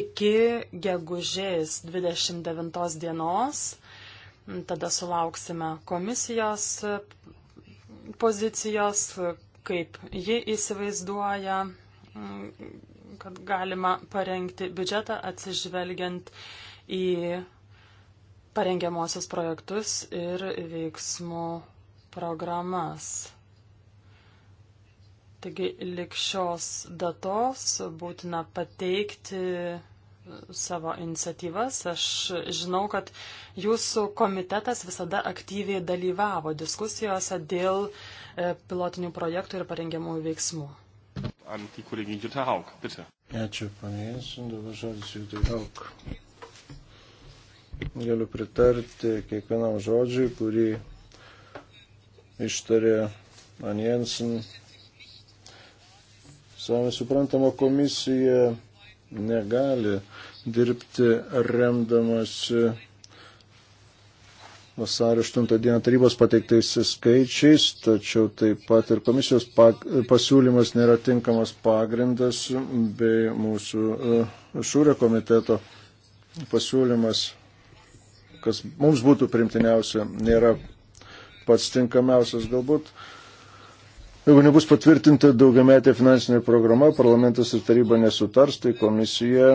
iki gegužės 29 dienos. Tada sulauksime komisijos pozicijos, kaip ji įsivaizduoja, kad galima parengti biudžetą atsižvelgiant į parengiamosios projektus ir veiksmų programas. Taigi likščios datos būtina pateikti savo iniciatyvas. Aš žinau, kad jūsų komitetas visada aktyviai dalyvavo diskusijose dėl e, pilotinių projektų ir parengiamųjų veiksmų. Ačiū, panėsiu, dabar žodis Jūtai Hauk. Galiu pritarti kiekvienam žodžiui, kurį ištarė Anjensen Savai suprantama, komisija negali dirbti remdamasi vasario 8 dieną tarybos pateiktais skaičiais, tačiau taip pat ir komisijos pasiūlymas nėra tinkamas pagrindas bei mūsų e, šūrio komiteto pasiūlymas, kas mums būtų primtiniausia, nėra pats tinkamiausias. Galbūt Jeigu nebus patvirtinta daugiametė finansinė programa, parlamentas ir taryba nesutars, tai komisija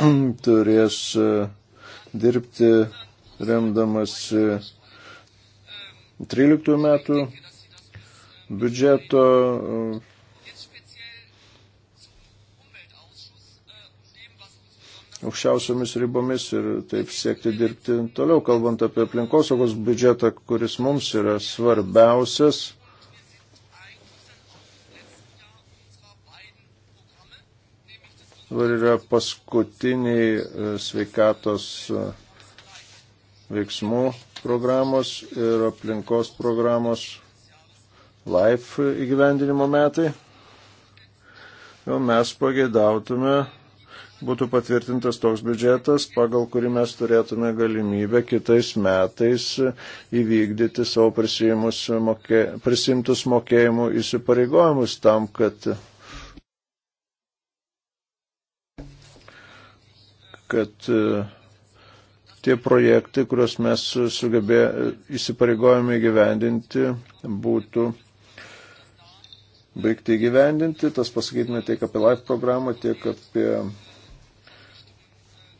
turės e, dirbti remdamas 13 metų biudžeto e, aukščiausiomis ribomis ir taip siekti dirbti toliau, kalbant apie aplinkosaugos biudžetą, kuris mums yra svarbiausias. Dabar yra paskutiniai e, sveikatos e, veiksmų programos ir aplinkos programos LIFE įgyvendinimo metai. Jau mes pageidautume būtų patvirtintas toks biudžetas, pagal kurį mes turėtume galimybę kitais metais įvykdyti savo mokė, prisimtus mokėjimų įsipareigojimus tam, kad, kad tie projektai, kuriuos mes sugebė įsipareigojame įgyvendinti, būtų baigti įgyvendinti. Tas pasakytume tiek apie LIFE programą, tiek apie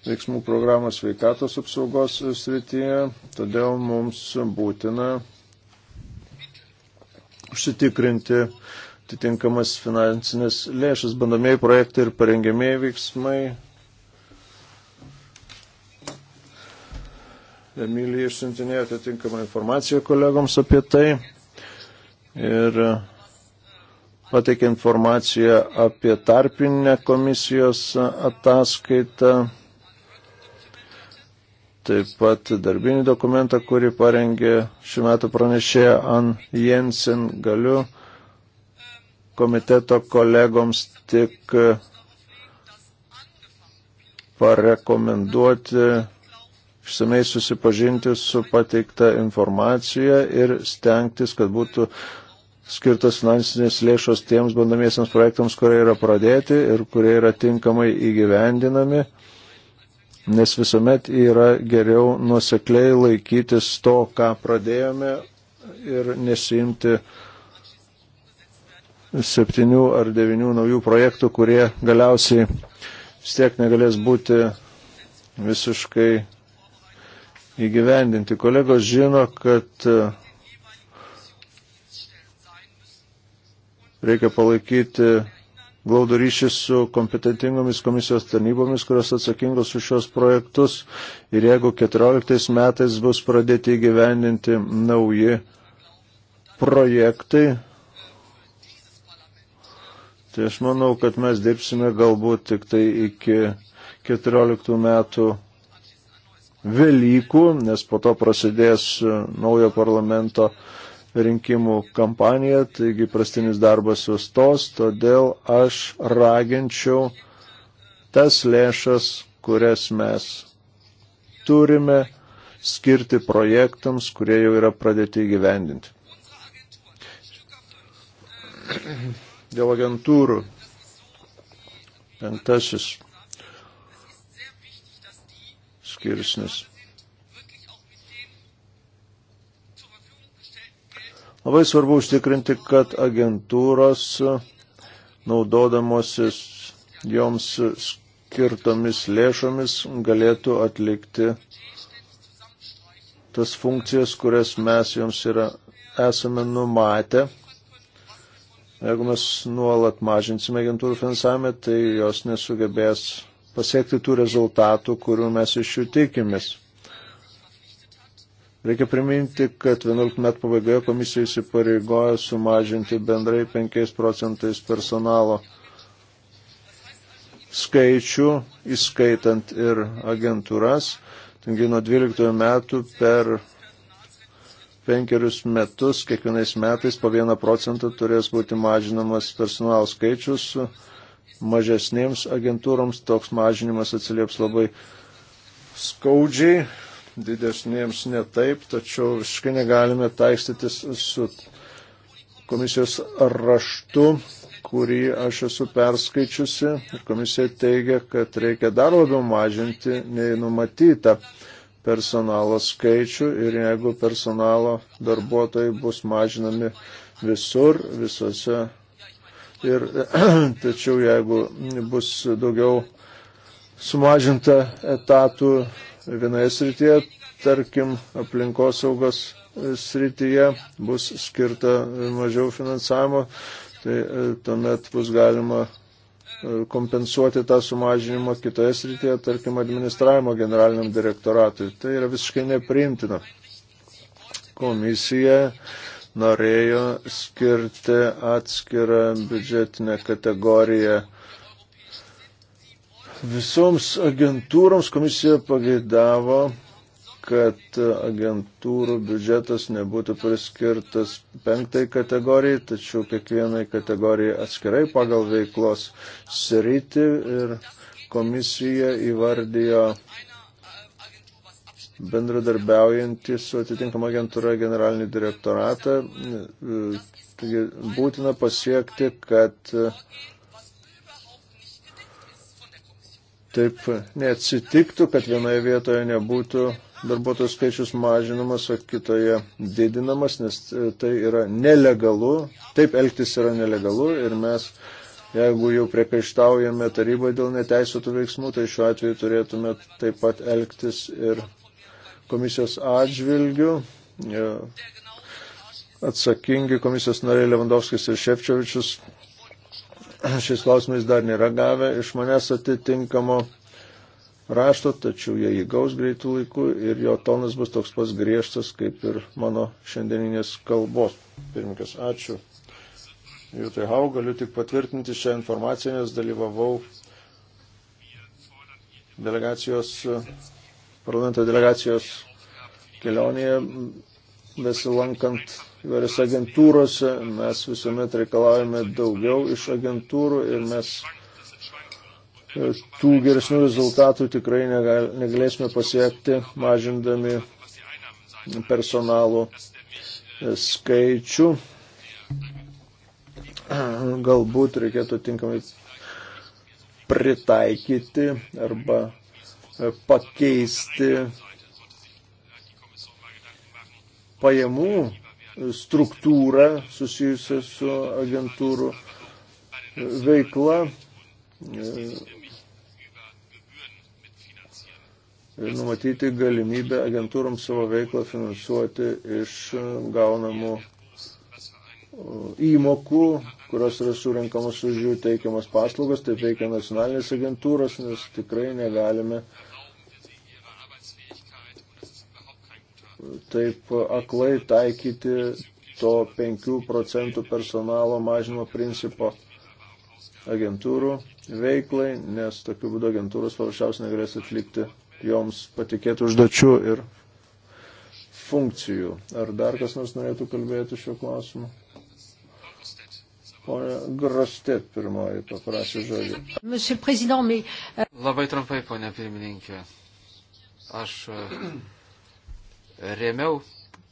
veiksmų programą sveikatos apsaugos srityje, todėl mums būtina užsitikrinti atitinkamas finansinės lėšas, bandomieji projektai ir parengiamieji veiksmai. Emilija išsintinėjo atitinkamą informaciją kolegoms apie tai ir pateikė informaciją apie tarpinę komisijos ataskaitą taip pat darbinį dokumentą, kurį parengė šiuo metu pranešėja An Jensen. Galiu komiteto kolegoms tik parekomenduoti išsamei susipažinti su pateikta informacija ir stengtis, kad būtų skirtas finansinės lėšos tiems bandomiesiams projektams, kurie yra pradėti ir kurie yra tinkamai įgyvendinami nes visuomet yra geriau nuosekliai laikytis to, ką pradėjome ir nesimti septynių ar devinių naujų projektų, kurie galiausiai vis tiek negalės būti visiškai įgyvendinti. Kolegos žino, kad e, reikia palaikyti glaudų ryšį su kompetentingomis komisijos tarnybomis, kurios atsakingos už šios projektus. Ir jeigu 14 metais bus pradėti gyvendinti nauji projektai, tai aš manau, kad mes dirbsime galbūt tik tai iki 14 metų Velykų, nes po to prasidės naujo parlamento rinkimų kampaniją, taigi prastinis darbas sustos, todėl aš raginčiau tas lėšas, kurias mes turime skirti projektams, kurie jau yra pradėti gyvendinti. Dėl agentūrų. Penktasis skirsnis. Labai svarbu užtikrinti, kad agentūros naudodamosis joms skirtomis lėšomis galėtų atlikti tas funkcijas, kurias mes joms yra, esame numatę. Jeigu mes nuolat mažinsime agentūrų finansavimą, tai jos nesugebės pasiekti tų rezultatų, kurių mes iš jų tikimės. Reikia priminti, kad 11 metų pabaigoje komisija įsipareigojo sumažinti bendrai 5 procentais personalo skaičių, įskaitant ir agentūras. Taigi nuo 12 metų per penkerius metus, kiekvienais metais po vieną procentą turės būti mažinamas personalo skaičius. Mažesnėms agentūroms toks mažinimas atsilieps labai skaudžiai didesniems netaip, tačiau visiškai negalime taikstytis su komisijos raštu, kurį aš esu perskaičiusi. Komisija teigia, kad reikia dar labiau mažinti nei numatyta personalo skaičių ir jeigu personalo darbuotojai bus mažinami visur, visose. Ir tačiau jeigu bus daugiau sumažinta etatų vienoje srityje, tarkim, aplinkosaugos srityje bus skirta mažiau finansavimo, tai e, tuomet bus galima e, kompensuoti tą sumažinimą kitoje srityje, tarkim, administravimo generaliniam direktoratui. Tai yra visiškai nepriimtina. Komisija norėjo skirti atskirą biudžetinę kategoriją Visoms agentūroms komisija pageidavo, kad agentūrų biudžetas nebūtų priskirtas penktai kategorijai, tačiau kiekvienai kategorijai atskirai pagal veiklos sritį ir komisija įvardijo bendradarbiaujantį su atitinkama agentūra generalinį direktoratą. Taigi būtina pasiekti, kad taip neatsitiktų, kad vienoje vietoje nebūtų darbuotojų skaičius mažinamas, o kitoje didinamas, nes e, tai yra nelegalu, taip elgtis yra nelegalu ir mes, jeigu jau priekaištaujame tarybai dėl neteisėtų veiksmų, tai šiuo atveju turėtume taip pat elgtis ir komisijos atžvilgių. E, atsakingi komisijos nariai Levandovskis ir Šepčiovičius šiais klausimais dar nėra gavę iš manęs atitinkamo rašto, tačiau jie įgaus greitų laikų ir jo tonas bus toks pats griežtas kaip ir mano šiandieninės kalbos. Pirmininkas, ačiū. Jūtai Hau, galiu tik patvirtinti šią informaciją, nes dalyvavau delegacijos, parlamento delegacijos kelionėje besilankant įvairias agentūrose, mes visuomet reikalavome daugiau iš agentūrų ir mes e, tų geresnių rezultatų tikrai negalėsime pasiekti, mažindami personalų e, skaičių. Galbūt reikėtų tinkamai pritaikyti arba e, pakeisti pajamų struktūrą susijusią su agentūrų veikla. Ir numatyti galimybę agentūrams savo veiklą finansuoti iš gaunamų e, įmokų, kurios yra surinkamos už jų teikiamas paslaugas, taip veikia nacionalinės agentūros, nes tikrai negalime uh, taip aklai taikyti to 5 procentų personalo mažinimo principo agentūrų veiklai, nes tokiu būdu agentūros paprasčiausiai negalės atlikti joms patikėtų užduočių ir funkcijų. Ar dar kas nors norėtų kalbėti šiuo klausimu? Pone Grostet pirmoji paprašė žodį. Euh, Labai trumpai, ponė pirmininkė. Aš remiau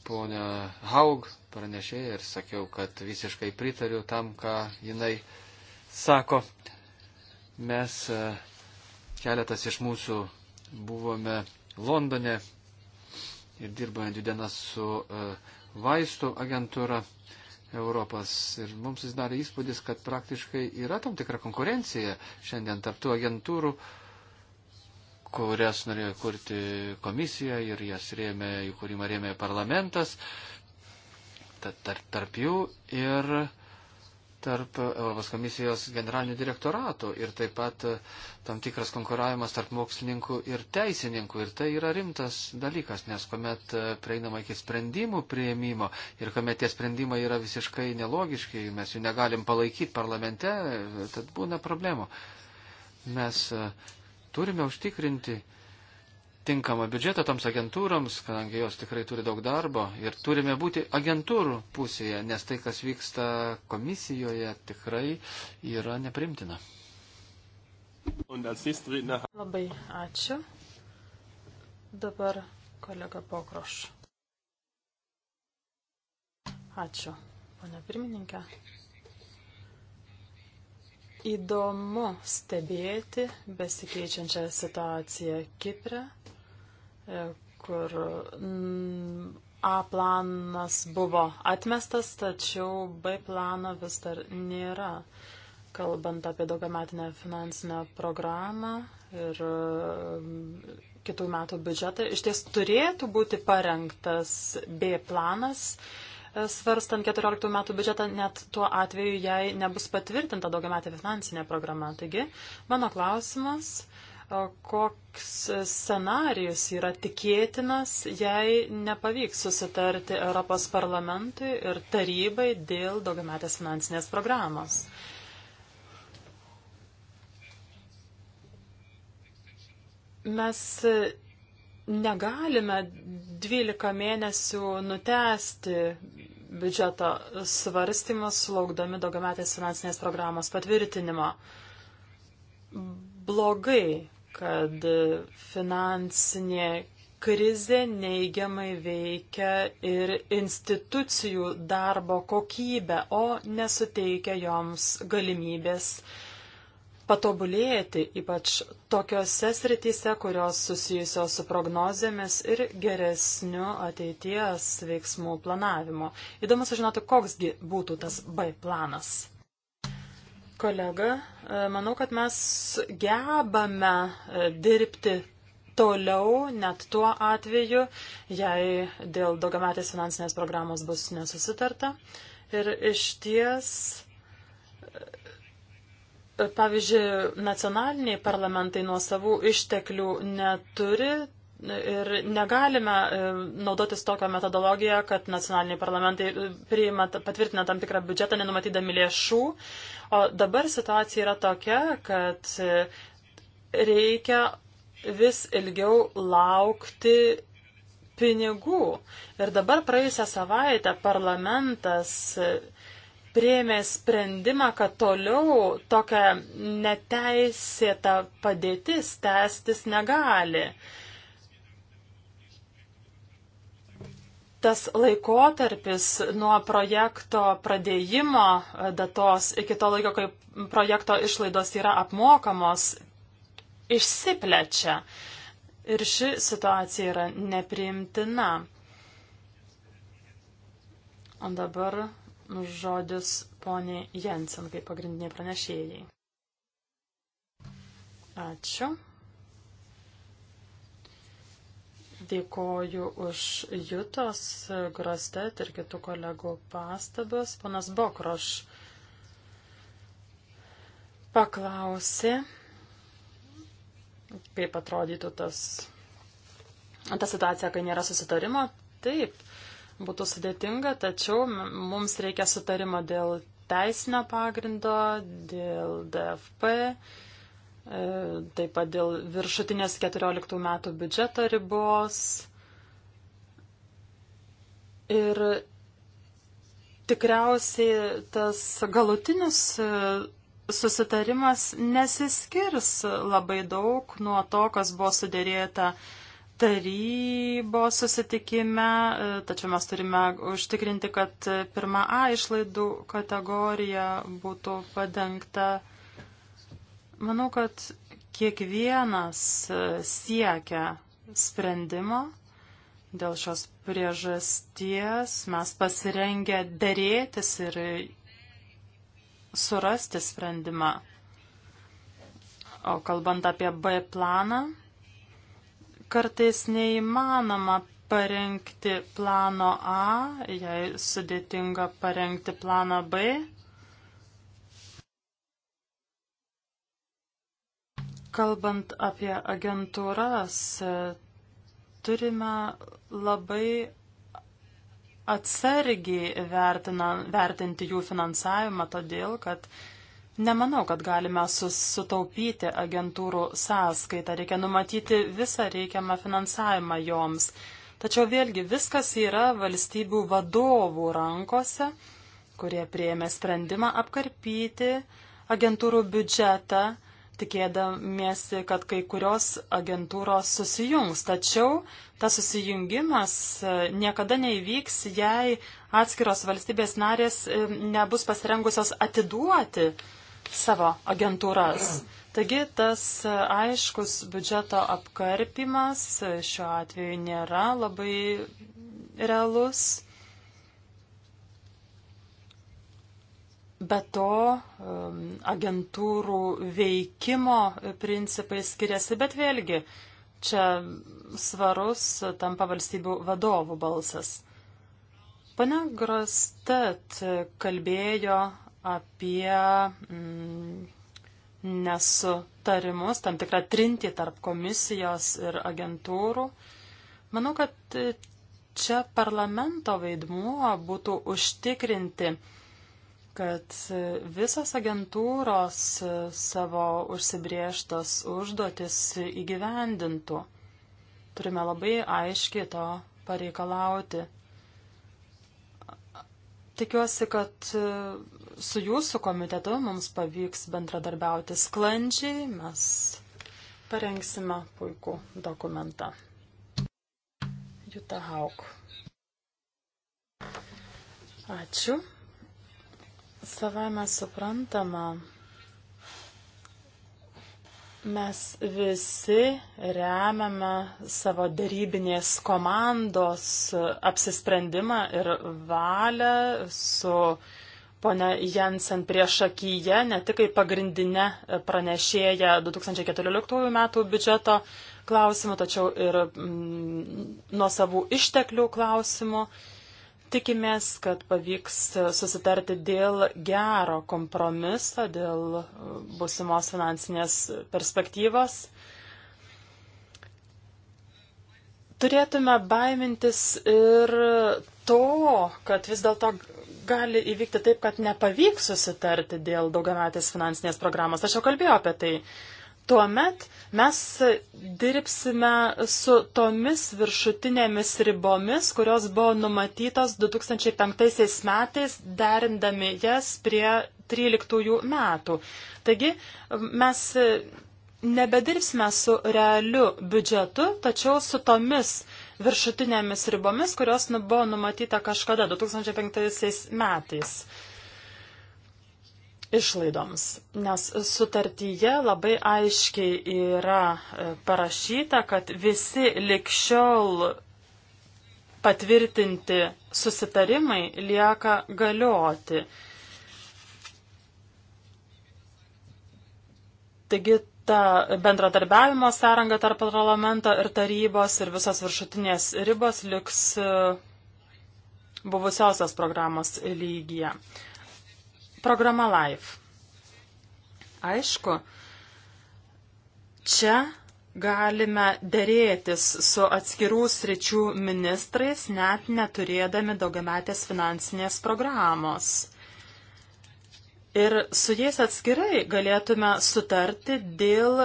ponę Haug pranešėją ir sakiau, kad visiškai pritariu tam, ką jinai sako. Mes e, keletas iš mūsų buvome Londone ir dirbame dvi dienas su e, vaistų agentūra Europos. Ir mums susidarė įspūdis, kad praktiškai yra tam tikra konkurencija šiandien tarptų agentūrų. Uh, kurias norėjo kurti komisija ir jas rėmė, jų kūrimą rėmė parlamentas, tarp, tarp jų ir tarp Europos komisijos generalinių direktoratų ir taip pat e, tam tikras konkuravimas tarp mokslininkų ir teisininkų. Ir tai yra rimtas dalykas, nes kuomet e, prieinama iki sprendimų prieimimo ir kuomet tie sprendimai yra visiškai nelogiški, mes jų negalim palaikyti parlamente, tad būna problemų. Mes e, Turime užtikrinti tinkamą biudžetą toms agentūroms, kadangi jos tikrai turi daug darbo ir turime būti agentūrų pusėje, nes tai, kas vyksta komisijoje, tikrai yra neprimtina. Labai ačiū. Dabar kolega Pokroš. Ačiū, ponia pirmininkė įdomu stebėti besikeičiančią situaciją Kiprę, e, kur mm, A planas buvo atmestas, tačiau B plano vis dar nėra. Kalbant apie daugiametinę finansinę programą ir mm, kitų metų biudžetą, iš ties turėtų būti parengtas B planas, svarstant 14 metų biudžetą net tuo atveju, jei nebus patvirtinta daugiametė finansinė programa. Taigi, mano klausimas, koks scenarius yra tikėtinas, jei nepavyks susitarti Europos parlamentui ir tarybai dėl daugiametės finansinės programos. Mes negalime 12 mėnesių nutesti biudžeto svarstymas, sulaukdami daugiametės finansinės programos patvirtinimo. Blogai, kad finansinė krizė neigiamai veikia ir institucijų darbo kokybę, o nesuteikia joms galimybės uh, patobulėti, ypač tokiuose srityse, kurios susijusios su prognozėmis ir geresniu ateities veiksmų planavimu. Įdomu sužinoti, koksgi būtų tas B planas. Kolega, e, manau, kad mes gebame e, dirbti toliau, net tuo atveju, jei dėl daugiametės finansinės programos bus nesusitarta. Ir iš ties pavyzdžiui, nacionaliniai parlamentai nuo savų išteklių neturi ir negalime e, naudotis tokią metodologiją, kad nacionaliniai parlamentai e, priima, patvirtina tam tikrą biudžetą nenumatydami lėšų. O dabar situacija yra tokia, kad e, reikia vis ilgiau laukti pinigų. Ir dabar praėjusią savaitę parlamentas prieėmė sprendimą, kad toliau tokia neteisėta padėtis tęstis negali. Tas laikotarpis nuo projekto pradėjimo datos iki to laiko, kai projekto išlaidos yra apmokamos, išsiplečia. Ir ši situacija yra nepriimtina. O dabar žodis poniai Jensen kaip pagrindiniai pranešėjai. Ačiū. Dėkoju už Jutos, Grostet ir kitų kolegų pastabas. Panas Bokroš paklausė, kaip atrodytų tas, ta situacija, kai nėra susitarimo. Taip, būtų sudėtinga, tačiau mums reikia sutarimo dėl teisinio pagrindo, dėl DFP, e, taip pat dėl viršutinės 14 metų biudžeto ribos. Ir tikriausiai tas galutinis e, susitarimas nesiskirs labai daug nuo to, kas buvo sudėrėta tarybos susitikime, e, tačiau mes turime užtikrinti, kad pirmą A išlaidų kategorija būtų padengta. Manau, kad kiekvienas e, siekia sprendimo. Dėl šios priežasties mes pasirengę dėrėtis ir surasti sprendimą. O kalbant apie B planą, kartais neįmanoma parengti plano A, jei sudėtinga parengti planą B. Kalbant apie agentūras, turime labai atsargiai vertina, vertinti jų finansavimą, todėl kad uh, Nemanau, kad galime sutaupyti agentūrų sąskaitą. Reikia numatyti visą reikiamą finansavimą joms. Tačiau vėlgi viskas yra valstybių vadovų rankose, kurie prieėmė sprendimą apkarpyti agentūrų biudžetą, tikėdamiesi, kad kai kurios agentūros susijungs. Tačiau tas susijungimas e, niekada neįvyks, jei atskiros valstybės narės e, nebus pasirengusios atiduoti savo agentūras. Taigi tas e, aiškus biudžeto apkarpimas e, šiuo atveju nėra labai realus. Be to, agentūrų veikimo principai skiriasi, bet vėlgi čia svarus tampa valstybių vadovų balsas. Pane Grostet kalbėjo apie mm, nesutarimus, tam tikrą trintį tarp komisijos ir agentūrų. Manau, kad čia parlamento vaidmuo būtų užtikrinti, kad visas agentūros savo užsibrieštas užduotis įgyvendintų. Turime labai aiškiai to pareikalauti. Tikiuosi, kad e, su jūsų komitetu mums pavyks bendradarbiauti sklandžiai, mes parengsime puikų dokumentą. Juta Hauk. Ačiū. Savai mes suprantama, Mes visi remiame savo darybinės komandos apsisprendimą ir valią su ponia Jensen prieš akiją, ne tik kaip pagrindinė pranešėja 2014 m. biudžeto klausimų, tačiau ir mm, nuo savų išteklių klausimų. Mm, Tikimės, kad pavyks susitarti dėl gero kompromiso, dėl uh, busimos finansinės perspektyvos. Turėtume baimintis ir to, kad vis dėlto gali įvykti taip, kad nepavyks susitarti dėl daugiametės finansinės programos. Aš jau kalbėjau apie tai. Uh, tuomet mes dirbsime su tomis viršutinėmis ribomis, kurios buvo numatytos 2005 metais, derindami jas prie 13 metų. Taigi mes nebedirbsime su realiu biudžetu, tačiau su tomis viršutinėmis ribomis, kurios nu buvo numatyta kažkada 2005 metais išlaidoms, nes sutartyje labai aiškiai yra e, parašyta, kad visi likščiol patvirtinti susitarimai lieka galioti. Taigi ta bendradarbiavimo sąranga tarp parlamento ir tarybos ir visos viršutinės ribos liks e, buvusiosios programos lygyje programa LIFE. Aišku, čia galime dėrėtis su atskirų sričių ministrais, net neturėdami daugiametės finansinės programos. Ir su jais atskirai galėtume sutarti dėl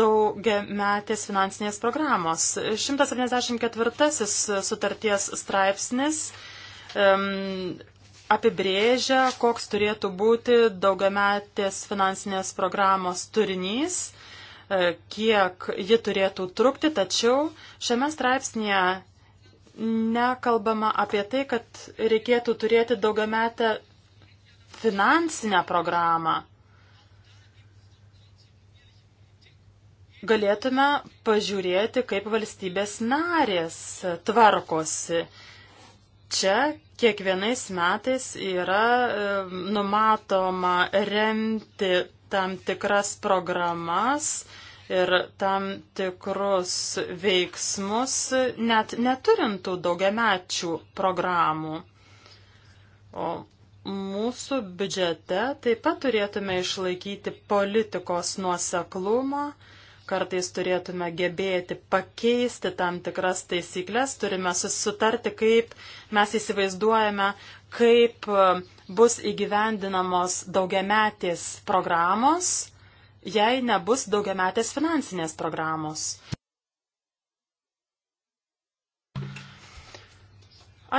daugiametės finansinės programos. 174 sutarties straipsnis um, apibrėžia, koks turėtų būti daugiametės finansinės programos turinys, e, kiek ji turėtų trukti, tačiau šiame straipsnėje nekalbama apie tai, kad reikėtų turėti daugiametę finansinę programą. Galėtume pažiūrėti, kaip valstybės narės tvarkosi. Čia kiekvienais metais yra e, numatoma remti tam tikras programas ir tam tikrus veiksmus, net neturintų daugiamečių programų. O mūsų biudžete taip pat turėtume išlaikyti politikos nuoseklumą kartais turėtume gebėti pakeisti tam tikras taisyklės, turime susitarti, kaip mes įsivaizduojame, kaip e, bus įgyvendinamos daugiametės programos, jei nebus daugiametės finansinės programos.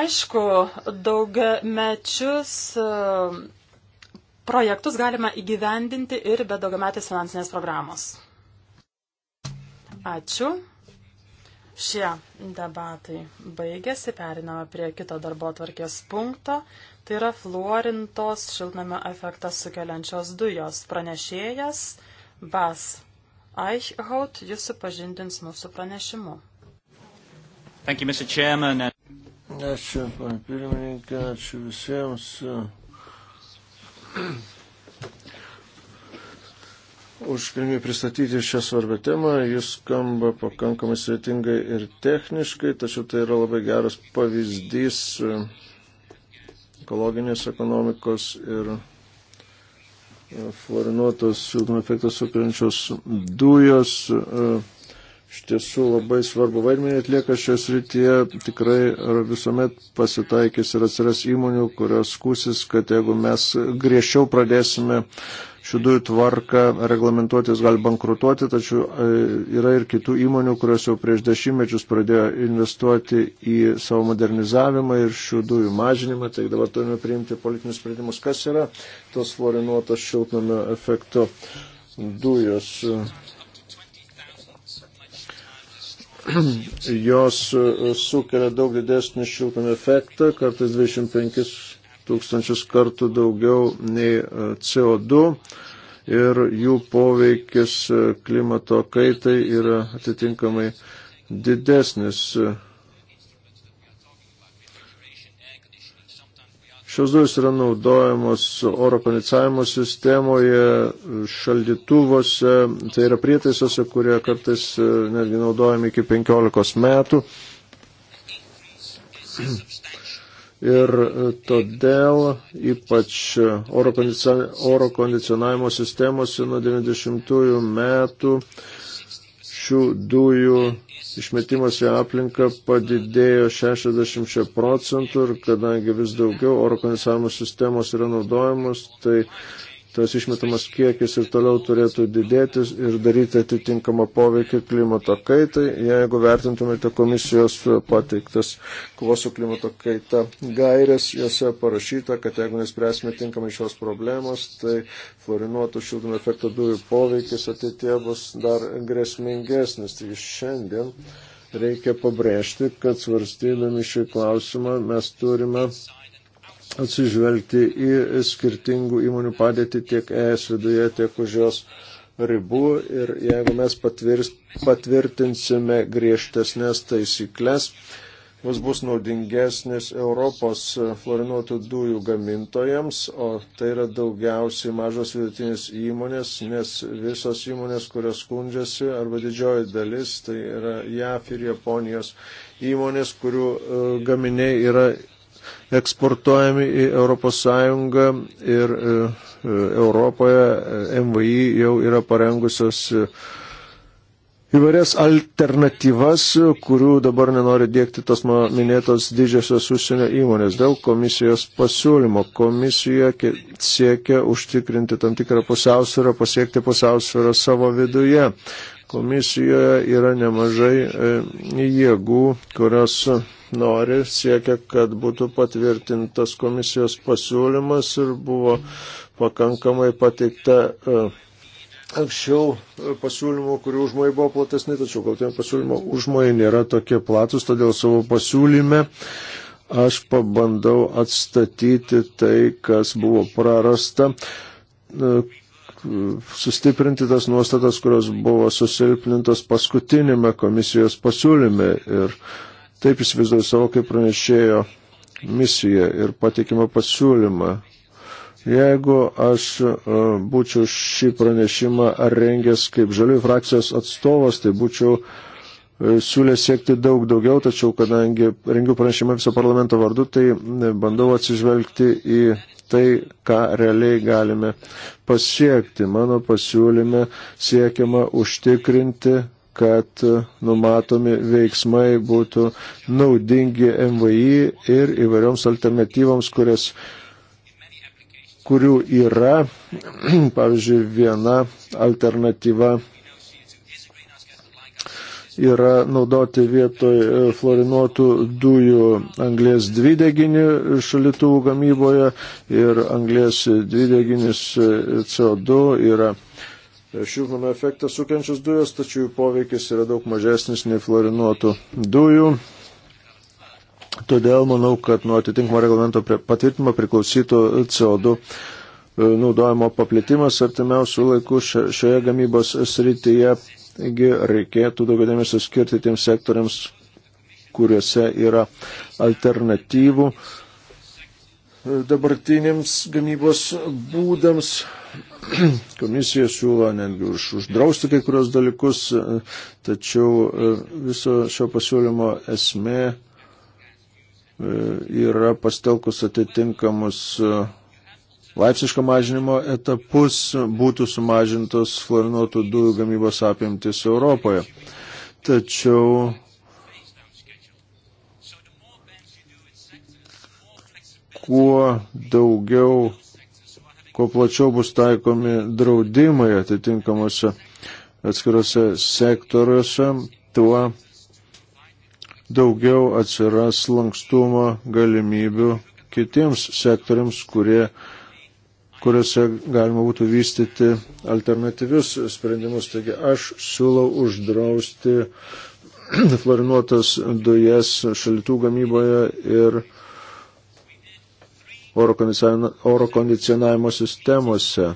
Aišku, daugiamečius e, projektus galima įgyvendinti ir be daugiametės finansinės programos. Ačiū. Šie debatai baigėsi, periname prie kito darbo tvarkės punkto, tai yra fluorintos šiltnamio efektą sukeliančios dujos. Pranešėjas Bas Eichhout jūs supažindins mūsų pranešimu. Thank you, Mr. Chairman. Ačiū, pan pirmininkė, ačiū visiems už galimybę pristatyti šią svarbę temą. Jis skamba pakankamai sveitingai ir techniškai, tačiau tai yra labai geras pavyzdys e, ekologinės ekonomikos ir e, fluorinuotos šiltnamio efektą sukeliančios dujos. E, iš tiesų labai svarbu vaidmenį atlieka šios rytyje. Tikrai visuomet pasitaikys ir atsiras įmonių, kurios skusis, kad jeigu mes griežčiau pradėsime uh, šių dujų tvarką reglamentuotis gali bankrutuoti, tačiau e, yra ir kitų įmonių, kurios jau prieš dešimtmečius pradėjo investuoti į savo modernizavimą ir šių dujų mažinimą. Tai dabar turime priimti politinius sprendimus, kas yra tos florinuotas šiltnamio efekto dujos. Jos sukelia daug didesnį šiltnamio efektą, kartais 25 tūkstančius kartų daugiau nei e, CO2 ir jų poveikis e, klimato kaitai yra atitinkamai didesnis. Šios dujos yra naudojamos oro kondicavimo sistemoje, šaldytuvose, tai yra prietaisose, kurie kartais e, netgi naudojami iki 15 metų. Ir e, todėl ypač e, oro, kondicion, oro kondicionavimo sistemose nuo 90-ųjų metų šių dujų išmetimas į aplinką padidėjo 60 procentų ir kadangi vis daugiau oro kondensavimo sistemos yra naudojamos, tai tas išmetamas kiekis ir toliau turėtų didėtis ir daryti atitinkamą poveikį klimato kaitai, jeigu vertintumėte komisijos pateiktas kovos su klimato kaita gairės, jose parašyta, kad jeigu nespręsime tinkamai šios problemos, tai florinuotų šildomų efekto dujų poveikis ateitie bus dar grėsmingesnis. Tai šiandien reikia pabrėžti, kad svarstydami šį klausimą mes turime atsižvelgti į skirtingų įmonių padėtį tiek ES viduje, tiek už jos ribų. Ir jeigu mes patvirs, patvirtinsime griežtesnės taisyklės, mus bus naudingesnis Europos florinuotų dujų gamintojams, o tai yra daugiausiai mažos vidutinės įmonės, nes visos įmonės, kurios skundžiasi, arba didžioji dalis, tai yra JAF ir Japonijos įmonės, kurių e, gaminiai yra eksportuojami į ES ir e, e, Europoje e, MVI jau yra parengusios įvairias alternatyvas, kurių dabar nenori dėkti tos minėtos didžiosios užsienio įmonės. Dėl komisijos pasiūlymo komisija siekia užtikrinti tam tikrą pusiausvyrą, pasiekti pusiausvyrą savo viduje. Komisijoje yra nemažai jėgų, kurios nori, siekia, kad būtų patvirtintas komisijos pasiūlymas ir buvo pakankamai pateikta e, anksčiau e, pasiūlymų, kurių užmojai buvo platesni, tačiau galtiniam pasiūlymo užmojai nėra tokie platus, todėl savo pasiūlyme aš pabandau atstatyti tai, kas buvo prarasta, e, sustiprinti tas nuostatas, kurios buvo susilpnintos paskutinėme komisijos pasiūlyme. Ir taip įsivaizduoju savo kaip pranešėjo misiją ir pateikimą pasiūlymą. Jeigu aš e, būčiau šį pranešimą rengęs kaip žalių frakcijos atstovas, tai būčiau e, siūlė siekti daug daugiau, tačiau kadangi rengiu pranešimą viso parlamento vardu, tai e, bandau atsižvelgti į tai, ką realiai galime pasiekti. Mano pasiūlyme siekiama užtikrinti kad e, numatomi veiksmai būtų naudingi MVI ir įvairioms alternatyvoms, kurias, kurių yra, pavyzdžiui, viena alternatyva yra naudoti vietoj e, florinuotų dujų anglės dvideginį šalitų gamyboje ir anglės dvideginis e, CO2 yra šiltnamio efektą sukenčios dujos, tačiau jų poveikis yra daug mažesnis nei florinuotų dujų. Todėl manau, kad nuo atitinkamo reglamento patvirtimo priklausytų CO2 e, naudojimo paplitimas artimiausių laikų šioje gamybos srityje. Taigi reikėtų daugiau dėmesio skirti tiems sektoriams, kuriuose yra alternatyvų dabartiniams gamybos būdams. Komisija siūlo netgi už, uždrausti kai kurios dalykus, tačiau e, viso šio pasiūlymo esmė e, yra pastelkus atitinkamus e, laipsniško mažinimo etapus būtų sumažintos florinuotų dujų gamybos apimtis Europoje. Tačiau kuo daugiau, kuo plačiau bus taikomi draudimai atitinkamuose atskiruose sektoriuose, tuo daugiau atsiras lankstumo galimybių kitiems sektoriams, kurie, kuriuose galima būtų vystyti alternatyvius sprendimus. Taigi aš siūlau uždrausti florinuotas dujas šalitų gamyboje ir oro kondicionavimo sistemose.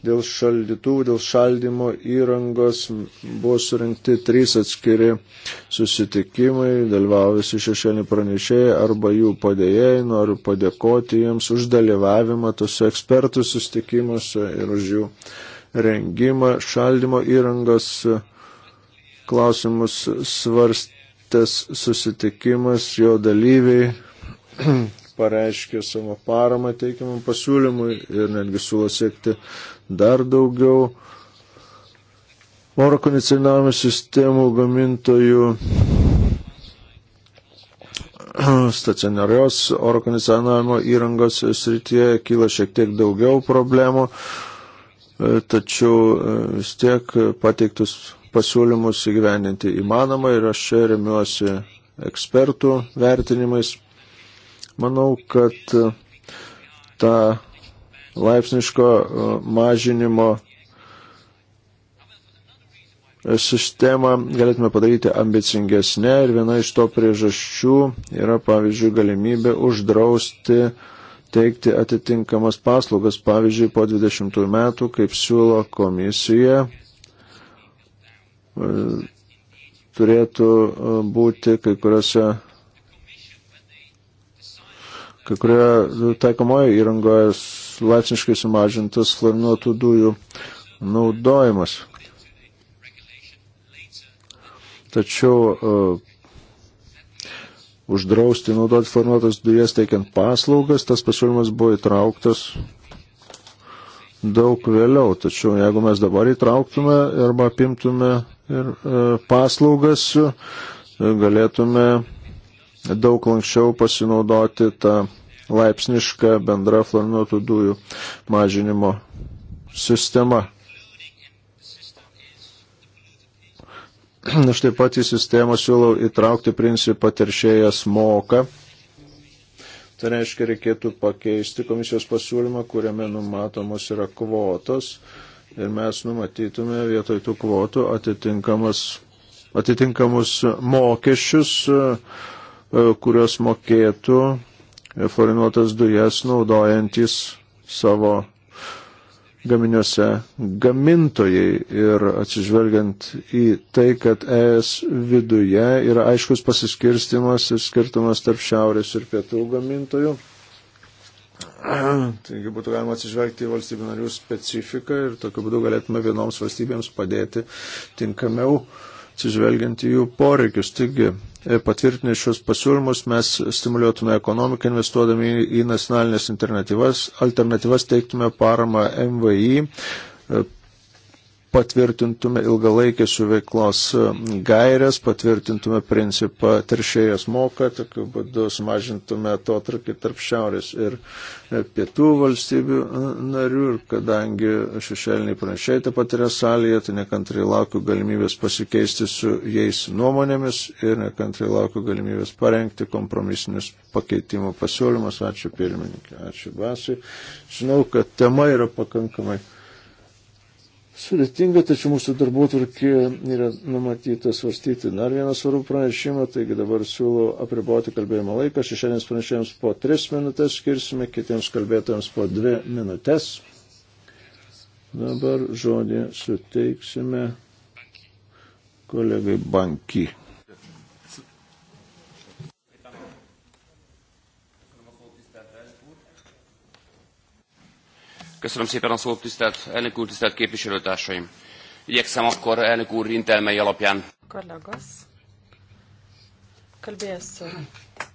Dėl šaldytuvų, dėl šaldymo įrangos buvo surinkti trys atskiri susitikimai, dalyvavosi šešėlį pranešėjai arba jų padėjėjai. Noriu padėkoti jiems už dalyvavimą tose ekspertų susitikimuose ir už jų rengimą. Šaldymo įrangos e, klausimus svarstęs susitikimas, jo dalyviai pareiškė savo paramą teikiamam pasiūlymui ir netgi siūlo siekti dar daugiau. Oro kondicionavimo sistemų gamintojų stacionarios oro kondicionavimo įrangos srityje kyla šiek tiek daugiau problemų, e, tačiau e, vis tiek pateiktus pasiūlymus įgyvendinti įmanoma ir aš čia remiuosi ekspertų vertinimais. Manau, kad e, tą laipsniško e, mažinimo e, sistemą galėtume padaryti ambicingesnė ir viena iš to priežasčių yra, pavyzdžiui, galimybė uždrausti teikti atitinkamas paslaugas, pavyzdžiui, po 20 metų, kaip siūlo komisija, turėtų būti kai kuriuose kai kurioje taikomoje įrangoje laipsniškai sumažintas florinuotų dujų naudojimas. Tačiau uh, uždrausti naudoti florinuotas dujas teikiant paslaugas, tas pasiūlymas buvo įtrauktas daug vėliau. Tačiau jeigu mes dabar įtrauktume arba apimtume ir uh, paslaugas, uh, galėtume daug lankščiau pasinaudoti tą laipsnišką bendrą florinuotų dujų mažinimo sistemą. Aš taip pat į sistemą siūlau įtraukti principą teršėjas moka. Tai reiškia, reikėtų pakeisti komisijos pasiūlymą, kuriame numatomos yra kvotos ir mes numatytume vietoj tų kvotų atitinkamus mokesčius, E, kurios mokėtų fluorinuotas dujas naudojantis savo gaminiuose gamintojai ir atsižvelgiant į tai, kad ES viduje yra aiškus pasiskirstimas ir skirtumas tarp šiaurės ir pietų gamintojų. Taigi būtų galima atsižvelgti į valstybių narių specifiką ir tokiu būdu galėtume vienoms valstybėms padėti tinkamiau atsižvelgiant į jų poreikius. Taigi E, patvirtinę šios pasiūlymus mes stimuliuotume ekonomiką investuodami į nacionalinės alternatyvas, alternatyvas teiktume paramą MVI, e, patvirtintume ilgalaikės jų veiklos gairias, patvirtintume principą teršėjas moka, tokiu būdu sumažintume atotrakį tarp šiaurės ir pietų valstybių narių ir kadangi šešėliniai pranešėjai taip pat yra salėje, tai nekantrai laukiu galimybės pasikeisti su jais nuomonėmis ir nekantrai laukiu galimybės parengti kompromisinius pakeitimų pasiūlymus. Ačiū pirmininkė, ačiū Basui. Žinau, kad tema yra pakankamai sudėtinga, tačiau mūsų darbotvarkė yra numatyta svarstyti dar vieną svarbų pranešimą, taigi dabar siūlau apriboti kalbėjimo laiką. Šešienės pranešėjams po 3 minutės skirsime, kitiems kalbėtojams po 2 minutės. Dabar žodį suteiksime kolegai Banki. Köszönöm szépen a szót, tisztelt elnök úr, tisztelt képviselőtársaim. Igyekszem akkor elnök úr intelmei alapján. Kolegos, kalbėsiu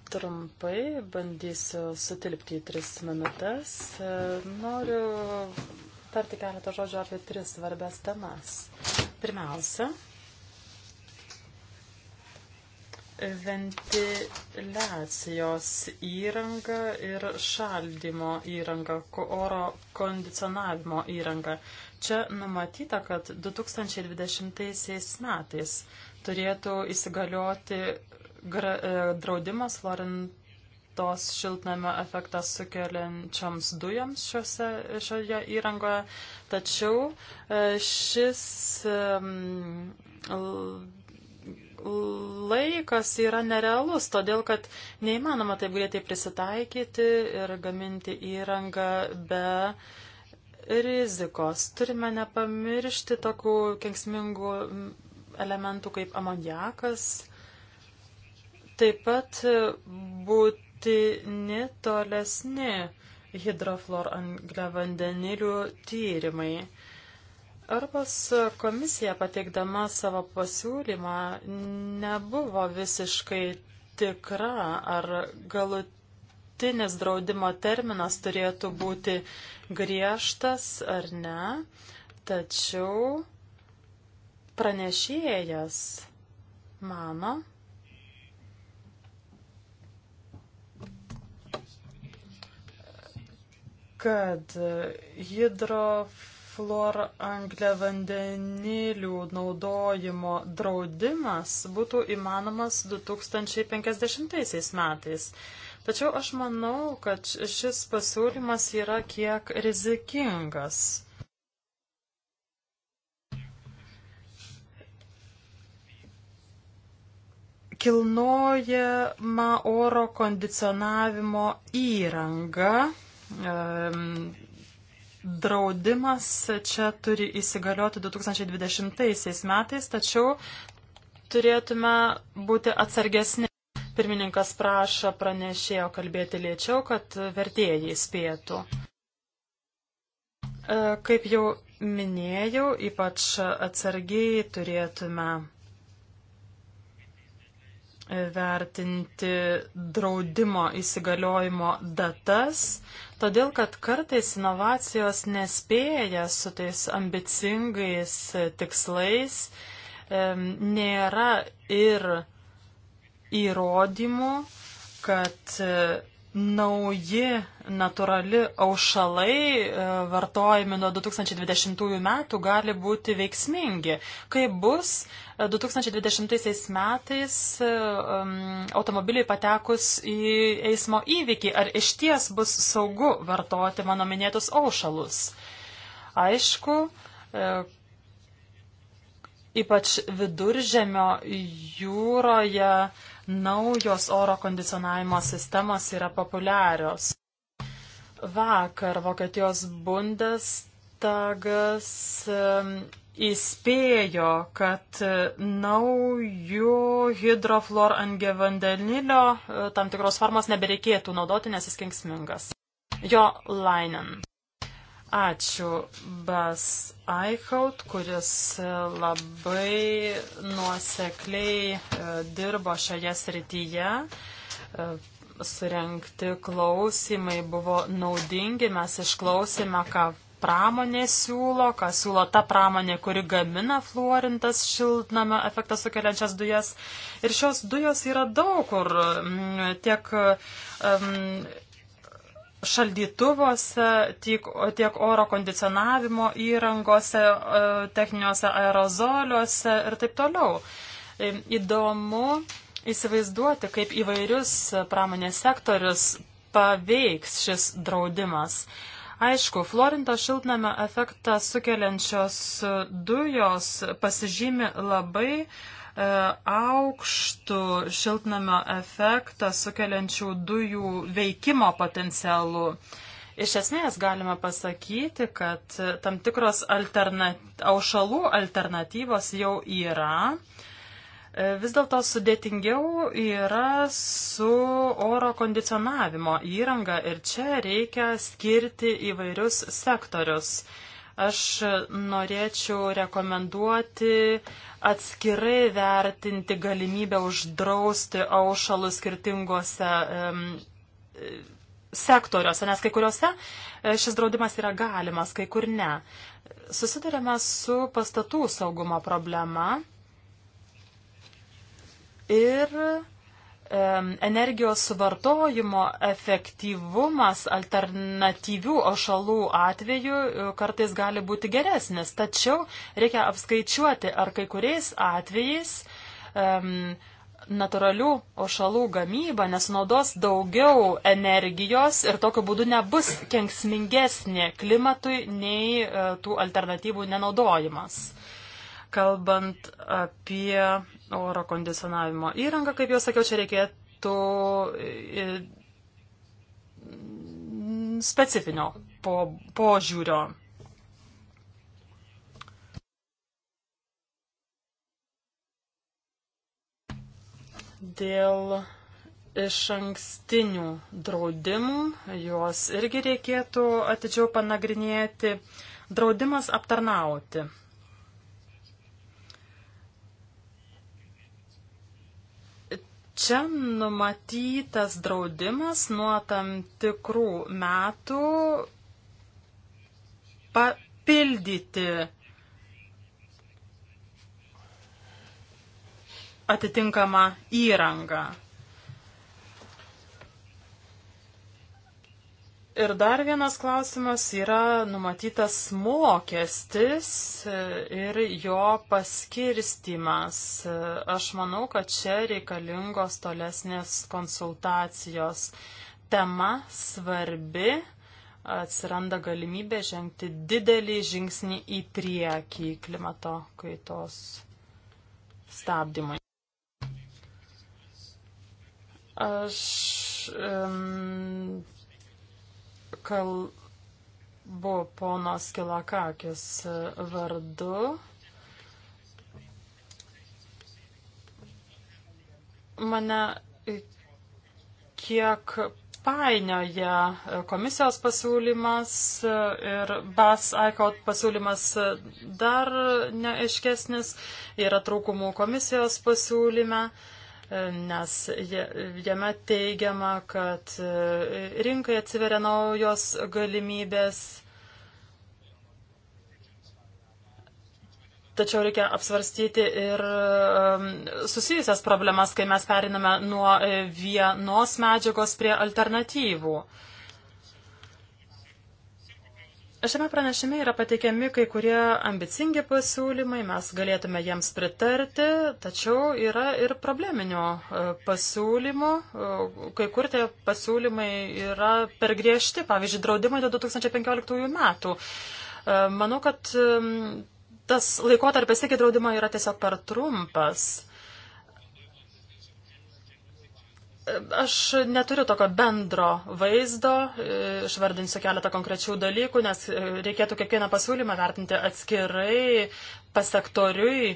trumpai, bandysiu sutilpti į tris minutės. Noriu tarti keletą žodžių apie tris svarbės temas. Pirmiausia, ventiliacijos įranga ir šaldymo įranga, oro kondicionavimo įranga. Čia numatyta, kad 2020 metais turėtų įsigalioti e, draudimas florintos šiltnamio efektą sukeliančioms dujoms šiuose, šioje įrangoje, tačiau e, šis laikas yra nerealus, todėl kad neįmanoma taip greitai prisitaikyti ir gaminti įrangą be rizikos. Turime nepamiršti tokių kengsmingų elementų kaip amoniakas. Taip pat būtini tolesni hidroflor angliavandenilių tyrimai. Europos komisija pateikdama savo pasiūlymą nebuvo visiškai tikra, ar galutinis draudimo terminas turėtų būti griežtas ar ne, tačiau pranešėjas mano, kad hidrof fluorangliavandenilių naudojimo draudimas būtų įmanomas 2050 metais. Tačiau aš manau, kad šis pasiūlymas yra kiek rizikingas. Kilnojama oro kondicionavimo įranga draudimas čia turi įsigalioti 2020 metais, tačiau turėtume būti atsargesni. Pirmininkas prašo pranešėjo kalbėti lėčiau, kad vertėjai spėtų. E, kaip jau minėjau, ypač atsargiai turėtume vertinti draudimo įsigaliojimo datas, todėl kad kartais inovacijos nespėja su tais ambicingais tikslais, nėra ir įrodymų, kad e, nauji natūrali aušalai e, vartojami nuo 2020 metų gali būti veiksmingi. Kai bus 2020 metais um, automobiliui patekus į eismo įvykį, ar iš ties bus saugu vartoti mano minėtus aušalus. Aišku, e, ypač viduržemio jūroje naujos oro kondicionavimo sistemos yra populiarios. Vakar Vokietijos Bundestagas įspėjo, kad e, naujų hidroflorangevandenilio e, tam tikros formos nebereikėtų naudoti, nes jis kenksmingas. Jo Lainen. Ačiū Bas Aichaut, kuris e, labai nuosekliai dirbo šioje srityje. Surenkti klausimai buvo naudingi, mes išklausėme, ką pramonė siūlo, ką siūlo ta pramonė, kuri gamina fluorintas šiltnamio efektą sukeliančias dujas. Ir šios dujos yra daug kur mm, tiek um, šaldytuvose, tiek, tiek oro kondicionavimo įrangose, e, techniniuose aerozoliuose ir taip toliau. E, įdomu įsivaizduoti, kaip įvairius pramonės sektorius paveiks šis draudimas. Uh, Aišku, Florinto šiltnamio efektą sukeliančios dujos pasižymi labai e, aukštų šiltnamio efektą sukeliančių dujų veikimo potencialų. Iš esmės galima pasakyti, kad tam tikros alternat aušalų alternatyvos jau yra. Uh, Vis dėlto sudėtingiau yra su oro kondicionavimo įranga ir čia reikia skirti įvairius sektorius. Aš norėčiau rekomenduoti atskirai vertinti galimybę uždrausti aušalus skirtingose um, sektoriuose, nes kai kuriuose e, šis draudimas yra galimas, kai kur ne. Susidurėme su pastatų saugumo problema ir energijos suvartojimo efektyvumas alternatyvių ošalų atveju e, kartais gali būti geresnis. Tačiau reikia apskaičiuoti, ar kai kuriais atvejais um, natūralių ošalų gamyba nesunaudos daugiau energijos ir tokiu būdu nebus kenksmingesnė klimatui nei uh, tų alternatyvų nenaudojimas. Kalbant apie oro kondicionavimo įrangą, kaip jau sakiau, čia reikėtų e, specifinio po, požiūrio. Dėl iš ankstinių draudimų, juos irgi reikėtų atidžiau panagrinėti. Draudimas aptarnauti. čia numatytas draudimas nuo tam tikrų metų papildyti atitinkamą įrangą. Ir dar vienas klausimas yra numatytas mokestis e, ir jo paskirstimas. E, aš manau, kad čia reikalingos tolesnės konsultacijos. Tema svarbi, atsiranda galimybė žengti didelį žingsnį į priekį klimato kaitos stabdymui. Aš um, kalbu ponos Kilakakis vardu. Mane kiek painioja komisijos pasiūlymas ir BAS ICOT pasiūlymas dar neaiškesnis, yra trūkumų komisijos pasiūlyme. Uh, nes jame teigiama, kad e, rinkai atsiveria naujos galimybės. Tačiau reikia apsvarstyti ir susijusias problemas, kai mes periname nuo vienos medžiagos prie alternatyvų. Šiame pranešime yra pateikiami kai kurie ambicingi pasiūlymai, mes galėtume jiems pritarti, tačiau yra ir probleminių e, pasiūlymų. E, kai kur tie pasiūlymai yra per griežti, pavyzdžiui, draudimai dėl 2015 metų. E, manau, kad tas laikotarpis iki draudimo yra tiesiog per trumpas. Aš neturiu tokio bendro vaizdo, išvardinsiu keletą konkrečių dalykų, nes reikėtų kiekvieną pasiūlymą vertinti atskirai, pasektoriui.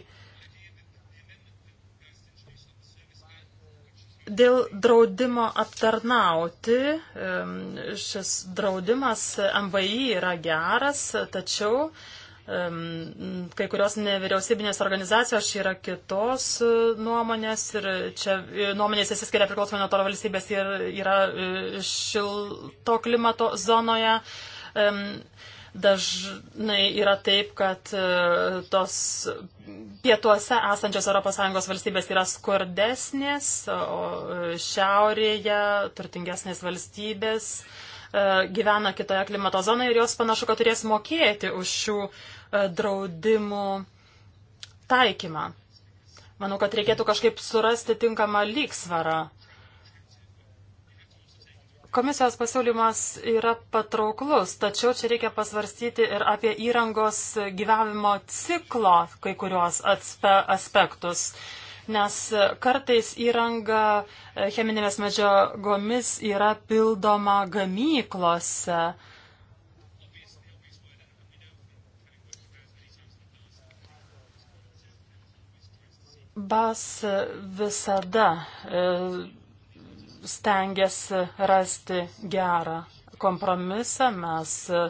Dėl draudimo aptarnauti, šis draudimas MVI yra geras, tačiau Kai kurios nevyriausybinės organizacijos čia yra kitos e, nuomonės ir čia e, nuomonės įsiskiria priklausomai nuo to valstybės ir yra e, šilto klimato zonoje. Dažnai yra taip, kad tos pietuose esančios ES valstybės yra skurdesnės, o šiaurėje turtingesnės valstybės gyvena kitoje klimato zonoje ir jos panašu, kad turės mokėti už šių E, draudimų taikymą. Manau, kad reikėtų kažkaip surasti tinkamą lygsvarą. Komisijos pasiūlymas yra patrauklus, tačiau čia reikia pasvarstyti ir apie įrangos gyvavimo ciklo kai kuriuos atspe, aspektus nes kartais įranga cheminėmis medžiagomis yra pildoma gamyklose. Bas visada e, stengiasi rasti gerą kompromisą. Mes e,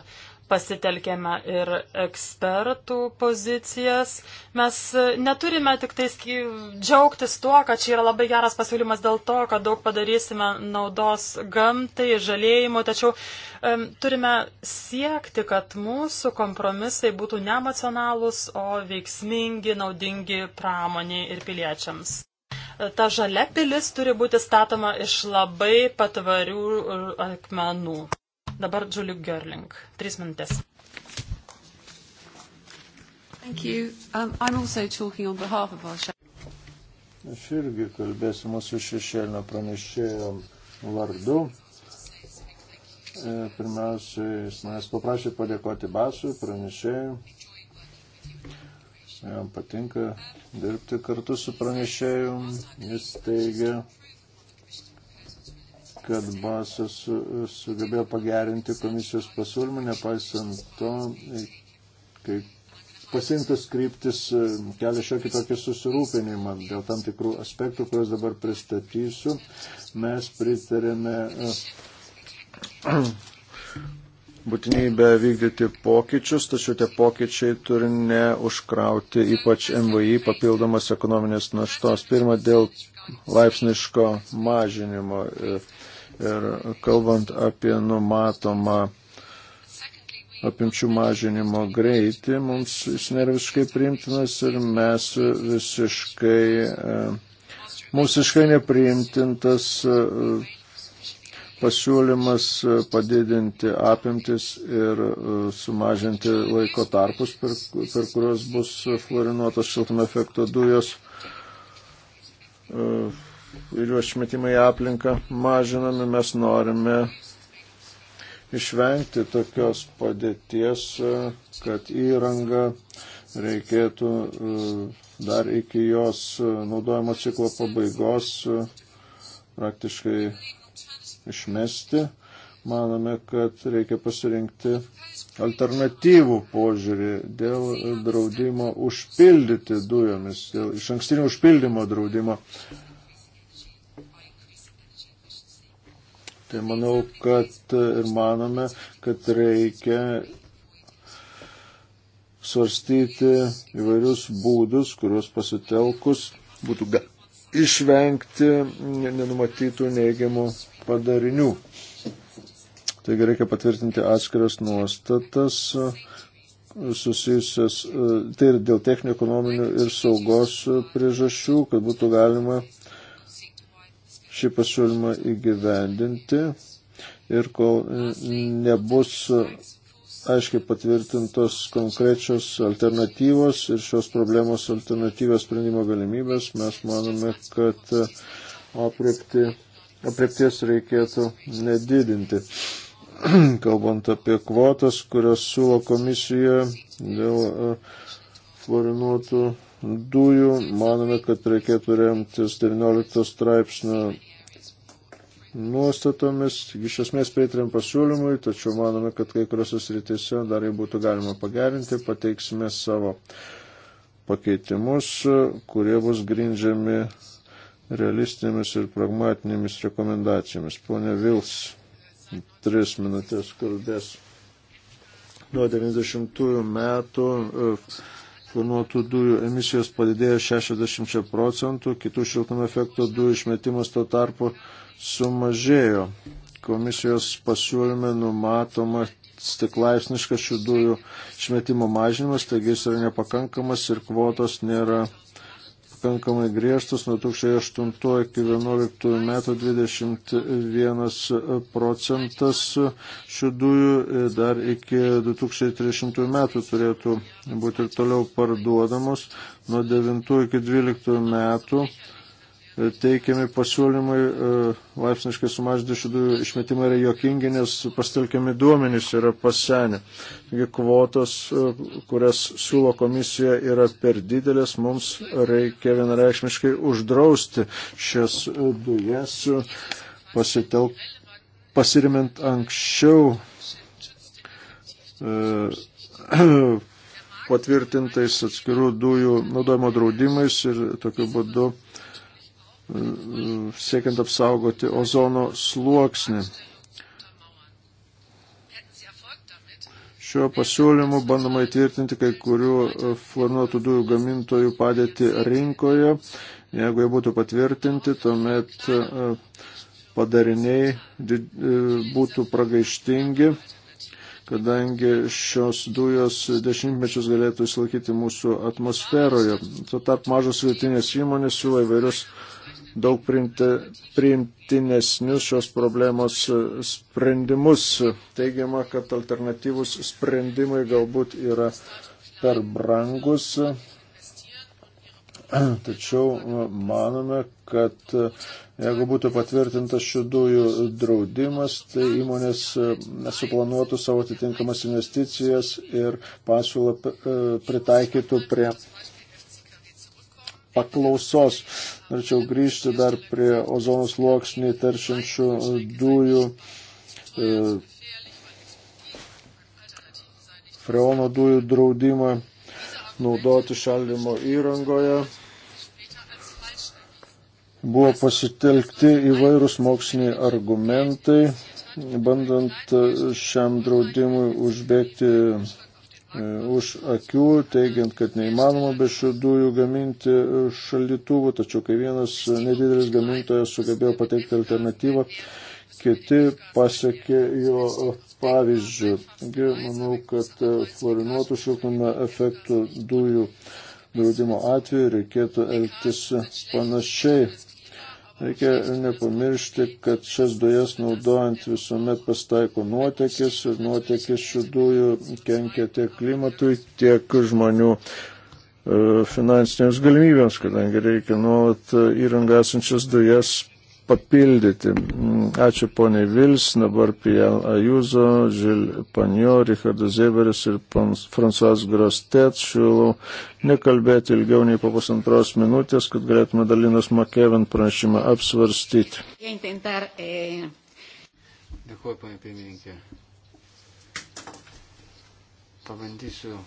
pasitelkėme ir ekspertų pozicijas. Mes e, neturime tik tais džiaugtis tuo, kad čia yra labai geras pasiūlymas dėl to, kad daug padarysime naudos gamtai, žalėjimo, tačiau um, turime siekti, kad mūsų kompromisai būtų nemacionalūs, o veiksmingi, naudingi pramoniai ir piliečiams e, ta žalia pilis turi būti statoma iš labai patvarių akmenų. Dabar Julie Görling. Tris minutės. Thank you. Um, I'm also talking on behalf of our Aš irgi kalbėsiu mūsų šešėlinio pranešėjo vardu. E, pirmiausia, jis manęs paprašė padėkoti Basui, pranešėjui. Jam patinka dirbti kartu su pranešėju. Jis teigia, kad Basas e, sugebėjo pagerinti komisijos pasiūlymą, nepaisant to, e, kai pasirinktas kryptis e, kelia šiokį tokį susirūpinimą dėl tam tikrų aspektų, kuriuos dabar pristatysiu. Mes pritarėme būtinybę vykdyti pokyčius, tačiau tie pokyčiai turi neužkrauti ypač MVI papildomas ekonominės naštos. Pirma, dėl laipsniško mažinimo. Ir kalbant apie numatomą apimčių mažinimo greitį, mums jis nėra visiškai priimtinas ir mes visiškai, e, mums visiškai nepriimtintas e, pasiūlymas padidinti apimtis ir e, sumažinti laiko tarpus, per, per kuriuos bus fluorinuotos šiltame efekto dujos Uh, ir jų išmetimai aplinką mažinami, mes norime išvengti tokios padėties, uh, kad įranga reikėtų uh, dar iki jos naudojimo ciklo pabaigos praktiškai išmesti manome, kad reikia pasirinkti alternatyvų požiūrį dėl draudimo užpildyti dujomis, dėl iš ankstinio užpildymo draudimo. Tai manau, kad ir manome, kad reikia svarstyti įvairius būdus, kuriuos pasitelkus būtų išvengti nenumatytų neigiamų padarinių. Taigi reikia patvirtinti atskiras nuostatas e, susijusias, e, tai ir dėl techninių, ekonominių ir saugos e, priežasčių, kad būtų galima šį pasiūlymą įgyvendinti ir kol nebus aiškiai patvirtintos konkrečios alternatyvos ir šios problemos alternatyvės sprendimo galimybės, mes manome, kad apriepti, apriepties reikėtų nedidinti. kalbant apie kvotas, kurias siūlo komisija dėl e, florinuotų dujų, manome, kad reikėtų remtis 19 straipsnio nuostatomis. Iš esmės pritarėm pasiūlymui, tačiau manome, kad kai kuriuose srityse dar jį būtų galima pagerinti, pateiksime savo pakeitimus, kurie bus grindžiami realistinėmis ir pragmatinėmis rekomendacijomis. Pone Vils tris minutės kalbės. Nuo 90 metų e, planuotų dujų emisijos padidėjo 60 procentų, kitų šiltnamio efekto dujų išmetimas tuo tarpu sumažėjo. Komisijos pasiūlyme numatoma tik laipsniškas šių dujų išmetimo mažinimas, taigi jis yra nepakankamas ir kvotos nėra pakankamai griežtus. Nuo 2008 iki 2011 metų 21 procentas šių dujų dar iki 2030 metų turėtų būti ir toliau parduodamos. Nuo 9 iki 12 metų teikiami pasiūlymai e, laipsniškai sumažinti šių dujų išmetimą yra jokingi, nes pastelkiami duomenys yra pasenę. Taigi kvotos, e, kurias siūlo komisija, yra per didelės, mums reikia vienareikšmiškai uždrausti šias e, dujas, pasitelk, pasirimint anksčiau. patvirtintais atskirų dujų naudojimo draudimais ir tokiu būdu uh, siekiant apsaugoti ozono sluoksnį. Šiuo pasiūlymu bandoma įtvirtinti kai kurių e, fluorinuotų dujų gamintojų padėti rinkoje. Jeigu jie būtų patvirtinti, tuomet e, padariniai e, būtų pragaištingi, kadangi šios dujos dešimtmečius galėtų įsilaikyti mūsų atmosferoje. Tuo tarp mažos vietinės įmonės siūlo įvairius daug priimti, priimtinesnius šios problemos e, sprendimus. Teigiama, kad alternatyvus sprendimai galbūt yra per brangus, tačiau e, manome, kad e, jeigu būtų patvirtintas šių dujų draudimas, tai įmonės suplanuotų savo atitinkamas investicijas ir pasiūlą pritaikytų prie paklausos. Norėčiau grįžti dar prie ozonos sluoksnį teršiančių dujų, e, freono dujų draudimą naudoti šaldymo įrangoje. Buvo pasitelkti įvairūs moksliniai argumentai, bandant e, šiam draudimui užbėgti E, už akių, teigiant, kad neįmanoma be šių dujų gaminti šaldytuvų, tačiau kai vienas nedidelis gamintojas sugebėjo pateikti alternatyvą, kiti pasiekė jo pavyzdžių. Taigi, manau, kad florinuotų šiltnamio efektų dujų draudimo atveju reikėtų elgtis panašiai. Reikia nepamiršti, kad šias dujas naudojant visuomet pastaiko nuotėkis ir nuotėkis šių dujų kenkia tiek klimatui, tiek žmonių e, finansinėms galimybėms, kadangi reikia nuolat e, įrangą esančias dujas papildyti. Mm, ačiū poniai Vils, dabar Piel Ajuzo, Žil Panjo, Richardas Zeberis ir Fransuas Grostet. Šiulau nekalbėti ilgiau nei po pusantros minutės, kad galėtume Dalinos Makevin pranešimą apsvarstyti. Eh, Dėkuoju, ponia pirmininkė. Pabandysiu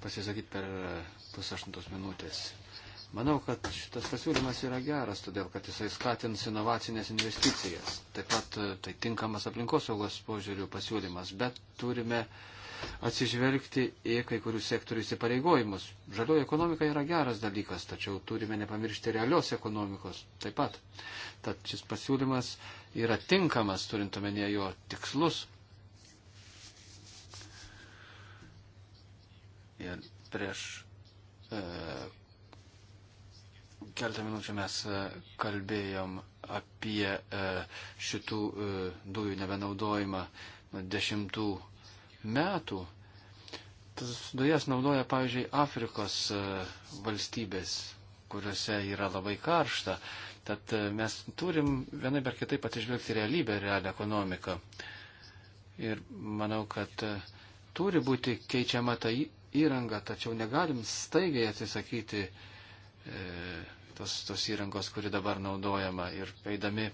pasisakyti per eh, pusaštuntos minutės. Manau, kad šitas pasiūlymas yra geras, todėl kad jisai skatins inovacinės investicijas. Taip pat e, tai tinkamas aplinkosaugos požiūrių pasiūlymas, bet turime atsižvelgti į kai kurių sektorių įsipareigojimus. Žalioji ekonomika yra geras dalykas, tačiau turime nepamiršti realios ekonomikos taip pat. Tad šis pasiūlymas yra tinkamas, turint omenyje jo tikslus. Ir prieš e, Keltą minučių mes e, kalbėjom apie e, šitų e, dujų nebenaudojimą dešimtų metų. Tas dujas naudoja, pavyzdžiui, Afrikos valstybės, kuriuose yra labai karšta. Tad mes turim vienai per kitaip atsižvelgti realybę, realią ekonomiką. Ir manau, kad turi būti keičiama ta įranga, tačiau negalim staigiai atsisakyti uh, E, tos, tos įrangos, kuri dabar naudojama ir eidami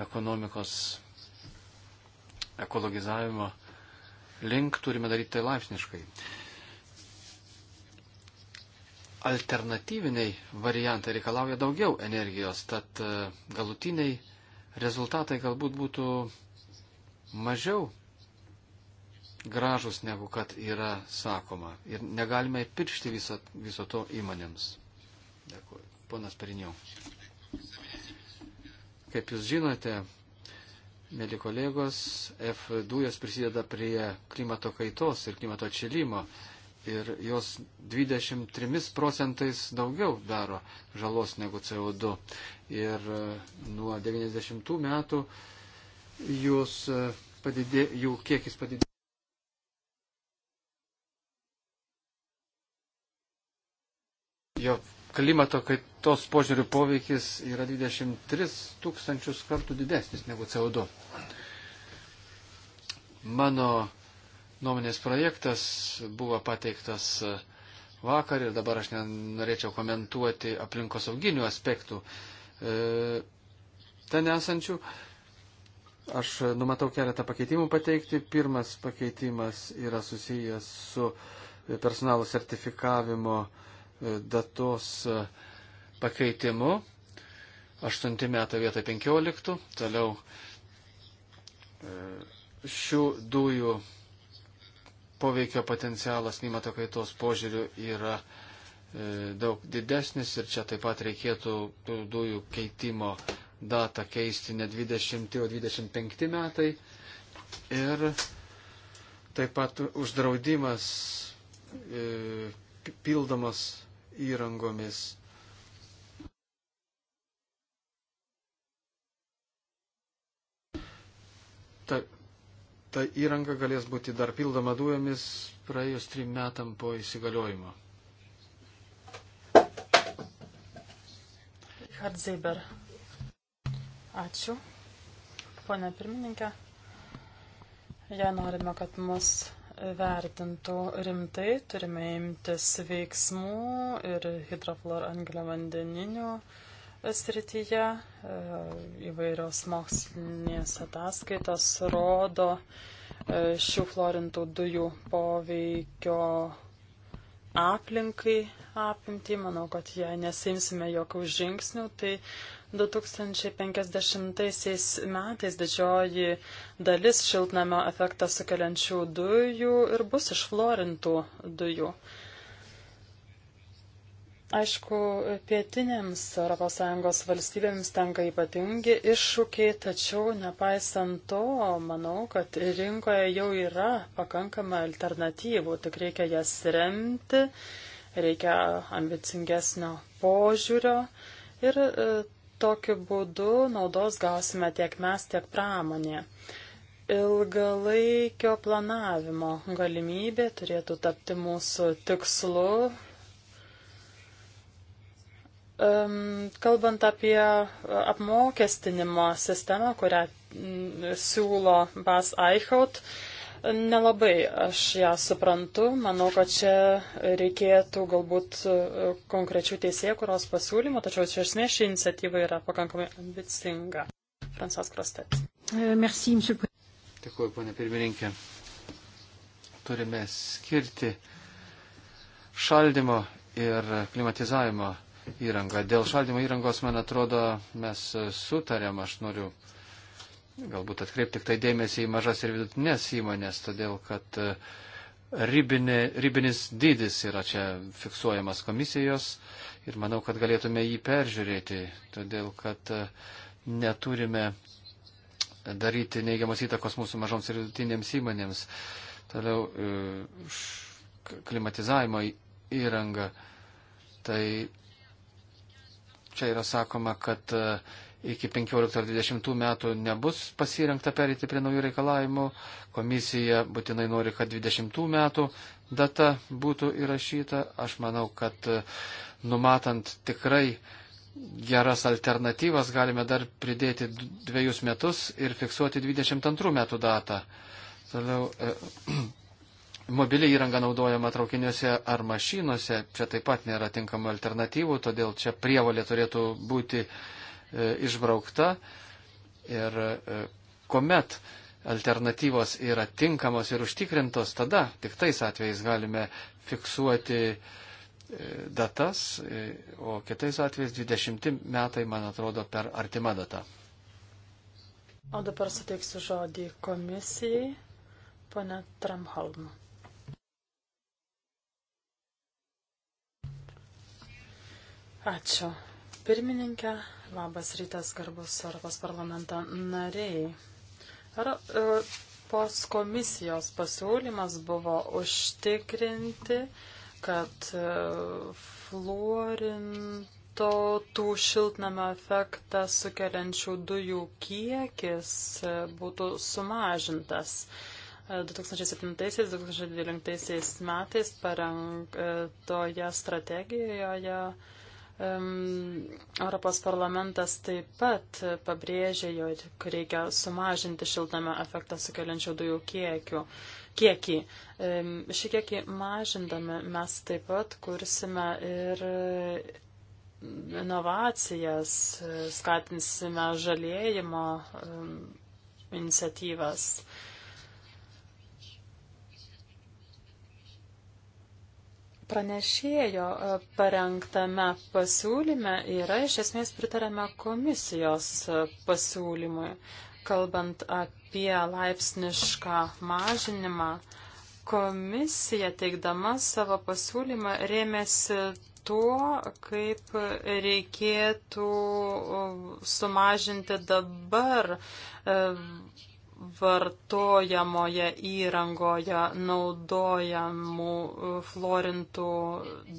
ekonomikos ekologizavimo link turime daryti tai laipsniškai. Alternatyviniai variantai reikalauja daugiau energijos, tad e, galutiniai rezultatai galbūt būtų mažiau gražus negu kad yra sakoma. Ir negalime piršti viso, viso to įmonėms. Dėkuoju. Ponas Periniau. Kaip jūs žinote, mėly kolegos, F dujos prisideda prie klimato kaitos ir klimato atšilimo ir jos 23 procentais daugiau daro žalos negu CO2. Ir e, nuo 90 metų jūs e, padidė, jų kiekis padidėjo. Jo klimato kaitos požiūrių poveikis yra 23 tūkstančius kartų didesnis negu CO2. Mano nuomonės projektas buvo pateiktas vakar ir dabar aš norėčiau komentuoti aplinkosauginių aspektų e, ten esančių. Aš numatau keletą pakeitimų pateikti. Pirmas pakeitimas yra susijęs su personalo sertifikavimo e, datos e, pakeitimu. 8 metai vietoj 15. Toliau e, šių dujų poveikio potencialas klimato kaitos požiūrių yra e, daug didesnis ir čia taip pat reikėtų tų dujų keitimo datą keisti ne 20, o 25 metai. Ir taip pat uždraudimas pildomas įrangomis. Ta, ta įranga galės būti dar pildoma dujomis praėjus trim metam po įsigaliojimo. Hardzeiber. Ačiū. Pone pirmininkė, jei norime, kad mus vertintų rimtai, turime imtis veiksmų ir hidrofluorangelio vandeninių srityje. E, įvairios mokslinės ataskaitos rodo e, šių florintų dujų poveikio aplinkai apimtį. Manau, kad jei nesimsime jokių žingsnių, tai 2050 metais didžioji dalis šiltnamio efektą sukeliančių dujų ir bus išflorintų dujų. dujų. Aišku, pietinėms ES valstybėms tenka ypatingi iššūkiai, tačiau nepaisant to, manau, kad rinkoje jau yra pakankama alternatyvų, tik reikia jas remti, reikia ambicingesnio požiūrio ir e, tokiu būdu naudos gausime tiek mes, tiek pramonė. Ilgalaikio planavimo galimybė turėtų tapti mūsų tikslu, Kalbant apie e, apmokestinimo sistemą, kurią mm, siūlo Bas Eichhout, nelabai aš ją suprantu. Manau, kad čia reikėtų galbūt e, konkrečių teisėkuros pasiūlymų, tačiau iš esmės ši iniciatyva yra pakankamai ambicinga. Fransas Krostet. E, merci, monsieur. Dėkuoju, ponė pirmininkė. Turime skirti šaldymo ir klimatizavimo įrangą. Dėl šaldymo įrangos, man atrodo, mes sutarėm, aš noriu galbūt atkreipti tik tai dėmesį į mažas ir vidutinės įmonės, todėl kad e, ribinė, ribinis dydis yra čia fiksuojamas komisijos ir manau, kad galėtume jį peržiūrėti, todėl kad e, neturime daryti neigiamas įtakos mūsų mažoms ir vidutinėms įmonėms. Toliau e, klimatizavimo įranga. Tai Čia yra sakoma, kad e, iki 15-20 metų nebus pasirinkta perėti prie naujų reikalavimų. Komisija būtinai nori, kad 20 metų data būtų įrašyta. Aš manau, kad e, numatant tikrai geras alternatyvas galime dar pridėti dviejus metus ir fiksuoti 22 metų datą. Toliau. E, mobili įranga naudojama traukiniuose ar mašinuose, čia taip pat nėra tinkamų alternatyvų, todėl čia prievalė turėtų būti e, išbraukta. Ir e, kuomet alternatyvos yra tinkamos ir užtikrintos, tada tik tais atvejais galime fiksuoti e, datas, e, o kitais atvejais 20 metai, man atrodo, per artimą datą. O dabar suteiksiu žodį komisijai, ponė Tramholm. Ačiū. Pirmininkė, labas rytas, garbus Europos parlamento nariai. Ar e, pos komisijos pasiūlymas buvo užtikrinti, kad e, fluorinto tų šiltnamio efektą sukeliančių dujų kiekis e, būtų sumažintas? 2007-2012 metais parengtoje strategijoje Europos parlamentas taip pat pabrėžė, jog reikia sumažinti šiltame efektą sukeliančių dujų kiekių. kiekį. Šį kiekį mažindami mes taip pat kursime ir inovacijas, skatinsime žalėjimo iniciatyvas. Um, pranešėjo e, parengtame pasiūlyme yra iš esmės pritarame komisijos e, pasiūlymui. Kalbant apie laipsnišką mažinimą, komisija teikdama savo pasiūlymą rėmėsi tuo, kaip reikėtų e, sumažinti dabar vartojamoje įrangoje naudojamų e, florintų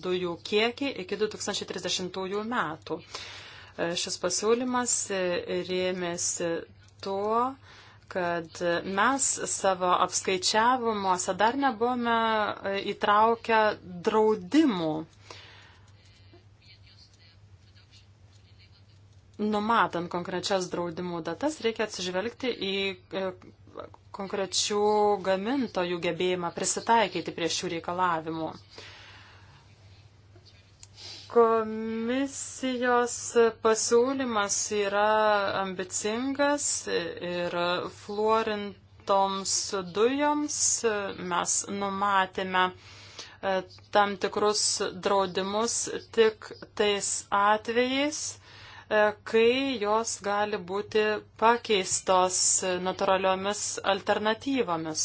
dujų kiekį iki 2030 metų. E, šis pasiūlymas e, rėmėsi tuo, kad mes savo apskaičiavimuose dar nebuvome įtraukę draudimų numatant konkrečias draudimų datas, reikia atsižvelgti į e, konkrečių gamintojų gebėjimą prisitaikyti prie šių reikalavimų. Komisijos pasiūlymas yra ambicingas ir fluorintoms dujoms mes numatėme e, tam tikrus draudimus tik tais atvejais, E, kai jos gali būti pakeistos natūraliomis alternatyvomis.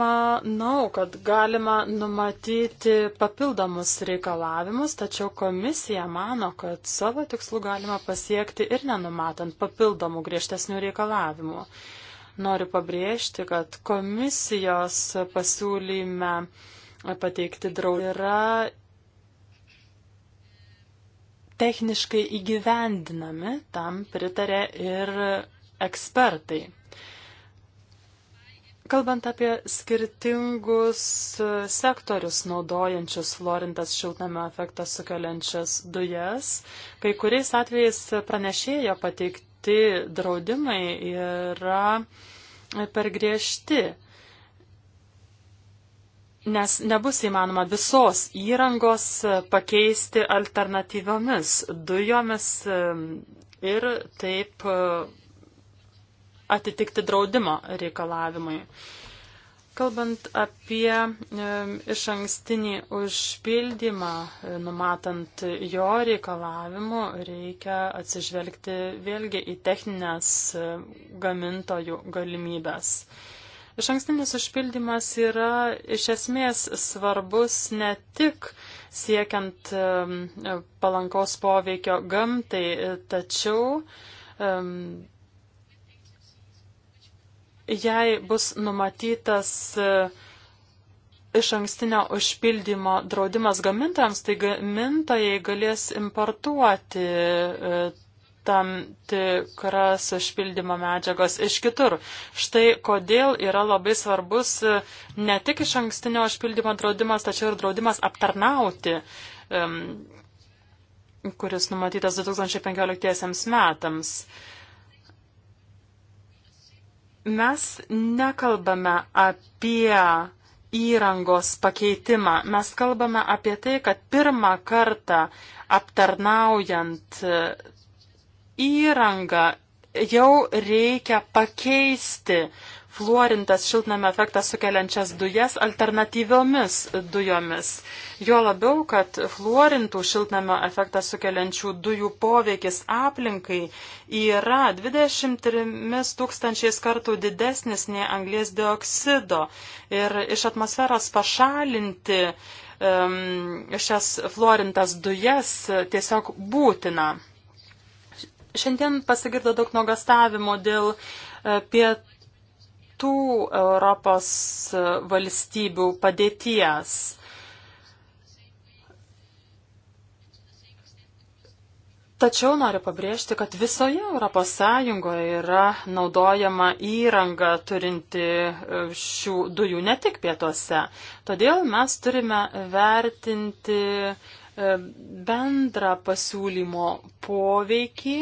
Manau, kad galima numatyti papildomus reikalavimus, tačiau komisija mano, kad savo tikslų galima pasiekti ir nenumatant papildomų griežtesnių reikalavimų. Noriu pabrėžti, kad komisijos pasiūlyme pateikti draudimai yra techniškai įgyvendinami, tam pritarė ir ekspertai. Kalbant apie skirtingus sektorius naudojančius florintas šiltnamio efektą sukeliančias dujas, kai kuriais atvejais pranešėjo pateikti draudimai yra per griežti nes nebus įmanoma visos įrangos pakeisti alternatyviomis dujomis ir taip e, atitikti draudimo reikalavimui. Kalbant apie iš ankstinį užpildymą, e, numatant jo reikalavimu, reikia atsižvelgti vėlgi į techninės e, gamintojų galimybės. Iš ankstinis užpildymas yra iš esmės svarbus ne tik siekiant palankaus poveikio gamtai, tačiau jei bus numatytas e, iš ankstinio užpildymo draudimas gamintojams, tai gamintojai galės importuoti e, tam tikras užpildymo medžiagos iš kitur. Štai kodėl yra labai svarbus e, ne tik iš ankstinio užpildymo draudimas, tačiau ir draudimas aptarnauti, kuris numatytas 2015 metams. Mes nekalbame apie įrangos pakeitimą. Mes kalbame apie tai, kad pirmą kartą aptarnaujant įrangą jau reikia pakeisti fluorintas šiltnamio efektą sukeliančias dujas alternatyviomis dujomis. Jo labiau, kad fluorintų šiltnamio efektą sukeliančių dujų poveikis aplinkai yra 23 tūkstančiais kartų didesnis nei anglės dioksido ir iš atmosferos pašalinti um, šias fluorintas dujas tiesiog būtina. Šiandien pasigirdo daug nuogastavimo dėl e, pietų Europos valstybių padėties. Tačiau noriu pabrėžti, kad visoje ES yra naudojama įranga turinti e, šių dujų ne tik pietuose. Todėl mes turime vertinti E, bendrą pasiūlymo poveikį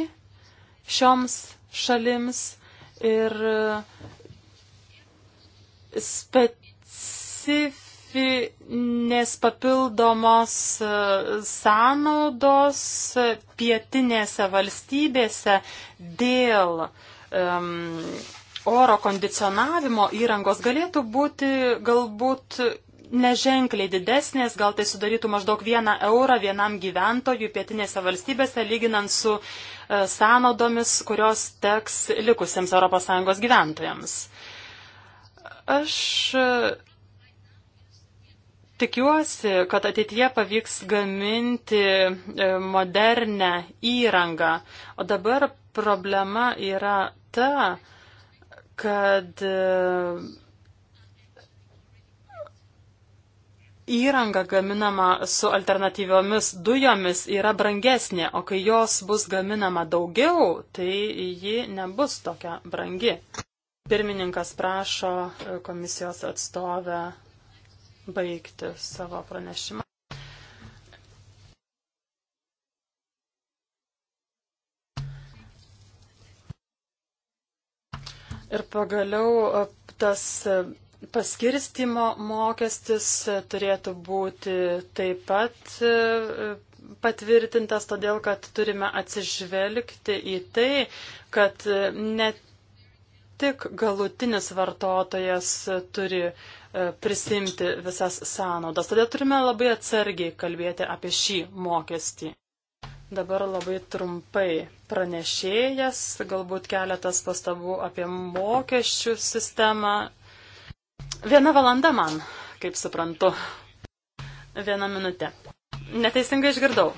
šioms šalims ir e, specifinės papildomos e, sąnaudos pietinėse valstybėse dėl um, oro kondicionavimo įrangos galėtų būti galbūt neženkliai didesnės, gal tai sudarytų maždaug vieną eurą vienam gyventojui pietinėse valstybėse, lyginant su e, sąnaudomis, kurios teks likusiems ES gyventojams. Aš e, tikiuosi, kad ateityje pavyks gaminti e, modernę įrangą, o dabar problema yra ta, kad įranga gaminama su alternatyviomis dujomis yra brangesnė, o kai jos bus gaminama daugiau, tai ji nebus tokia brangi. Pirmininkas prašo e, komisijos atstovę baigti savo pranešimą. Ir pagaliau e, tas e, Paskirstimo mokestis turėtų būti taip pat e, patvirtintas, todėl kad turime atsižvelgti į tai, kad ne tik galutinis vartotojas turi e, prisimti visas sąnaudas. Todėl turime labai atsargiai kalbėti apie šį mokestį. Dabar labai trumpai pranešėjas, galbūt keletas pastabų apie mokesčių sistemą Viena valanda man, kaip suprantu. Viena minutė. Neteisingai išgirdau.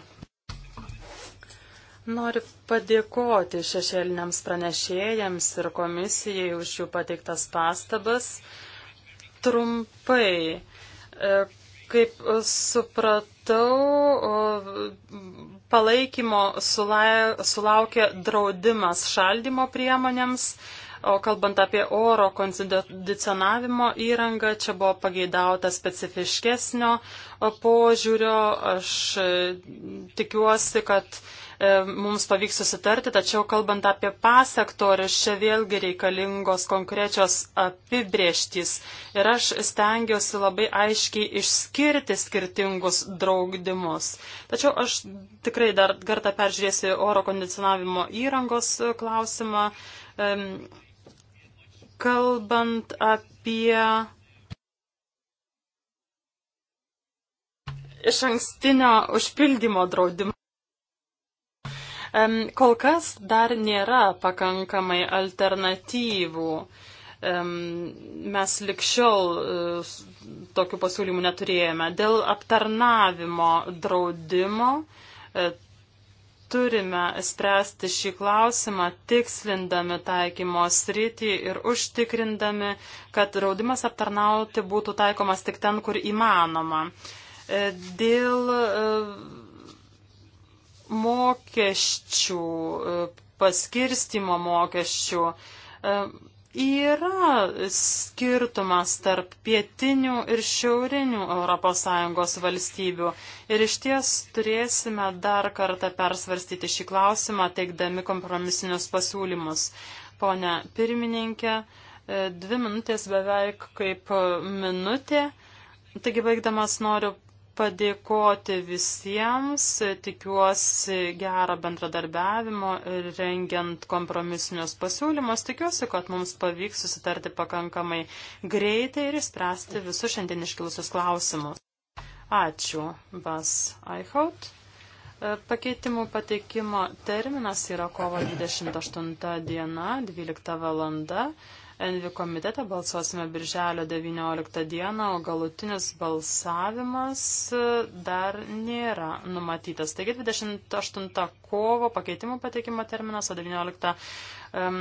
Noriu padėkoti šešėliniams pranešėjams ir komisijai už jų pateiktas pastabas. Trumpai, e, kaip supratau, palaikymo sulaukė draudimas šaldymo priemonėms O kalbant apie oro kondicionavimo įrangą, čia buvo pageidauta specifiškesnio požiūrio. Aš e, tikiuosi, kad e, mums pavyks susitarti, tačiau kalbant apie pasektorius, čia vėlgi reikalingos konkrečios apibrieštys. Ir aš stengiuosi labai aiškiai išskirti skirtingus draudimus. Tačiau aš tikrai dar kartą peržiūrėsiu oro kondicionavimo įrangos klausimą. Kalbant apie iš ankstinio užpildymo draudimą. Kol kas dar nėra pakankamai alternatyvų. Mes likščiau e, tokių pasiūlymų neturėjome. Dėl aptarnavimo draudimo e, turime spręsti šį klausimą, tikslindami taikymo sritį ir užtikrindami, kad draudimas aptarnauti būtų taikomas tik ten, kur įmanoma. E, dėl e, mokesčių, e, paskirstimo mokesčių, yra skirtumas tarp pietinių ir šiaurinių ES valstybių. Ir iš ties turėsime dar kartą persvarstyti šį klausimą, teikdami kompromisinius pasiūlymus. Pone pirmininkė, e, dvi minutės beveik kaip minutė. Taigi baigdamas noriu padėkoti visiems, tikiuosi gerą bendradarbiavimo ir rengiant kompromisinius pasiūlymus, tikiuosi, kad mums pavyks susitarti pakankamai greitai ir įspręsti visus šiandien iškilusius klausimus. Ačiū, Bas Aichaut. E, pakeitimų pateikimo terminas yra kovo 28 diena, 12 valanda. Envi komitete balsuosime birželio 19 dieną, o galutinis balsavimas e, dar nėra numatytas. Taigi 28 kovo pakeitimų pateikimo terminas, o 19 um,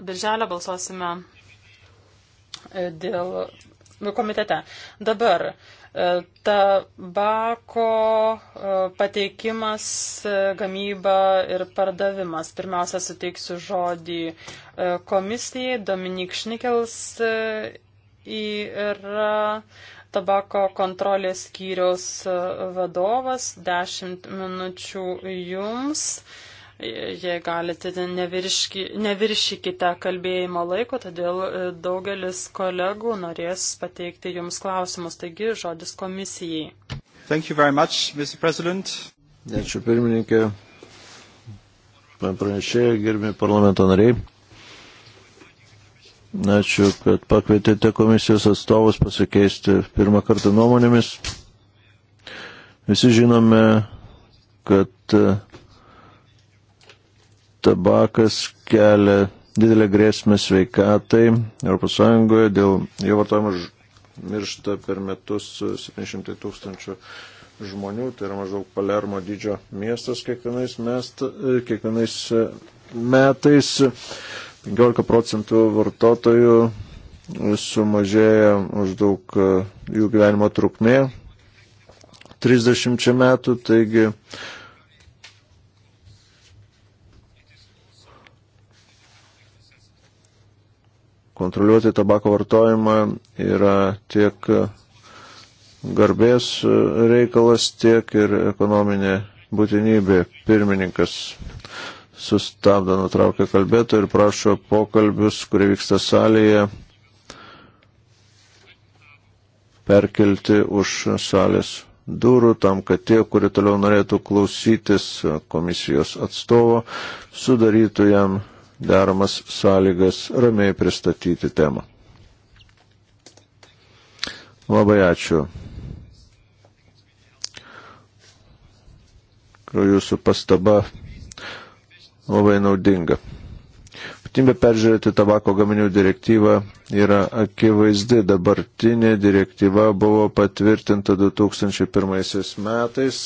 birželio balsuosime e, dėl nu, komitete. Dabar E, tabako e, pateikimas, e, gamyba ir pardavimas. Pirmiausia, suteiksiu žodį komisijai. Dominik Šnikels yra tabako kontrolės skyriaus vadovas. Dešimt minučių jums jei galite, neviršykite kalbėjimo laiko, todėl e, daugelis kolegų norės pateikti jums klausimus. Taigi, žodis komisijai. Much, Ačiū pirmininkė, pranešėjai, gerbimi parlamento nariai. Ačiū, kad pakvietėte komisijos atstovus pasikeisti pirmą kartą nuomonėmis. Visi žinome, kad e, tabakas kelia didelę grėsmę sveikatai ES dėl jo vartojimo miršta per metus 700 tūkstančių žmonių, tai yra maždaug Palermo dydžio miestas kiekvienais, mest, kiekvienais e, metais. 15 procentų vartotojų sumažėja maždaug e, jų gyvenimo trukmė 30 metų, taigi kontroliuoti tabako vartojimą yra tiek garbės reikalas, tiek ir ekonominė būtinybė. Pirmininkas sustabdo, nutraukia kalbėtų ir prašo pokalbius, kurie vyksta salėje, perkelti už salės durų, tam, kad tie, kurie toliau norėtų klausytis komisijos atstovo, sudarytų jam deramas sąlygas ramiai pristatyti temą. Labai ačiū. Jūsų pastaba labai naudinga. Būtinybė peržiūrėti tabako gaminių direktyvą yra akivaizdi. Dabartinė direktyva buvo patvirtinta 2001 metais,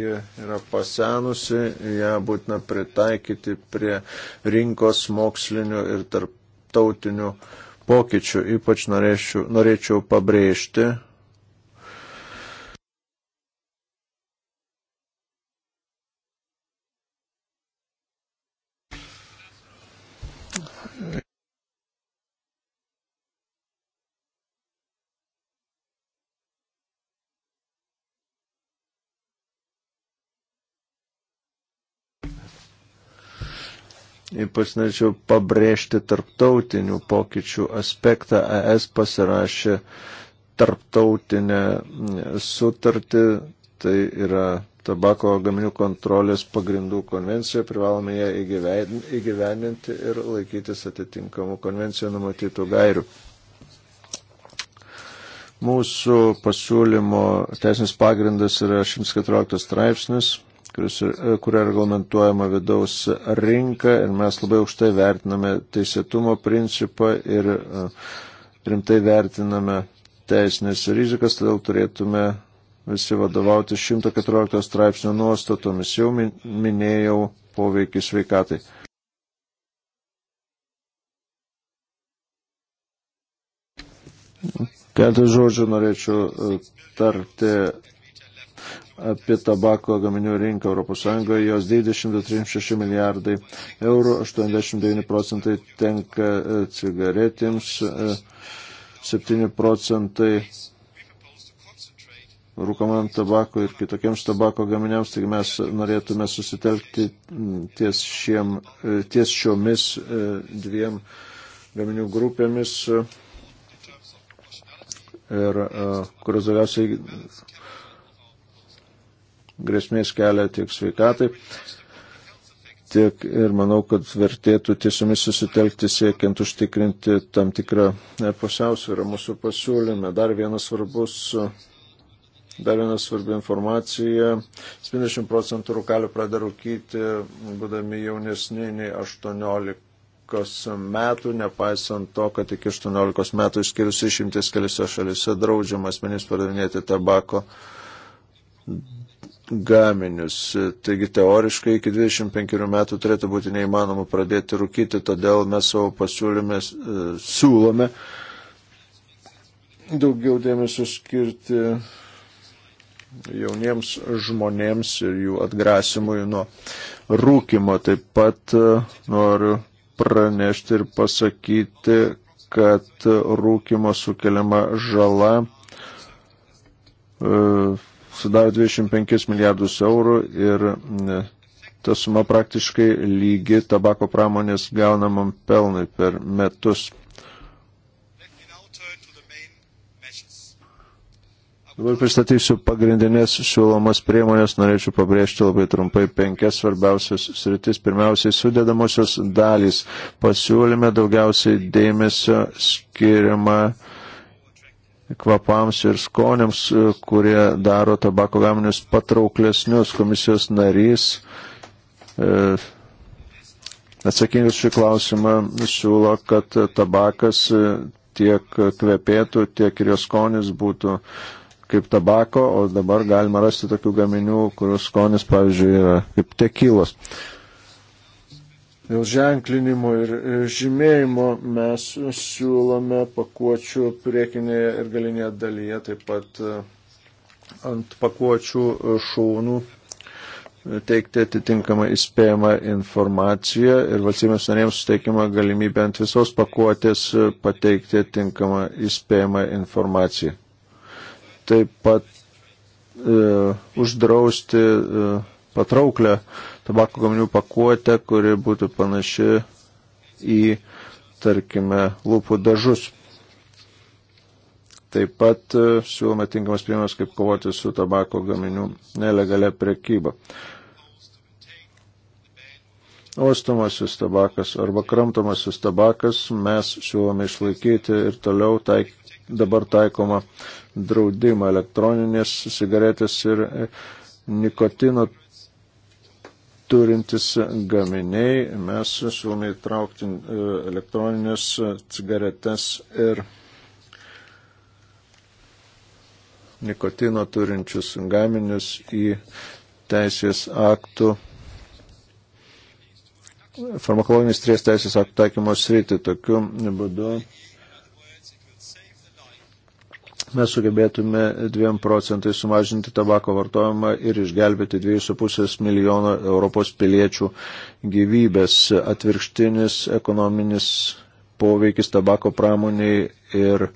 ji yra pasenusi, ją būtina pritaikyti prie rinkos mokslinių ir tarptautinių pokyčių. Ypač norėčiau, norėčiau pabrėžti, Ypač norėčiau pabrėžti tarptautinių pokyčių aspektą. ES pasirašė tarptautinę sutartį, tai yra tabako gaminių kontrolės pagrindų konvencija, privalome ją įgyvendinti ir laikytis atitinkamų konvencijoje numatytų gairių. Mūsų pasiūlymo teisinis pagrindas yra 114 straipsnis kuris, e, kuria reglamentuojama vidaus rinka ir mes labai aukštai vertiname teisėtumo principą ir e, rimtai vertiname teisinės rizikas, todėl turėtume visi vadovauti 114 straipsnio nuostatomis. Jau minėjau poveikį sveikatai. Keletą žodžių norėčiau e, tarti apie tabako gaminių rinką ES, jos 20-36 milijardai eurų, 89 procentai tenka e, cigaretėms, 7 e, procentai rūkamam tabakui ir kitokiems tabako gaminiams, taigi mes norėtume susitelkti ties, šiem, e, ties šiomis dviem gaminių grupėmis, ir, kurios daugiausiai grėsmės kelia tiek sveikatai, tiek ir manau, kad vertėtų tiesiomis susitelkti siekiant užtikrinti tam tikrą e, pusiausvyrą mūsų pasiūlyme. Dar vienas svarbus. Dar viena svarbi informacija. 70 procentų rūkalių pradeda rūkyti, būdami jaunesni nei 18 18 metų, nepaisant to, kad iki 18 metų išskyrus išimtis keliose šalise draudžiama asmenys pardavinėti tabako gaminius. Taigi teoriškai iki 25 metų turėtų būti neįmanoma pradėti rūkyti, todėl mes savo pasiūlyme e, siūlome daugiau dėmesio skirti jauniems žmonėms ir jų atgrasimui nuo rūkimo. Taip pat e, noriu pranešti ir pasakyti, kad rūkimo sukeliama žala uh, sudaro 25 milijardus eurų ir ta suma praktiškai lygi tabako pramonės gaunamam pelnui per metus. Dabar pristatysiu pagrindinės siūlomas priemonės, norėčiau pabrėžti labai trumpai penkias svarbiausias sritis. Pirmiausiai sudėdamosios dalys pasiūlyme daugiausiai dėmesio skiriama uh, kvapams ir skoniams, e, kurie daro tabako gaminius patrauklesnius. Komisijos narys e, atsakingas šį klausimą siūlo, kad tabakas e, tiek kvepėtų, tiek ir jo skonis būtų kaip tabako, o dabar galima rasti tokių gaminių, kurių skonis, pavyzdžiui, yra kaip tekilos. E, Dėl ženklinimo ir žymėjimo mes siūlome pakuočių priekinėje ir galinėje dalyje, taip pat e, ant pakuočių e, šaunų e, teikti atitinkamą įspėjimą informaciją ir valstybės narėms suteikimą galimybę ant visos pakuotės pateikti atitinkamą įspėjimą informaciją. Taip pat e, uždrausti e, patrauklę tabako gaminių pakuotę, kuri būtų panaši į, tarkime, lūpų dažus. Taip pat e, siūloma tinkamas priemonės, kaip kovoti su tabako gaminių nelegalia prekyba. Ostomasis tabakas arba kramtomasis tabakas mes siūlome išlaikyti ir toliau taik, dabar taikoma draudimą elektroninės cigaretės ir e, nikotino turintis gaminiai. Mes siūlome įtraukti e, elektroninės cigaretes ir nikotino turinčius gaminius į teisės aktų, farmakologinės trės teisės aktų taikymo sritį. Tokiu būdu mes sugebėtume 2 procentai sumažinti tabako vartojimą ir išgelbėti 2,5 milijono Europos piliečių gyvybės. Atvirkštinis ekonominis poveikis tabako pramoniai ir e,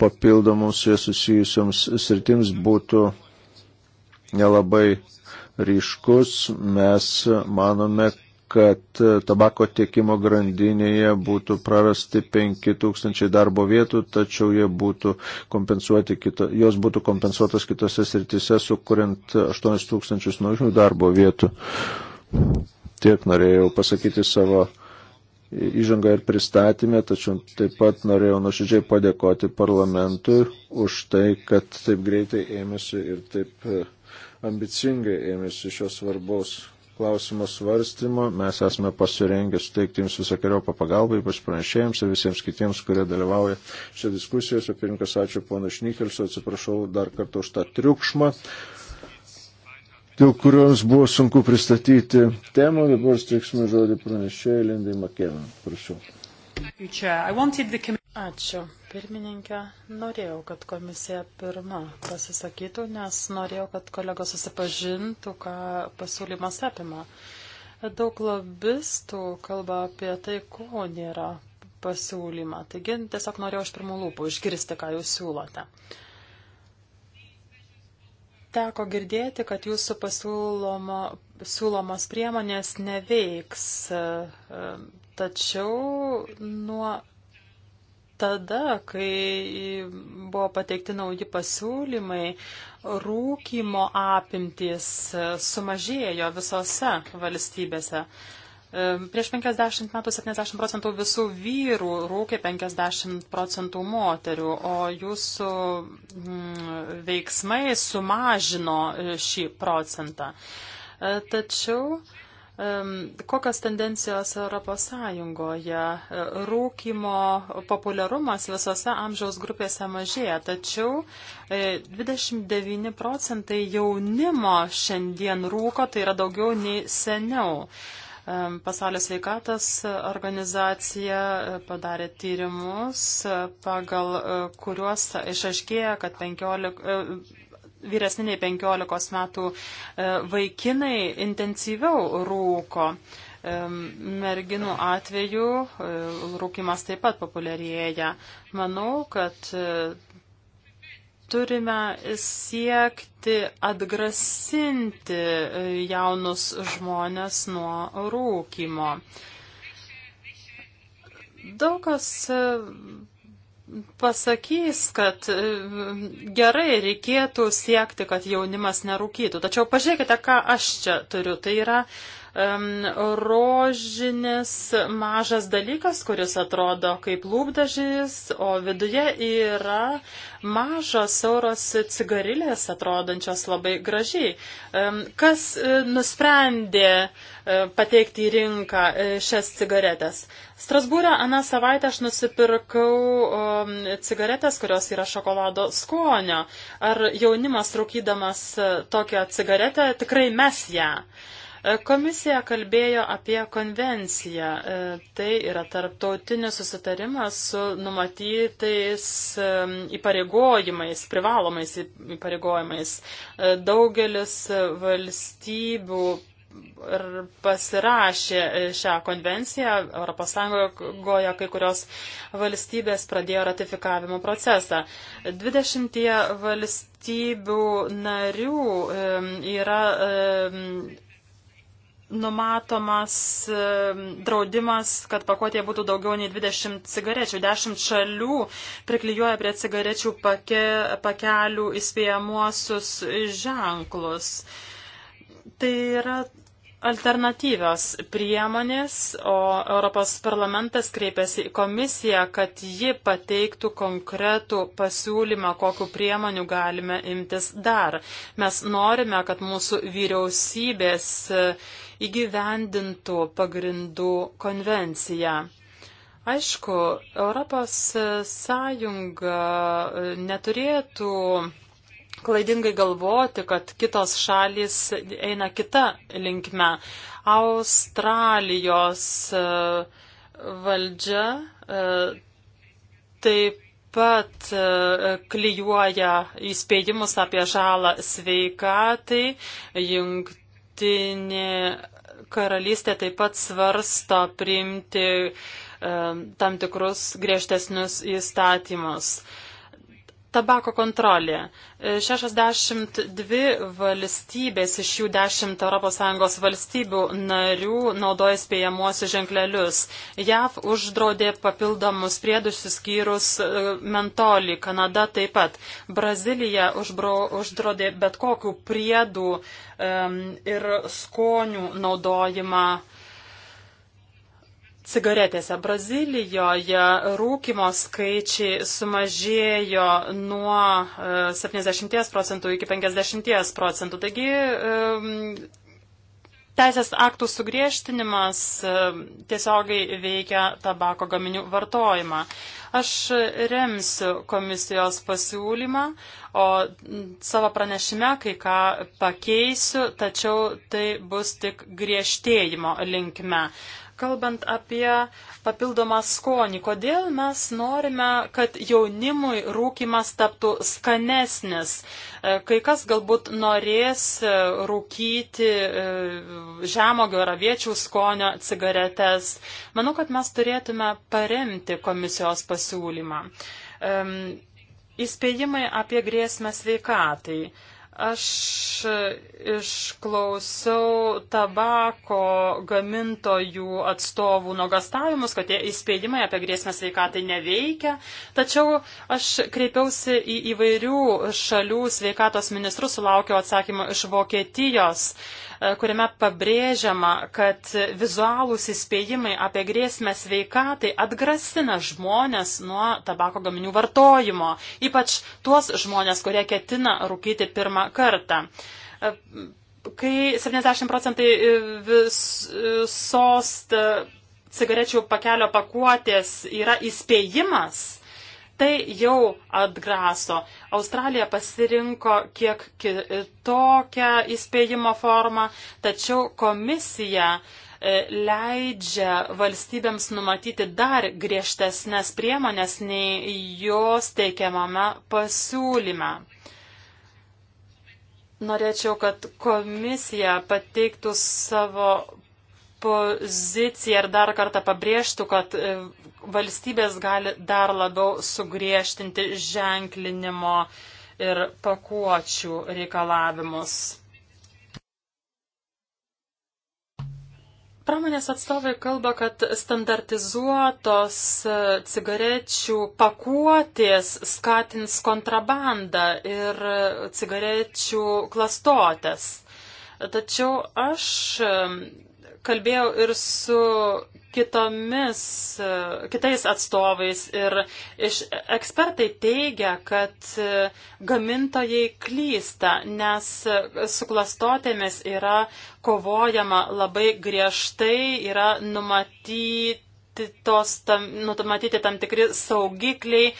papildomus susijusioms sritims būtų nelabai ryškus. Mes manome, kad e, tabako tiekimo grandinėje būtų prarasti 5000 darbo vietų, tačiau būtų kita, jos būtų kompensuotas kitose srityse, sukuriant 8000 naujų darbo vietų. Tiek norėjau pasakyti savo įžangą ir pristatymę, tačiau taip pat norėjau nuoširdžiai padėkoti parlamentui už tai, kad taip greitai ėmėsi ir taip e, ambicingai ėmėsi šios svarbaus klausimo svarstymo. Mes esame pasirengę suteikti jums visokiojo pagalbą, ypač pranešėjams ir visiems kitiems, kurie dalyvauja šią diskusijose. Pirinkas, ačiū pono Šnikelsu, atsiprašau dar kartą už tą triukšmą dėl kurios buvo sunku pristatyti temą. Dabar streiksime žodį pranešėjai Lindai Makėvą. Prašau. Ačiū, pirmininkė. Norėjau, kad komisija pirma pasisakytų, nes norėjau, kad kolegos susipažintų, ką pasiūlymas apima. Daug lobistų kalba apie tai, ko nėra pasiūlyma. Taigi tiesiog norėjau iš pirmų lūpų išgirsti, ką jūs siūlote. Teko girdėti, kad jūsų pasiūlomo, siūlomos priemonės neveiks, tačiau nuo tada, kai buvo pateikti nauji pasiūlymai, rūkymo apimtys e, sumažėjo visose valstybėse. E, prieš 50 metų 70 procentų visų vyrų rūkė 50 procentų moterių, o jūsų mm, veiksmai sumažino e, šį procentą. Tačiau Kokios tendencijos Europos Sąjungoje? E, Rūkimo populiarumas visose amžiaus grupėse mažėja, tačiau 29 e, procentai jaunimo šiandien rūko, tai yra daugiau nei seniau. Pasaulio sveikatos organizacija e, padarė tyrimus, pagal kuriuos išaiškėjo, kad 15, vyresniniai 15 metų e, vaikinai intensyviau rūko. E, merginų atveju e, rūkimas taip pat populiarėja. Manau, kad turime siekti atgrasinti jaunus žmonės nuo rūkymo. Daug kas pasakys, kad e, gerai reikėtų siekti, kad jaunimas nerūkytų. Tačiau pažiūrėkite, ką aš čia turiu. Tai yra rožinis mažas dalykas, kuris atrodo kaip lūpdažys, o viduje yra mažos sauros cigarilės, atrodančios labai gražiai. Kas e, nusprendė e, pateikti į rinką e, šias cigaretės? Strasbūrė aną savaitę aš nusipirkau cigaretės, kurios yra šokolado skonio. Ar jaunimas rūkydamas tokią cigaretę tikrai mes ją? Ja. Komisija kalbėjo apie konvenciją. E, tai yra tarptautinis susitarimas su numatytais įpareigojimais, privalomais įpareigojimais. E, daugelis valstybių pasirašė šią konvenciją, ES kai kurios valstybės pradėjo ratifikavimo procesą. 20 valstybių narių yra numatomas draudimas, kad pakuotėje būtų daugiau nei 20 cigarečių. 10 šalių priklijuoja prie cigarečių pake, pakelių įspėjamuosius ženklus. Tai yra alternatyvios priemonės, o Europos parlamentas kreipėsi į komisiją, kad ji pateiktų konkretų pasiūlymą, kokiu priemonių galime imtis dar. Mes norime, kad mūsų vyriausybės įgyvendintų pagrindų konvenciją. Aišku, Europos Sąjunga neturėtų klaidingai galvoti, kad kitos šalis eina kita linkme. Australijos e, valdžia e, taip pat e, klyjuoja įspėjimus apie žalą sveikatai. Jungtinė karalystė taip pat svarsto priimti tam tikrus griežtesnius įstatymus. Tabako kontrolė. 62 e, valstybės iš jų 10 ES valstybių narių naudoja spėjamuosius ženklelius. JAV uždraudė papildomus priedus įskyrus e, mentolį, Kanada taip pat. Brazilija užbro, uždraudė bet kokių priedų um, ir skonių naudojimą uh, cigaretėse. Brazilijoje rūkimo skaičiai sumažėjo nuo 70 e, procentų iki 50 procentų. Taigi e, teisės aktų sugriežtinimas e, tiesiogiai veikia tabako gaminių vartojimą. Aš remsiu komisijos pasiūlymą, o savo pranešime kai ką pakeisiu, tačiau tai bus tik griežtėjimo linkme. Kalbant apie papildomą skonį, kodėl mes norime, kad jaunimui rūkimas taptų skanesnis? E, kai kas galbūt norės e, rūkyti e, žemogio ar aviečių skonio cigaretes. Manau, kad mes turėtume paremti komisijos pasiūlymą. Įspėjimai apie grėsmę sveikatai. Aš išklausiau tabako gamintojų atstovų nuogastavimus, kad tie įspėjimai apie grėsmę sveikatai neveikia, tačiau aš kreipiausi į įvairių šalių sveikatos ministrus, sulaukiau atsakymą iš Vokietijos. Uh, E, kuriame pabrėžiama, kad vizualūs įspėjimai apie grėsmę sveikatai atgrasina žmonės nuo tabako gaminių vartojimo, ypač tuos žmonės, kurie ketina rūkyti pirmą kartą. E, kai 70 procentai visos e, cigarečių pakelio pakuotės yra įspėjimas, tai jau atgraso. Australija pasirinko kiek kitokią įspėjimo formą, tačiau komisija e, leidžia valstybėms numatyti dar griežtesnės priemonės nei jos teikiamame pasiūlyme. Norėčiau, kad komisija pateiktų savo poziciją ir dar kartą pabrėžtų, kad e, valstybės gali dar labiau sugriežtinti ženklinimo ir pakuočių reikalavimus. Pramonės atstovai kalba, kad standartizuotos e, cigarečių pakuotės skatins kontrabandą ir e, cigarečių klastotės. Tačiau aš kalbėjau ir su kitomis, e, kitais atstovais ir iš ekspertai teigia, kad e, gamintojai klysta, nes e, su klastotėmis yra kovojama labai griežtai, yra numatyti. Tos, tam, numatyti tam tikri saugikliai,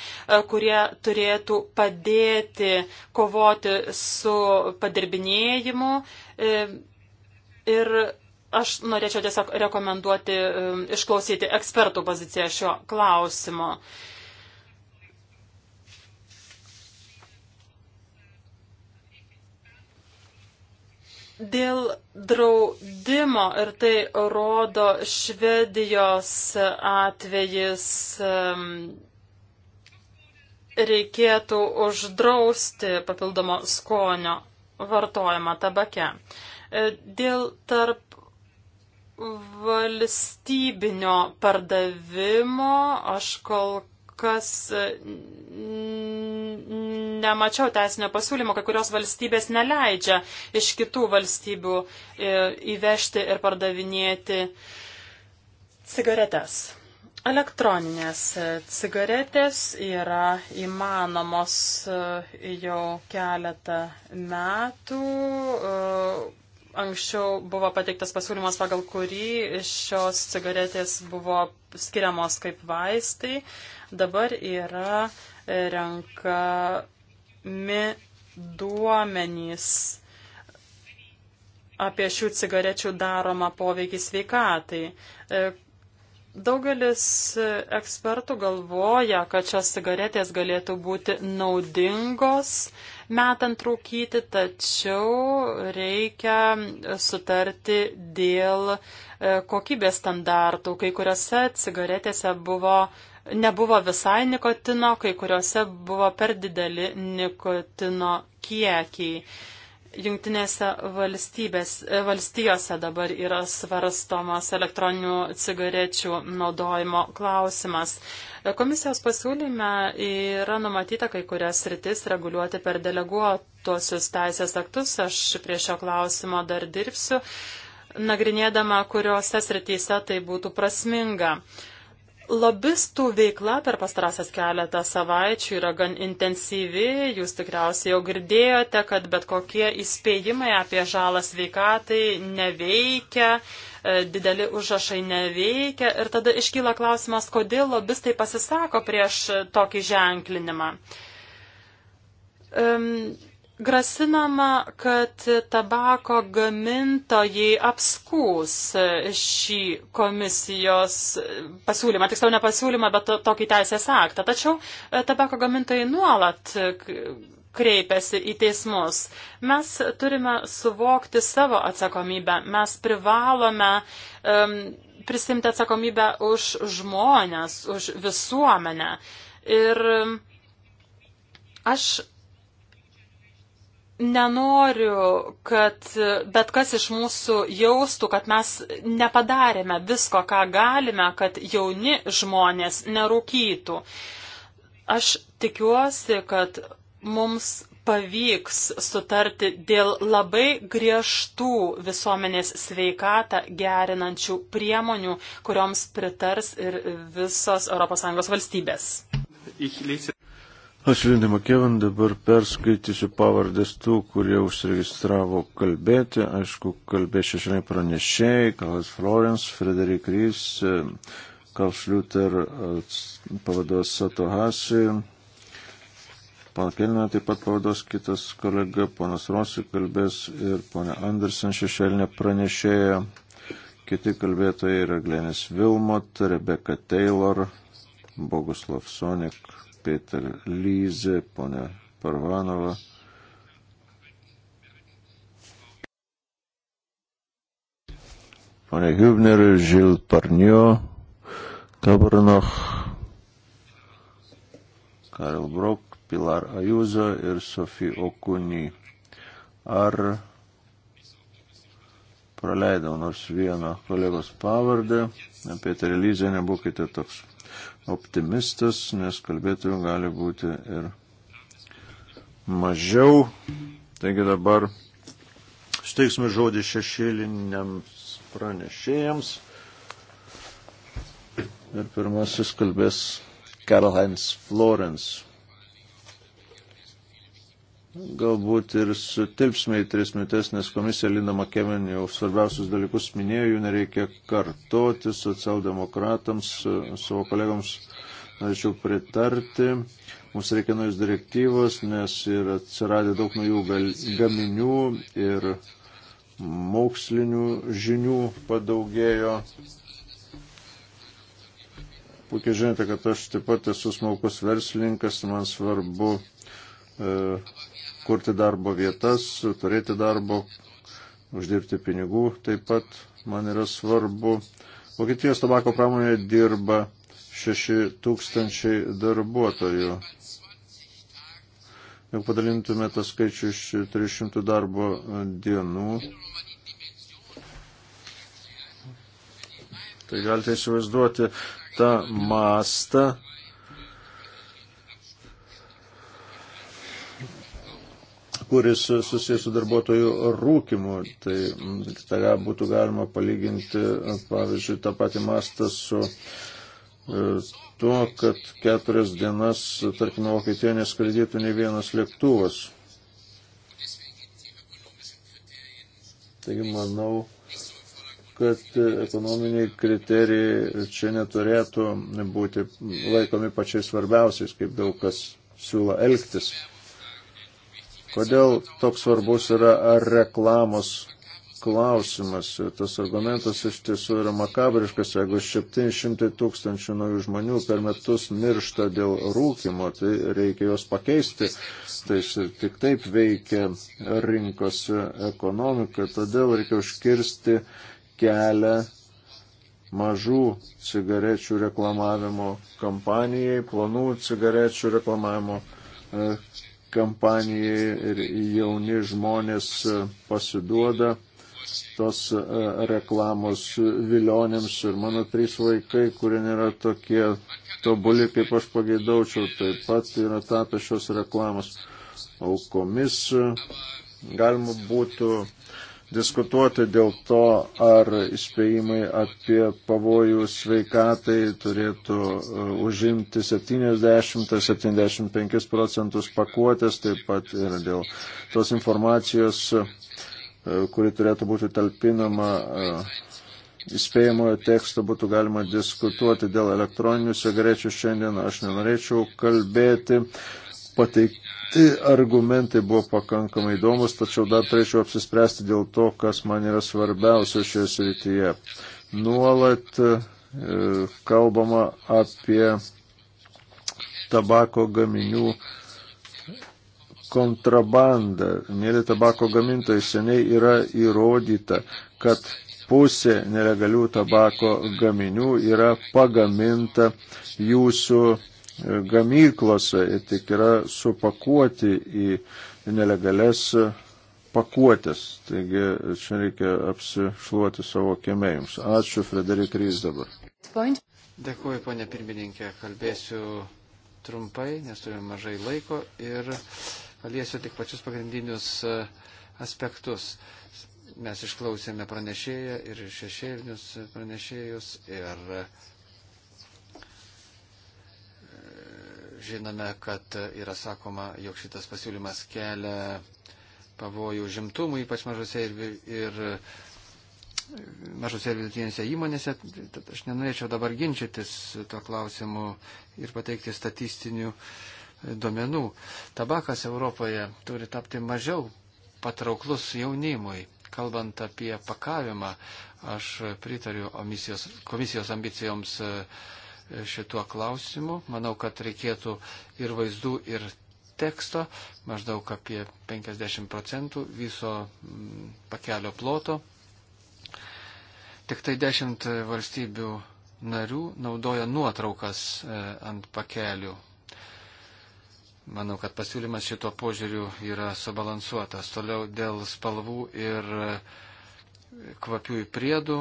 kurie turėtų padėti kovoti su padirbinėjimu ir Aš norėčiau tiesiog rekomenduoti um, išklausyti ekspertų poziciją šio klausimo. Dėl draudimo ir tai rodo Švedijos atvejis um, reikėtų uždrausti papildomo skonio vartojimą tabake. E, dėl tarp valstybinio pardavimo aš kol kas e, nemačiau teisinio pasiūlymo, kai kurios valstybės neleidžia iš kitų valstybių e, įvežti ir pardavinėti cigaretes. Elektroninės e, cigaretės yra įmanomos jau keletą metų Anksčiau buvo pateiktas pasiūlymas, pagal kurį šios cigaretės buvo skiriamos kaip vaistai. Dabar yra e, renkami duomenys apie šių cigarečių daromą poveikį sveikatai. E, daugelis ekspertų galvoja, kad šios cigaretės galėtų būti naudingos, metant rūkyti, tačiau reikia sutarti dėl e, kokybės standartų. Kai kuriuose cigaretėse buvo, nebuvo visai nikotino, kai kuriuose buvo per dideli nikotino kiekiai. Jungtinėse e, valstijose dabar yra svarstomas elektroninių cigarečių naudojimo klausimas. E, komisijos pasiūlyme yra numatyta kai kurias rytis reguliuoti per deleguotuosius teisės aktus. Aš prie šio klausimo dar dirbsiu, nagrinėdama, kuriuose srityse tai būtų prasminga. Uh, Lobistų veikla per pastarąsias keletą savaičių yra gan intensyvi. Jūs tikriausiai jau girdėjote, kad bet kokie įspėjimai apie žalą sveikatai neveikia, e, dideli užrašai neveikia. Ir tada iškyla klausimas, kodėl lobistai pasisako prieš tokį ženklinimą. Um, Grasinama, kad tabako gamintojai apskūs šį komisijos pasiūlymą, tiksliau ne pasiūlymą, bet to, tokį teisės aktą. Tačiau e, tabako gamintojai nuolat kreipiasi į teismus. Mes turime suvokti savo atsakomybę. Mes privalome um, prisimti atsakomybę už žmonės, už visuomenę. Ir aš nenoriu, kad bet kas iš mūsų jaustų, kad mes nepadarėme visko, ką galime, kad jauni žmonės nerūkytų. Aš tikiuosi, kad mums pavyks sutarti dėl labai griežtų visuomenės sveikatą gerinančių priemonių, kurioms pritars ir visos ES valstybės. Aš Lindė Makėvan dabar perskaitysiu pavardės tų, kurie užsiregistravo kalbėti. Aišku, kalbės šešiniai pranešėjai, Kalas Florence, Frederik Rys, Kalšliuter pavaduos Satohasi, pana Kelina taip pat pavaduos kitas kolega, ponas Rosi kalbės ir pana Andersen šešėlinė pranešėja. Kiti kalbėtojai yra Glenis Vilmot, Rebecca Taylor, Boguslav Sonik, Peter Lyze, ponė Parvanova. Pone Hübner, Žil Parnio, Kabranach, Karel Brok, Pilar Ajuzo ir Sofija Okuni. Ar praleidau nors vieną kolegos pavardę, apie Terelizę nebūkite toks optimistas, nes kalbėtojų gali būti ir mažiau. Taigi dabar steiksime žodį šešėliniams pranešėjams. Ir pirmasis kalbės Karl Heinz Florence galbūt ir sutilpsime į tris minutės, nes komisija Linda Makemen jau svarbiausius dalykus minėjo, jų nereikia kartoti socialdemokratams, e, savo kolegams norėčiau pritarti. Mums reikia naujos direktyvos, nes ir atsiradė daug naujų gaminių ir mokslinių žinių padaugėjo. Puikiai žinote, kad aš taip pat esu smulkus verslininkas, man svarbu e, kurti darbo vietas, turėti darbo, uždirbti pinigų taip pat man yra svarbu. Vokietijos tabako pramonėje dirba 6 tūkstančiai darbuotojų. Jeigu padalintume tą skaičių iš 300 darbo dienų, tai galite įsivaizduoti tą mastą, kuris susijęs su darbuotojų rūkimu. Tai mm, tada būtų galima palyginti, pavyzdžiui, tą patį mastą su e, tuo, kad keturias dienas, tarkime, Vokietijoje neskraidytų ne vienas lėktuvas. Taigi manau, kad ekonominiai kriterijai čia neturėtų būti laikomi pačiais svarbiausiais, kaip daug kas siūlo elgtis. Kodėl toks svarbus yra reklamos klausimas? Tas argumentas iš tiesų yra makabriškas. Jeigu 700 tūkstančių naujų žmonių per metus miršta dėl rūkimo, tai reikia juos pakeisti. Tai tik taip veikia rinkos ekonomika. Todėl reikia užkirsti kelią mažų cigarečių reklamavimo kampanijai, planų cigarečių reklamavimo kampanijai ir jauni žmonės e, pasiduoda tos e, reklamos vilionėms ir mano trys vaikai, kurie nėra tokie tobuli, kaip aš pageidaučiau, taip pat yra tapę šios reklamos aukomis. Galima būtų diskutuoti dėl to, ar įspėjimai apie pavojų sveikatai turėtų uh, užimti 70-75 procentus pakuotės, taip pat ir dėl tos informacijos, uh, kuri turėtų būti talpinama uh, įspėjimojo teksto būtų galima diskutuoti dėl elektroninių cigarečių šiandien, aš nenorėčiau kalbėti, pateikti argumentai buvo pakankamai įdomus, tačiau dar turėčiau apsispręsti dėl to, kas man yra svarbiausia šioje srityje. Nuolat e, kalbama apie tabako gaminių kontrabandą. Mėly tabako gamintojai seniai yra įrodyta, kad pusė nelegalių tabako gaminių yra pagaminta jūsų gamyklose ir tik yra supakuoti į nelegales pakuotės. Taigi čia reikia apsišluoti savo kėmėjams. Ačiū, Frederik Rys dabar. Dėkuoju, ponė pirmininkė. Kalbėsiu trumpai, nes turime mažai laiko ir paliesiu tik pačius pagrindinius e, aspektus. Mes išklausėme pranešėją ir šešėlinius pranešėjus ir uh, Žinome, kad yra sakoma, jog šitas pasiūlymas kelia pavojų žimtumui, ypač mažose ir, ir mažose ir vidutinėse įmonėse. Tad aš nenorėčiau dabar ginčytis tuo klausimu ir pateikti statistinių e, duomenų. Tabakas Europoje turi tapti mažiau patrauklus jaunimui. Kalbant apie pakavimą, aš pritariu komisijos, komisijos ambicijoms. Uh, šituo klausimu. Manau, kad reikėtų ir vaizdų, ir teksto, maždaug apie 50 procentų viso mm, pakelio ploto. Tik tai 10 valstybių narių naudoja nuotraukas e, ant pakelių. Manau, kad pasiūlymas šito požiūriu yra subalansuotas. Toliau dėl spalvų ir e, kvapiųjų priedų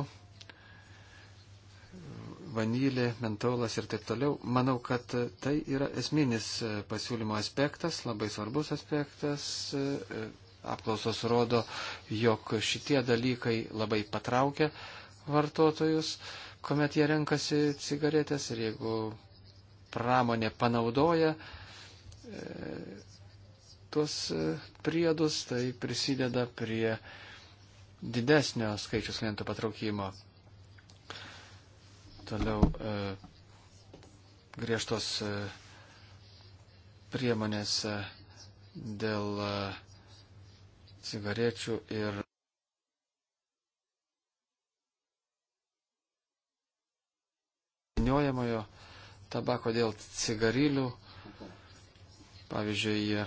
vanilė, mentolas ir taip toliau. Manau, kad tai yra esminis e, pasiūlymo aspektas, labai svarbus aspektas. E, e, apklausos rodo, jog šitie dalykai labai patraukia vartotojus, kuomet jie renkasi cigaretės ir jeigu pramonė panaudoja tuos priedus, tai prisideda prie didesnio skaičius klientų patraukimo. Toliau e, griežtos e, priemonės e, dėl e, cigarečių ir. Niojamojo tabako dėl cigarylių. Pavyzdžiui,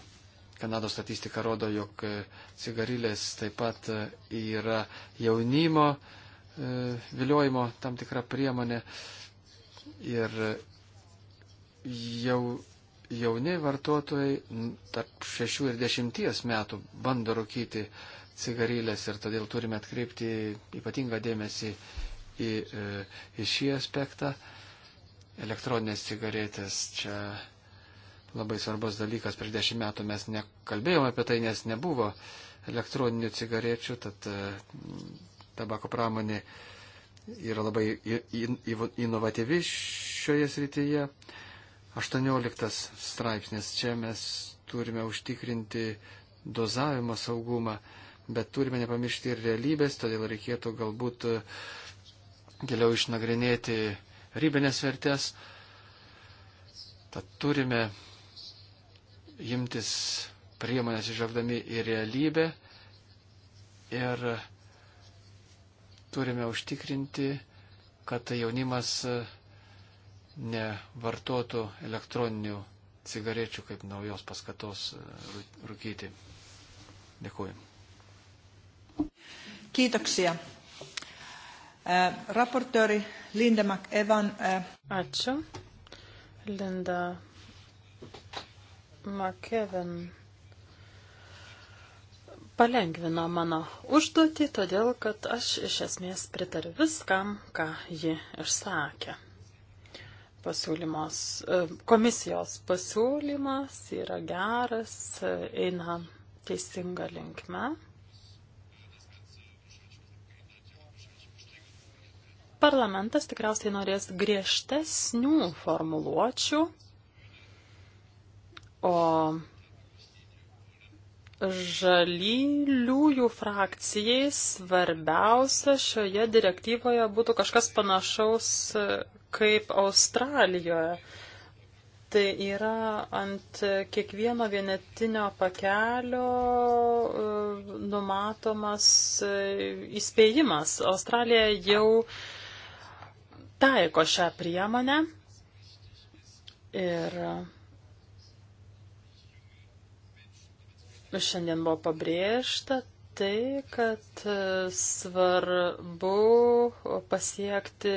Kanados statistika rodo, jog cigarilės taip pat e, yra jaunimo E, viliojimo tam tikra priemonė. Ir jau jauni vartotojai tarp 6 ir 10 metų bando rūkyti cigarylės ir todėl turime atkreipti ypatingą dėmesį į, e, į šį aspektą. Elektroninės cigaretės čia labai svarbus dalykas. Prieš dešimt metų mes nekalbėjome apie tai, nes nebuvo elektroninių cigarečių, tad tabako pramonė yra labai inovatyvi šioje srityje. 18 straipsnis. Čia mes turime užtikrinti dozavimo saugumą, bet turime nepamiršti ir realybės, todėl reikėtų galbūt giliau išnagrinėti rybinės vertės. Tad turime imtis priemonės išžvelgdami į realybę ir Turime užtikrinti, kad tai jaunimas e, nevartotų elektroninių cigarečių kaip naujos paskatos e, rūkyti. Dėkuoju. Kiitoksia. Äh, raportööri Linda McEvan. Äh... Ačiū. Linda McEvan palengvino mano užduotį, todėl kad aš iš esmės pritariu viskam, ką ji išsakė. Pasiūlymos, e, komisijos pasiūlymas yra geras, e, eina teisinga linkme. Parlamentas tikriausiai norės griežtesnių formuluočių, o Žalyliųjų frakcijai svarbiausia šioje direktyvoje būtų kažkas panašaus e, kaip Australijoje. Tai yra ant kiekvieno vienetinio pakelio e, numatomas e, įspėjimas. Australija jau taiko šią priemonę ir šiandien buvo pabrėžta tai, kad e, svarbu pasiekti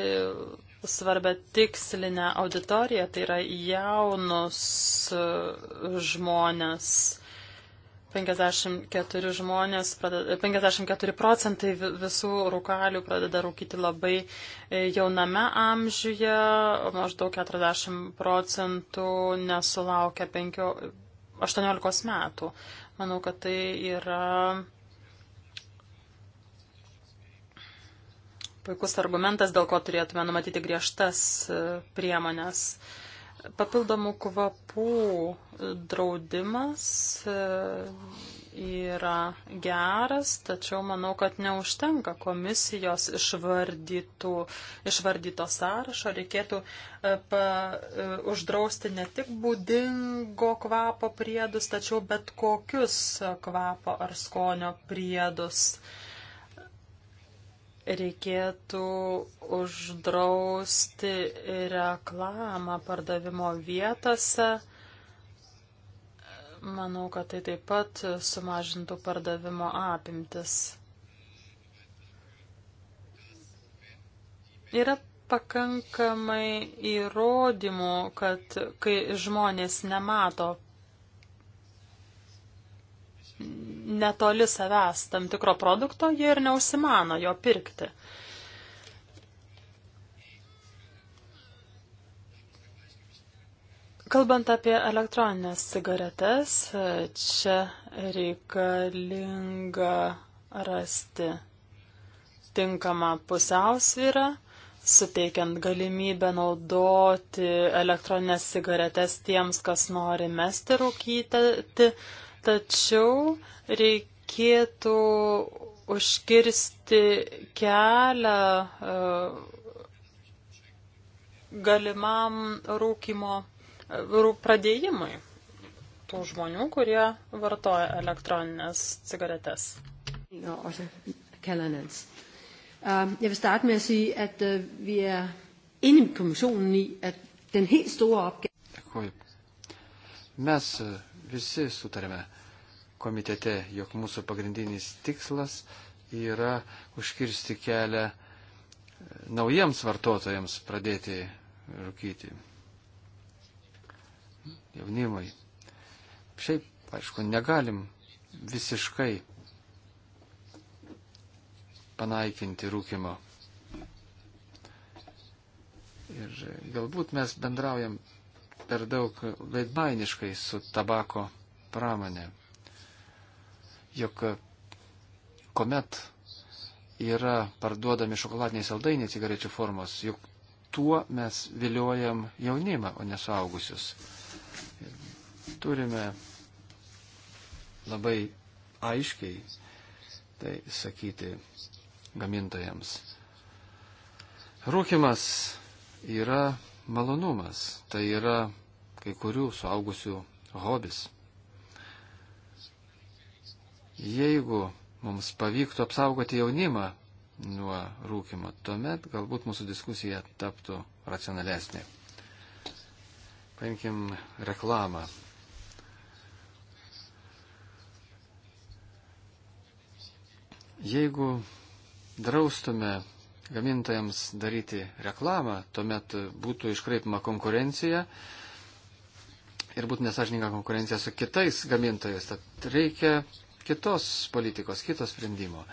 svarbę tikslinę auditoriją, tai yra jaunus e, žmonės. 54, žmonės, pradeda, 54 e, procentai visų rūkalių pradeda rūkyti labai jauname amžiuje, maždaug 40 procentų nesulaukia 5, 18 metų. Manau, kad tai yra puikus argumentas, dėl ko turėtume numatyti griežtas priemonės. Uh, Papildomų kvapų draudimas e, yra geras, tačiau manau, kad neužtenka komisijos išvardytų, išvardyto sąrašo. Reikėtų e, pa, e, uždrausti ne tik būdingo kvapo priedus, tačiau bet kokius kvapo ar skonio priedus. Uh, reikėtų uždrausti reklamą pardavimo vietose. Manau, kad tai taip pat sumažintų pardavimo apimtis. Yra pakankamai įrodymų, kad kai žmonės nemato netoli savęs tam tikro produkto, jie ir neusimano jo pirkti. Kalbant apie elektroninės cigaretes, čia reikalinga rasti tinkamą pusiausvyrą, suteikiant galimybę naudoti elektroninės cigaretes tiems, kas nori mesti rūkyti, Tačiau reikėtų užkirsti kelią e, galimam rūkimo e, pradėjimui tų žmonių, kurie vartoja elektroninės cigarettes. Jeg vil starte med at sige, at øh, vi er enige med kommissionen i, at den helt store opgave... Mes øh, visi sutarėme komitete, jog mūsų pagrindinis tikslas yra užkirsti kelią e, naujiems vartotojams pradėti rūkyti. Jaunimui. Šiaip, aišku, negalim visiškai panaikinti rūkimo. Ir galbūt mes bendraujam per daug veidmainiškai su tabako pramonė. Juk kuomet yra parduodami šokoladiniai saldainiai cigarečių formos, juk tuo mes viliojam jaunimą, o nesaugusius. Turime labai aiškiai tai sakyti gamintojams. Rūkimas yra malonumas, tai yra kai kurių suaugusių hobis. Jeigu mums pavyktų apsaugoti jaunimą nuo rūkimo, tuomet galbūt mūsų diskusija taptų racionalesnė. Paimkim reklamą. Jeigu draustume gamintojams daryti reklamą, tuomet būtų iškreipima konkurencija ir būtų nesažininga konkurencija su kitais gamintojais. Tad reikia kitos politikos, kito sprendimo.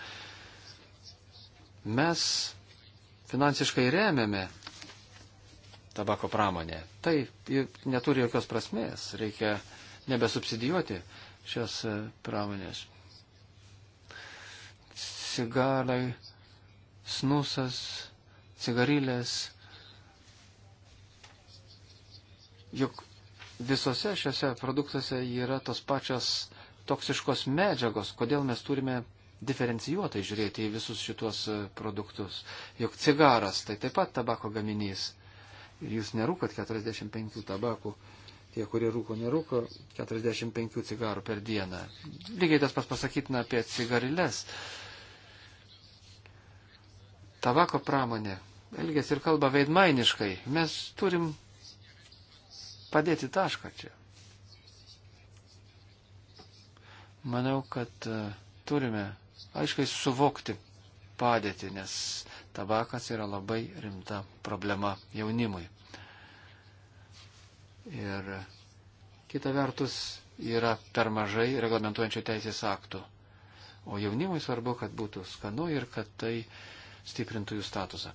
Mes finansiškai remiame tabako pramonę. Tai neturi jokios prasmės. Reikia nebesubsidijuoti šios e, pramonės. Cigarai snusas, cigarilės. Juk visose šiuose produktuose yra tos pačios toksiškos medžiagos, kodėl mes turime diferencijuotai žiūrėti į visus šituos e, produktus. Juk cigaras tai taip pat tabako gaminys. Ir jūs nerūkat 45 tabakų, tie, kurie rūko, nerūko 45 cigarų per dieną. Lygiai tas pas pasakytina apie cigarilės. Uh, tabako pramonė elgesi ir kalba veidmainiškai. Mes turim padėti tašką čia. Manau, kad e, turime aiškiai suvokti padėtį, nes tabakas yra labai rimta problema jaunimui. Ir kita vertus yra per mažai reglamentuojančių teisės aktų. O jaunimui svarbu, kad būtų skanu ir kad tai uh, stiprintų jų statusą.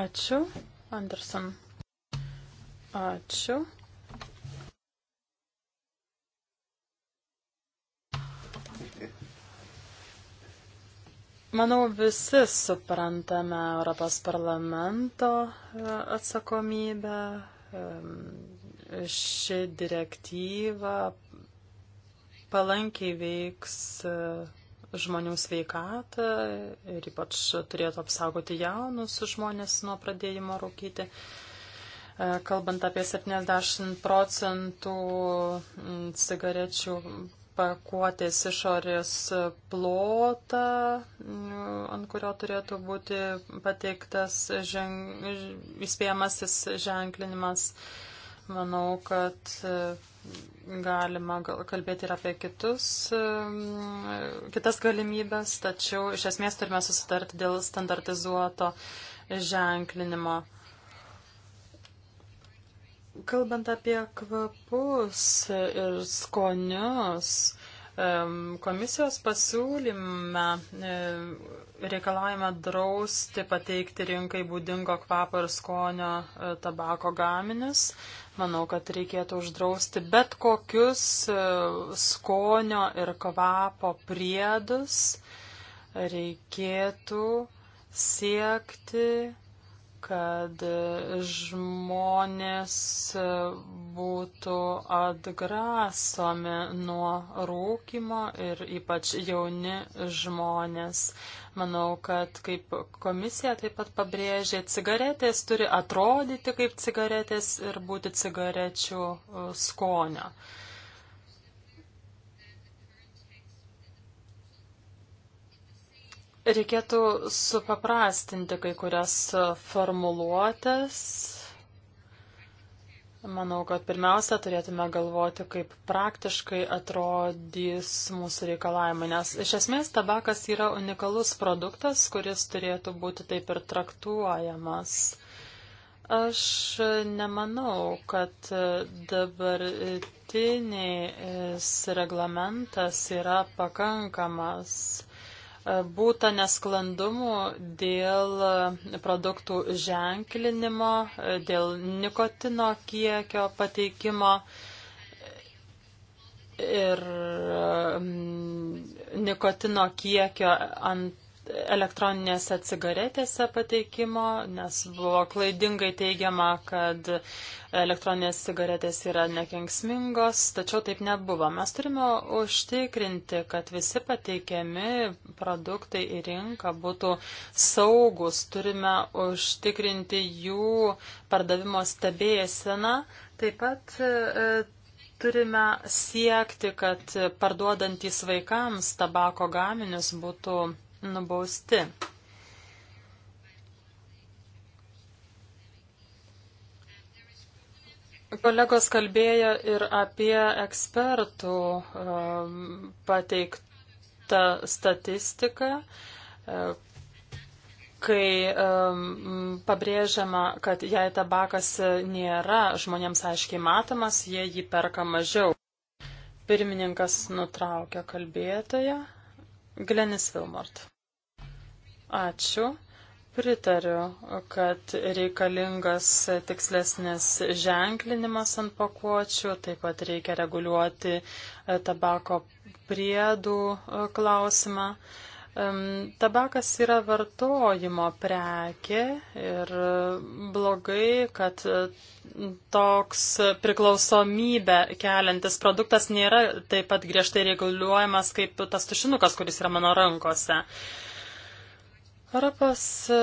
Ačiū, Anderson. Ačiū. Manau, visi suprantame Europos parlamento e, atsakomybę. E, ši direktyva palankiai veiks e, žmonių sveikatą ir ypač turėtų apsaugoti jaunus žmonės nuo pradėjimo rūkyti. E, kalbant apie 70 procentų cigarečių pakuotės išorės plotą, ant kurio turėtų būti pateiktas žen... įspėjamasis ženklinimas. Ženk Manau, kad e, galima kalbėti ir apie kitus, e, kitas galimybės, tačiau iš esmės turime susitarti dėl standartizuoto ženklinimo. Kalbant apie kvapus ir skonius, e, komisijos pasiūlyme reikalavime drausti pateikti rinkai būdingo kvapo ir skonio tabako gaminius. Manau, kad reikėtų uždrausti bet kokius e, skonio ir kvapo priedus. Reikėtų siekti, kad žmonės e, būtų atgrasomi nuo rūkimo ir ypač jauni žmonės. Manau, kad kaip komisija taip pat pabrėžė, cigaretės turi atrodyti kaip cigaretės ir būti cigarečių e, skonio. Reikėtų supaprastinti kai kurias formuluotės Manau, kad pirmiausia turėtume galvoti, kaip praktiškai atrodys mūsų reikalavimai, nes iš esmės tabakas yra unikalus produktas, kuris turėtų būti taip ir traktuojamas. Aš nemanau, kad dabartinis reglamentas yra pakankamas. E, būta nesklandumų dėl e, produktų ženklinimo, e, dėl nikotino kiekio pateikimo ir nikotino kiekio ant elektroninėse cigaretėse pateikimo, nes buvo klaidingai teigiama, kad elektroninės cigaretės yra nekenksmingos, tačiau taip nebuvo. Mes turime užtikrinti, kad visi pateikiami produktai į rinką būtų saugus, turime užtikrinti jų pardavimo stebėseną, taip pat e, turime siekti, kad parduodantys vaikams tabako gaminius būtų nubausti. Kolegos kalbėjo ir apie ekspertų um, pateiktą statistiką, uh, kai um, pabrėžiama, kad jei tabakas nėra žmonėms aiškiai matomas, jie jį perka mažiau. Pirmininkas nutraukia kalbėtoją. Glenis Vilmort. Ačiū. Pritariu, kad reikalingas tikslesnis ženklinimas ant pakuočių, taip pat reikia reguliuoti tabako priedų e, klausimą. Tabakas yra vartojimo prekė ir blogai, kad e, toks priklausomybę keliantis produktas nėra taip pat griežtai reguliuojamas kaip tas tušinukas, kuris yra mano rankose. Europos e,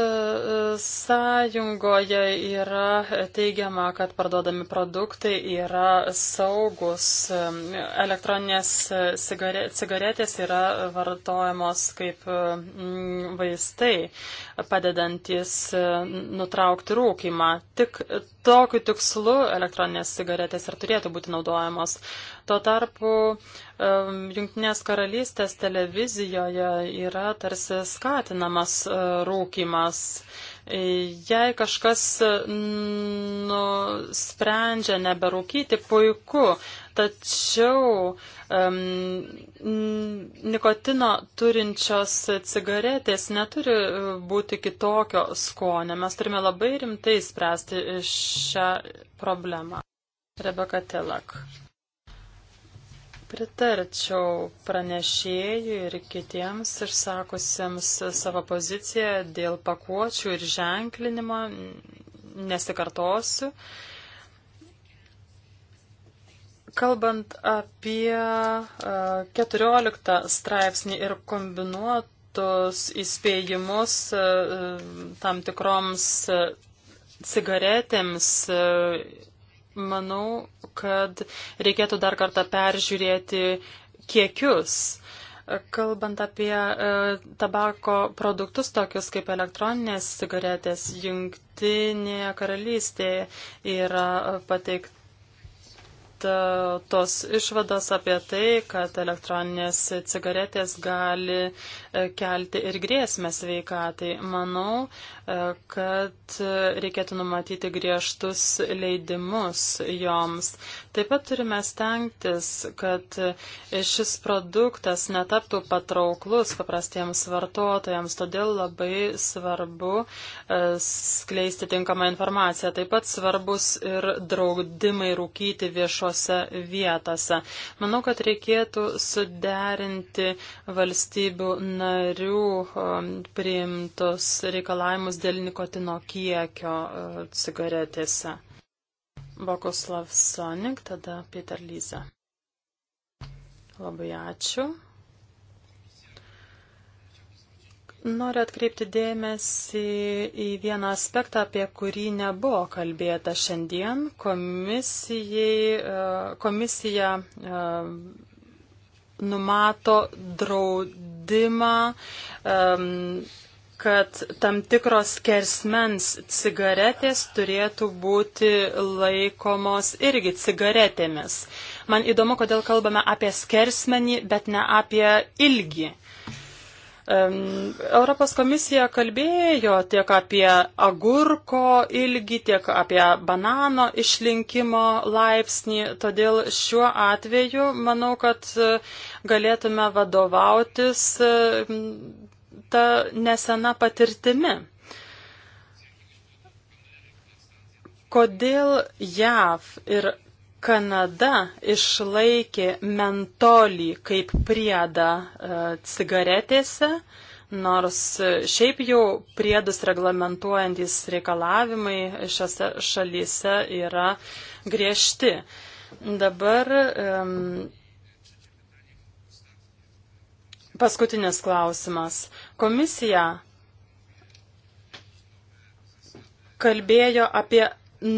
Sąjungoje yra teigiama, kad parduodami produktai yra saugus. E, elektroninės e, cigaretės yra vartojamos kaip vaistai, padedantis nutraukti rūkymą. Tik tokiu tikslu elektroninės cigaretės ir turėtų būti naudojamos. Tuo tarpu Junktinės karalystės televizijoje yra tarsi skatinamas e, rūkimas. E, jei kažkas nusprendžia neberūkyti, puiku, tačiau um, nikotino turinčios cigaretės neturi e, būti kitokio skonio. Mes turime labai rimtai spręsti šią problemą. Rebeka Telak. Pritarčiau pranešėjui ir kitiems išsakusiems savo poziciją dėl pakuočių ir ženklinimo. Nesikartosiu. Kalbant apie 14 straipsnį ir kombinuotus įspėjimus tam tikroms cigaretėms manau, kad reikėtų dar kartą peržiūrėti kiekius. Kalbant apie e, tabako produktus, tokius kaip elektroninės cigaretės, jungtinėje karalystėje yra pateikta E, tos išvados apie tai, kad elektroninės cigaretės gali e, kelti ir grėsmę sveikatai. Manau, e, kad reikėtų numatyti griežtus leidimus joms. Taip pat turime stengtis, kad šis produktas netaptų patrauklus paprastiems vartotojams, todėl labai svarbu e, skleisti tinkamą informaciją. Taip pat svarbus ir draudimai rūkyti viešose vietose. Manau, kad reikėtų suderinti valstybių narių e, priimtus reikalavimus dėl nikotino kiekio e, cigaretėse. Bokuslav Sonik, tada Peter Lyza. Labai ačiū. Noriu atkreipti dėmesį į vieną aspektą, apie kurį nebuvo kalbėta šiandien. Komisijai, e, komisija e, numato draudimą kad tam tikros kersmens cigaretės turėtų būti laikomos irgi cigaretėmis. Man įdomu, kodėl kalbame apie skersmenį, bet ne apie ilgį. Um, Europos komisija kalbėjo tiek apie agurko ilgį, tiek apie banano išlinkimo laipsnį, todėl šiuo atveju manau, kad e, galėtume vadovautis um, paremta nesena patirtimi. Kodėl JAV ir Kanada išlaikė mentolį kaip priedą e, cigaretėse, nors šiaip jau priedus reglamentuojantis reikalavimai šiose šalyse yra griežti. Dabar um, Paskutinis klausimas. Komisija kalbėjo apie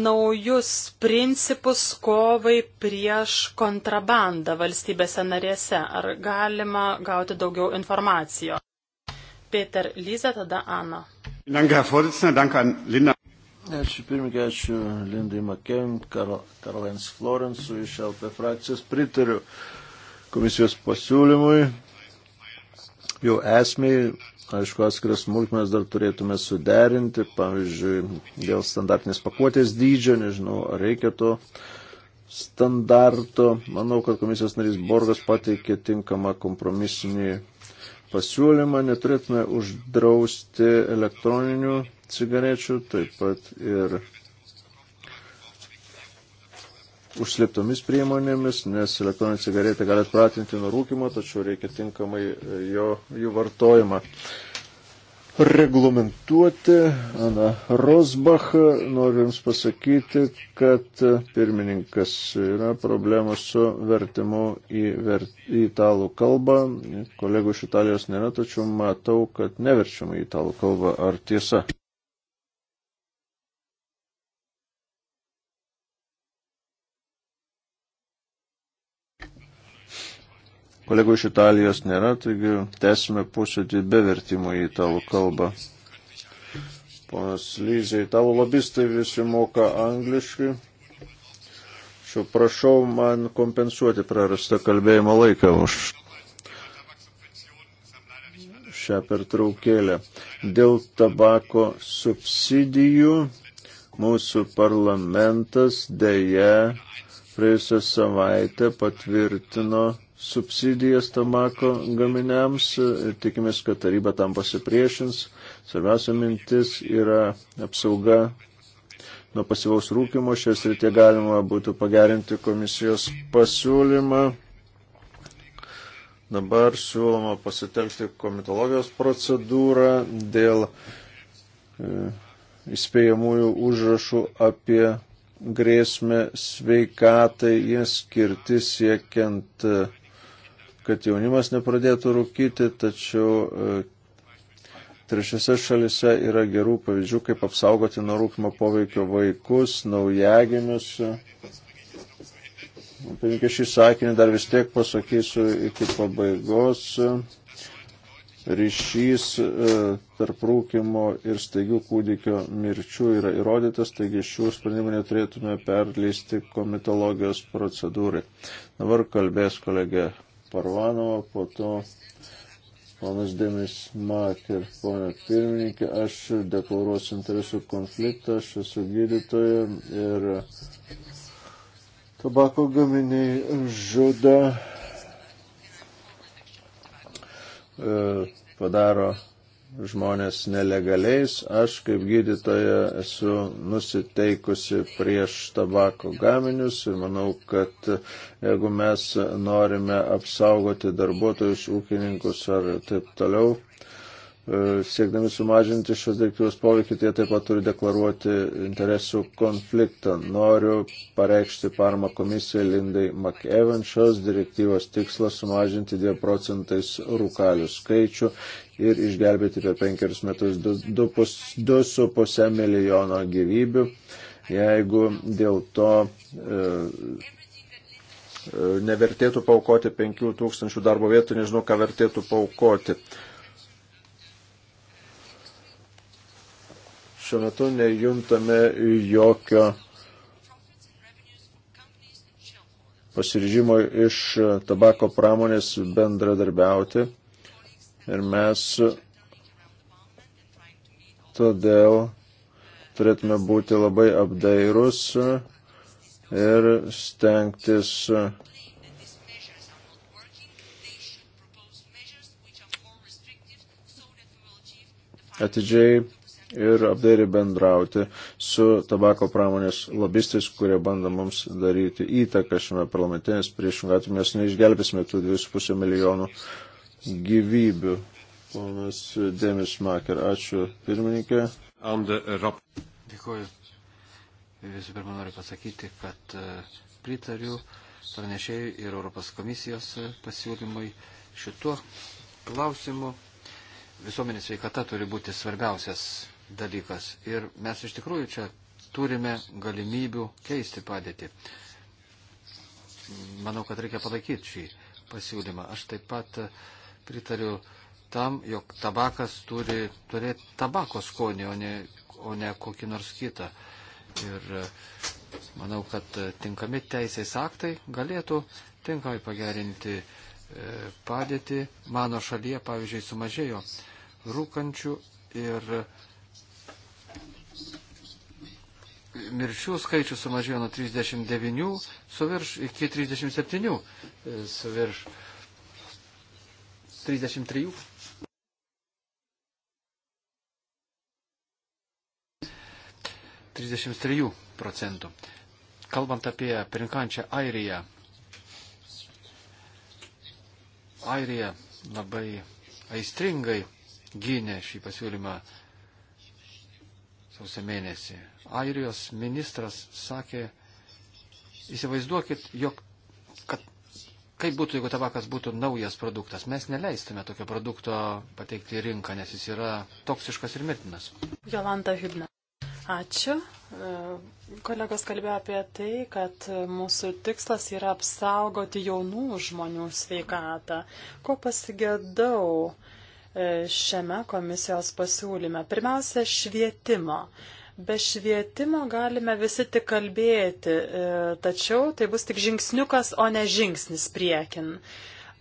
naujus principus kovai prieš kontrabandą valstybėse narėse. Ar galima gauti daugiau informacijos? Peter Lyze, tada Ana. Ačiū pirmininkai, ačiū Lindai Makėvim, Karolens Florensui iš LP frakcijos. Pritariu komisijos pasiūlymui jų esmiai. Aišku, atskiras smulkmes dar turėtume suderinti, pavyzdžiui, dėl standartinės pakuotės dydžio, nežinau, ar reikia to standarto. Manau, kad komisijos narys Borgas pateikė tinkamą kompromisinį pasiūlymą. Neturėtume uždrausti elektroninių cigarečių, taip pat ir užsliptomis priemonėmis, nes elektroninė cigaretė gali atpratinti nuo rūkimo, tačiau reikia tinkamai e, jo, jų vartojimą reglamentuoti. Ana Rosbach, noriu Jums pasakyti, kad e, pirmininkas yra problemos su vertimu į, vert, į italų kalbą. Kolegų iš Italijos nėra, tačiau matau, kad neverčiama į italų kalbą. Ar tiesa? Kolegų iš Italijos nėra, taigi tęsime pusėti be vertimo į italų kalbą. Ponas Lyzė, italų lobistai visi moka angliškai. Šiuo prašau man kompensuoti prarastą kalbėjimo laiką už šią pertraukėlę. Dėl tabako subsidijų mūsų parlamentas dėja praėjusią savaitę patvirtino subsidijas tabako gaminiams ir tikimės, kad taryba tam pasipriešins. Svarbiausia mintis yra apsauga nuo pasivaus rūkimo. Šias rytė galima būtų pagerinti komisijos pasiūlymą. Dabar siūloma pasitelkti komitologijos procedūrą dėl e, įspėjamųjų užrašų apie grėsmę sveikatai, jie skirti siekiant uh, kad jaunimas nepradėtų rūkyti, tačiau e, trečiose šalise yra gerų pavyzdžių, kaip apsaugoti nuo rūkimo poveikio vaikus, naujagimius. Pirmininkė šį sakinį dar vis tiek pasakysiu iki pabaigos. Ryšys e, tarp rūkimo ir staigių kūdikio mirčių yra įrodytas, taigi šių sprendimų neturėtume perleisti komitologijos procedūrai. Dabar kalbės kolegė Parvanovą, po to ponas Demis Maker, ponė pirmininkė, aš deklaruosiu interesų konfliktą, aš esu gydytoja ir tabako gaminiai žuda, e, padaro žmonės nelegaliais. Aš kaip gydytoja esu nusiteikusi prieš tabako gaminius ir manau, kad jeigu mes norime apsaugoti darbuotojus, ūkininkus ar taip toliau, e, siekdami sumažinti šios direktyvos poveikį, tai taip pat turi deklaruoti interesų konfliktą. Noriu pareikšti parmą komisijai Lindai McEvan šios direktyvos tikslas sumažinti 2 procentais rūkalių skaičių ir išgelbėti per penkerius metus 2,5 milijono gyvybių, jeigu dėl to e, e nevertėtų paukoti 5000 darbo vietų, nežinau, ką vertėtų paukoti. Šiuo metu nejuntame jokio pasiryžimo iš tabako pramonės bendradarbiauti Ir mes todėl turėtume būti labai apdairus ir stengtis atidžiai ir apdairiai bendrauti su tabako pramonės lobistais, kurie bando mums daryti įtaką šiame parlamente, nes priešingą atveju mes neišgelbėsime tų 2,5 milijonų gyvybių. Ponas Demis Maker, ačiū pirmininkė. Dėkuoju. Visų pirma, noriu pasakyti, kad e, pritariu pranešėjų ir Europos komisijos e, pasiūlymui šituo klausimu. Visuomenės veikata turi būti svarbiausias dalykas. Ir mes iš tikrųjų čia turime galimybių keisti padėtį. Manau, kad reikia palaikyti šį pasiūlymą. Aš taip pat uh, pritariu tam, jog tabakas turi turėti tabako skonį, o ne, o ne kokį nors kitą. Ir e, manau, kad e, tinkami teisės aktai galėtų tinkamai pagerinti e, padėtį. Mano šalyje, pavyzdžiui, sumažėjo rūkančių ir mirčių skaičius sumažėjo nuo 39 su virš iki 37 su virš. 33. Trisdešimt trijų procentų. Kalbant apie pirinkančią Airiją, Airija labai aistringai gynė šį pasiūlymą sausio mėnesį. Airijos ministras sakė, įsivaizduokit, jog Kaip būtų, jeigu tabakas būtų naujas produktas? Mes neleistume tokio produkto pateikti į rinką, nes jis yra toksiškas ir mirtinas. Jolanta Hibna. Ačiū. E, kolegos kalbėjo apie tai, kad mūsų tikslas yra apsaugoti jaunų žmonių sveikatą. Ko pasigėdau e, šiame komisijos pasiūlyme? Pirmiausia, švietimo. Be švietimo galime visi tik kalbėti, e, tačiau tai bus tik žingsniukas, o ne žingsnis priekin.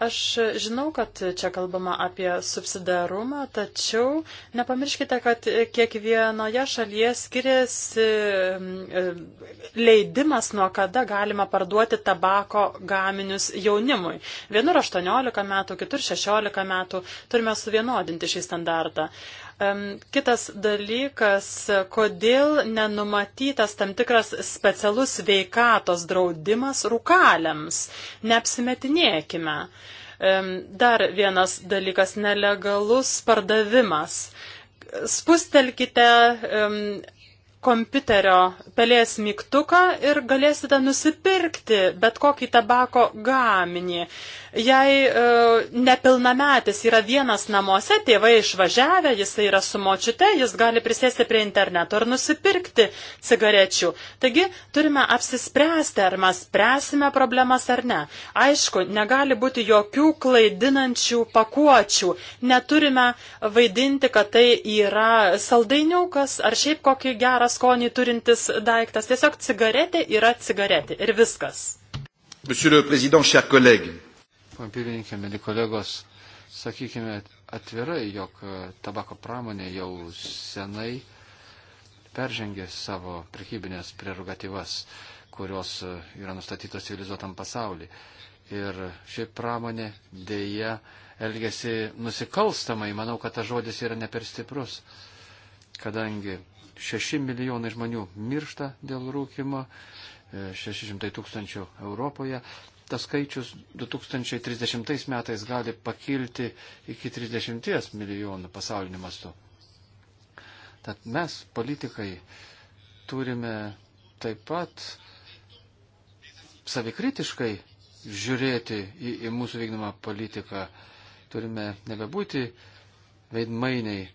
Aš žinau, kad čia kalbama apie subsidarumą, tačiau nepamirškite, kad kiekvienoje šalyje skiriasi e, leidimas, nuo kada galima parduoti tabako gaminius jaunimui. Vienur 18 metų, kitur 16 metų turime suvienodinti šį standartą. Kitas dalykas, kodėl nenumatytas tam tikras specialus veikatos draudimas rūkaliams. Neapsimetinėkime. Dar vienas dalykas - nelegalus pardavimas. Spustelkite kompiuterio pelės mygtuką ir galėsite nusipirkti bet kokį tabako gaminį. Jei e, nepilnametis yra vienas namuose, tėvai išvažiavę, jis yra su močiute, jis gali prisėsti prie interneto ir nusipirkti cigarečių. Taigi turime apsispręsti, ar mes spręsime problemas ar ne. Aišku, negali būti jokių klaidinančių pakuočių. Neturime vaidinti, kad tai yra saldainiukas ar šiaip kokį gerą skonį turintis daiktas. Tiesiog cigaretė yra cigaretė ir viskas. Monsieur le Président, chers collègues. Pane pirmininkė, mėly kolegos, sakykime atvirai, jog e, tabako pramonė jau senai peržengė savo prekybinės prerogatyvas, kurios e, yra nustatytos civilizuotam pasauliui. Ir ši pramonė dėja elgesi nusikalstamai, manau, kad tas žodis yra neper stiprus, kadangi 6 milijonai žmonių miršta dėl rūkimo, 600 e, tūkstančių Europoje. Tas skaičius 2030 metais gali pakilti iki 30 milijonų pasauliniu mastu. Tad mes, politikai, turime taip pat savikritiškai žiūrėti į, į mūsų vykdomą politiką. Turime nebebūti veidmainiai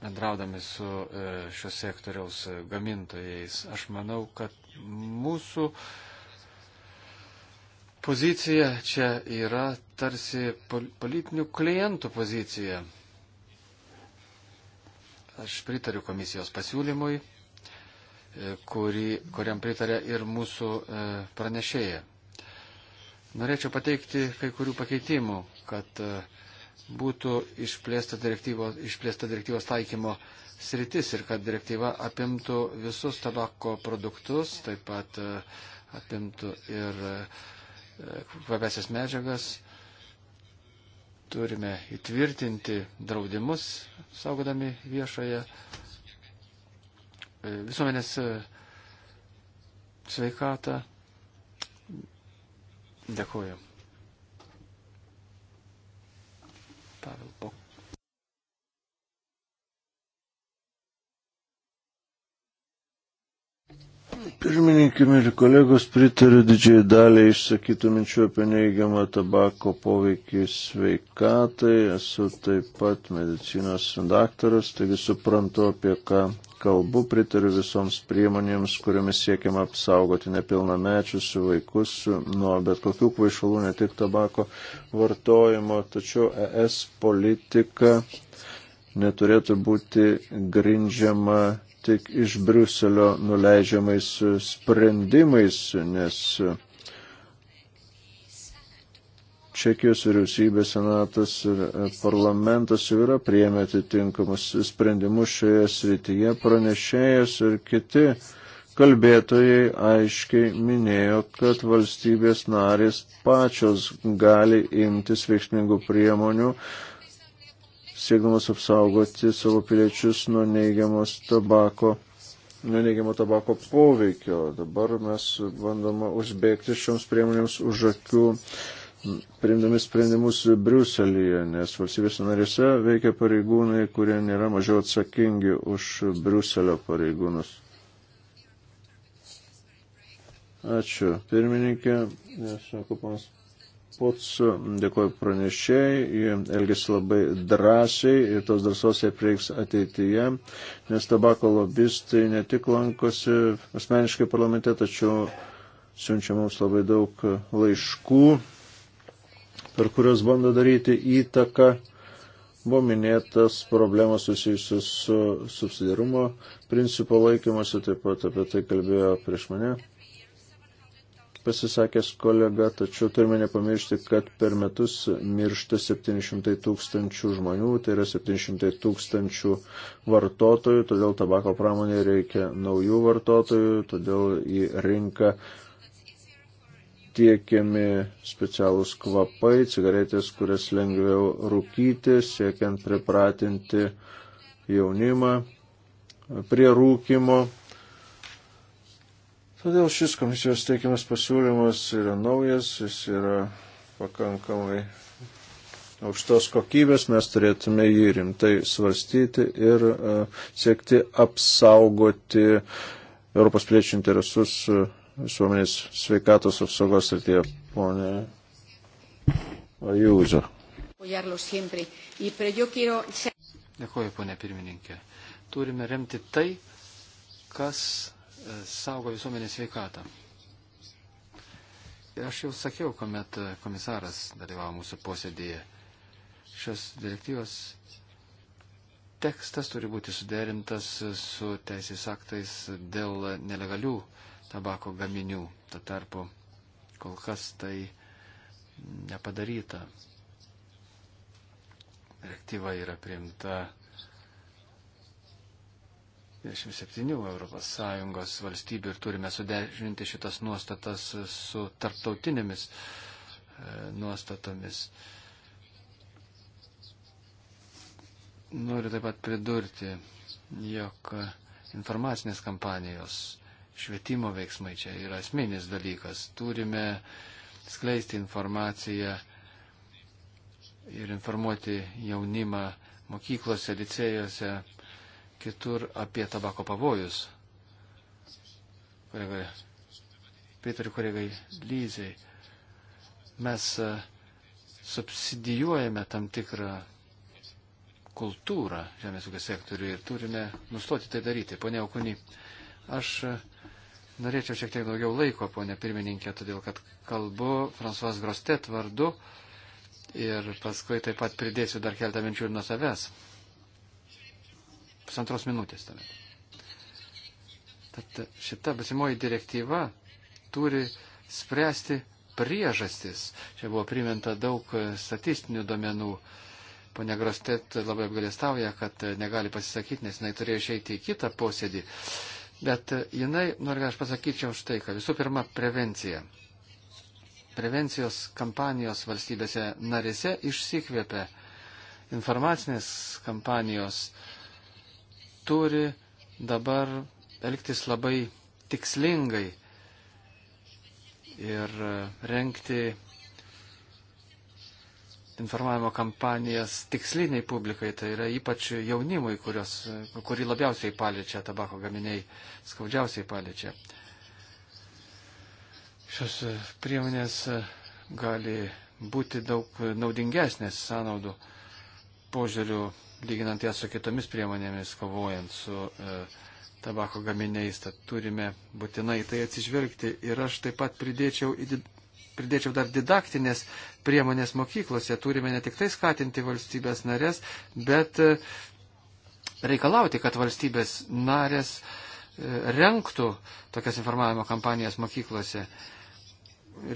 bendraudami su e, šios sektoriaus e, gamintojais. Aš manau, kad mūsų pozicija čia yra tarsi politinių klientų pozicija. Aš pritariu komisijos pasiūlymui, e, kuri, kuriam pritarė ir mūsų pranešėja. Norėčiau pateikti kai kurių pakeitimų, kad uh, būtų išplėsta direktyvos, išplėsta direktyvos taikymo sritis ir kad direktyva apimtų visus tabako produktus, taip pat e, apimtų ir e, kvapesias medžiagas. Turime įtvirtinti draudimus, saugodami viešoje e, visuomenės sveikatą. Dėkuoju. paveldo Pirmininkė, mėly kolegos, pritariu didžiai daliai išsakytų minčių apie neigiamą tabako poveikį sveikatai. Esu taip pat medicinos daktaras, taigi suprantu, apie ką kalbu. Pritariu visoms priemonėms, kuriomis siekiama apsaugoti nepilnamečius vaikus nuo bet kokių kvaišalų, ne tik tabako vartojimo. Tačiau ES politika neturėtų būti grindžiama tik iš Briuselio nuleidžiamais sprendimais, nes Čekijos vyriausybė, senatas ir parlamentas jau yra priemę atitinkamus sprendimus šioje srityje, pranešėjas ir kiti kalbėtojai aiškiai minėjo, kad valstybės narės pačios gali imtis veiksmingų priemonių siekdamas apsaugoti savo piliečius nuo neigiamos tabako nuo neigiamo tabako poveikio. Dabar mes bandoma užbėgti šioms priemonėms už akių, priimdami sprendimus Briuselėje, nes valstybės narėse veikia pareigūnai, kurie nėra mažiau atsakingi už Briuselio pareigūnus. Ačiū, pirmininkė, sako panas Pots, dėkoju pranešėjai, jie elgesi labai drąsiai ir tos drąsos jie prieiks ateityje, nes tabako lobistai ne tik lankosi asmeniškai parlamente, tačiau siunčia mums labai daug laiškų, per kuriuos bando daryti įtaką. Buvo minėtas problemas susijusius su subsidiarumo principo laikymuose, taip pat apie tai kalbėjo prieš mane pasisakęs kolega, tačiau turime nepamiršti, kad per metus miršta 700 tūkstančių žmonių, tai yra 700 tūkstančių vartotojų, todėl tabako pramonėje reikia naujų vartotojų, todėl į rinką tiekiami specialūs kvapai, cigaretės, kurias lengviau rūkyti, siekiant pripratinti jaunimą prie rūkimo Todėl šis komisijos teikiamas pasiūlymas yra naujas, jis yra pakankamai aukštos kokybės, mes turėtume jį rimtai svarstyti ir uh, siekti apsaugoti Europos piliečių interesus e, visuomenės uh, sveikatos apsaugos srityje, ponė Ajūzo. Dėkuoju, ponė pirmininkė. Turime remti tai, kas saugo visuomenės sveikatą. Aš jau sakiau, kuomet komisaras dalyvavo mūsų posėdėje, šios direktyvos tekstas turi būti suderintas su teisės aktais dėl nelegalių tabako gaminių. Tuo tarpu kol kas tai nepadaryta. Direktyva yra priimta 27 ES valstybių ir turime suderinti šitas nuostatas su tarptautinėmis e, nuostatomis. Noriu taip pat pridurti, jog informacinės kampanijos švietimo veiksmai čia yra asmeninis dalykas. Turime skleisti informaciją ir informuoti jaunimą mokyklose, licėjose, kitur apie tabako pavojus. Kolegai, pritariu kolegai Lyzai. Mes e, subsidijuojame tam tikrą kultūrą žemės ūkio sektoriui ir turime nustoti tai daryti. Pone Aukuni, aš e, norėčiau šiek tiek daugiau laiko, ponė pirmininkė, todėl kad kalbu Fransuas Grostet vardu ir paskui taip pat pridėsiu dar keltą minčių ir nuo savęs pusantros minutės tame. Tad šita basimoji direktyva turi spręsti priežastis. Čia buvo priminta daug statistinių domenų. Pone Grostet labai apgalėstauja, kad negali pasisakyti, nes jinai turėjo išeiti į kitą posėdį. Bet jinai, noriu, aš pasakyčiau štai, kad visų pirma, prevencija. Prevencijos kampanijos valstybėse narėse išsikvėpė informacinės kampanijos uh, turi dabar elgtis labai tikslingai ir e, renkti informavimo kampanijas tiksliniai publikai, tai yra ypač jaunimui, kurios, e, kuri labiausiai paliečia tabako gaminiai, skaudžiausiai paliečia. Šios e, priemonės gali būti daug naudingesnės sąnaudų požiūrių lyginant ją su kitomis priemonėmis kovojant su e, tabako gaminiais, tad turime būtinai tai atsižvelgti. Ir aš taip pat pridėčiau, pridėčiau dar didaktinės priemonės mokyklose. Turime ne tik tai skatinti valstybės narės, bet e, reikalauti, kad valstybės narės e, renktų tokias informavimo kampanijas mokyklose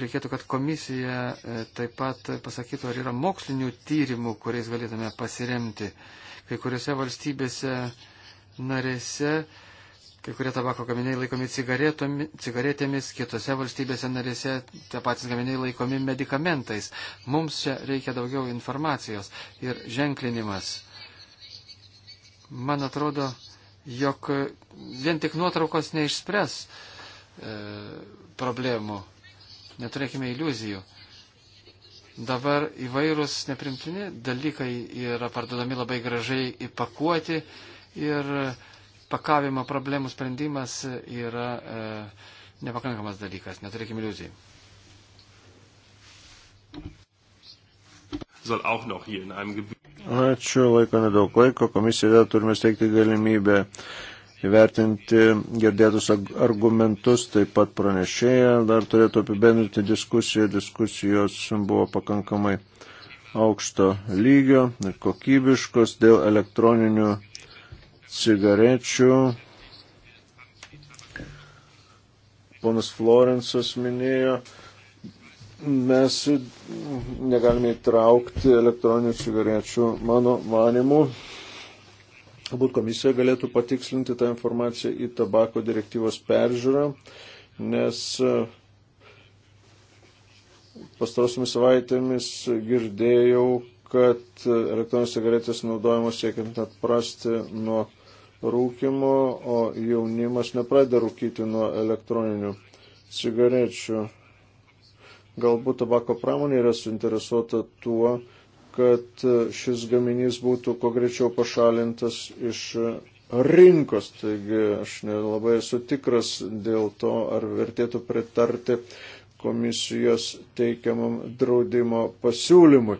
reikėtų, kad komisija e, taip pat pasakytų, ar yra mokslinių tyrimų, kuriais galėtume pasiremti. Kai kuriuose valstybėse narėse, kai kurie tabako gaminiai laikomi cigaretėmis, kitose valstybėse narėse tie patys gaminiai laikomi medikamentais. Mums čia reikia daugiau informacijos ir ženklinimas. Man atrodo, jog vien tik nuotraukos neišspręs e, problemų neturėkime iliuzijų. Dabar įvairūs neprimtini dalykai yra parduodami labai gražiai įpakuoti ir pakavimo problemų sprendimas yra e, nepakankamas dalykas, neturėkime iliuzijų. soll auch noch hier in einem Gebiet. Ačiū, laiko nedaug laiko, komisija vėl turime steigti galimybę įvertinti girdėtus argumentus, taip pat pranešėja dar turėtų apibendrinti diskusiją. Diskusijos buvo pakankamai aukšto lygio ir kokybiškos dėl elektroninių cigarečių. Ponas Florensas minėjo, mes negalime įtraukti elektroninių cigarečių, mano manimu, Galbūt komisija galėtų patikslinti tą informaciją į tabako direktyvos peržiūrą, nes e, pastarosiamis savaitėmis girdėjau, kad elektroninės cigaretės naudojamos siekiant atprasti nuo rūkimo, o jaunimas nepradeda rūkyti nuo elektroninių cigarečių. Galbūt tabako pramonė yra suinteresuota tuo, kad šis gaminys būtų kuo greičiau pašalintas iš rinkos. Taigi aš nelabai esu tikras dėl to, ar vertėtų pritarti komisijos teikiamam draudimo pasiūlymui.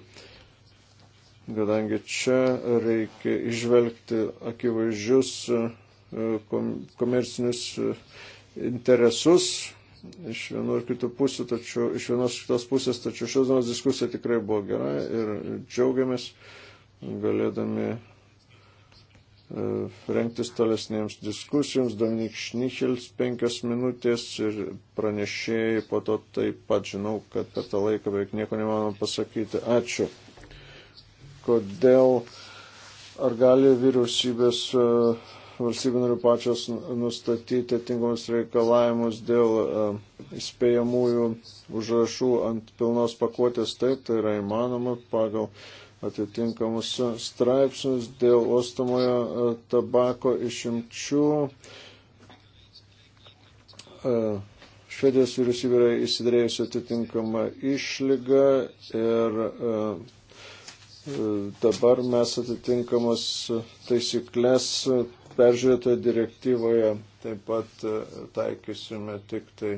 Kadangi čia reikia išvelgti akivaizdžius e, komercinius e, interesus, iš vienų ir kitų pusių, tačiau iš vienos ir kitos pusės, tačiau šios dienos diskusija tikrai buvo gera ir džiaugiamės galėdami e, rengtis tolesniems diskusijoms. Dominik Šnichels penkias minutės ir pranešėjai po to taip pat žinau, kad per tą laiką beveik nieko nemanoma pasakyti. Ačiū. Kodėl ar gali vyriausybės uh, valstybių narių pačios nustatyti tinkamus reikalavimus dėl e, įspėjamųjų užrašų ant pilnos pakuotės, taip tai yra įmanoma pagal atitinkamus straipsnius dėl ostamojo e, tabako išimčių. E, Švedijos vyriausybė yra įsidarėjusi atitinkamą išlygą ir dabar mes atitinkamas taisyklės peržiūrėtoje direktyvoje taip pat e, taikysime tik tai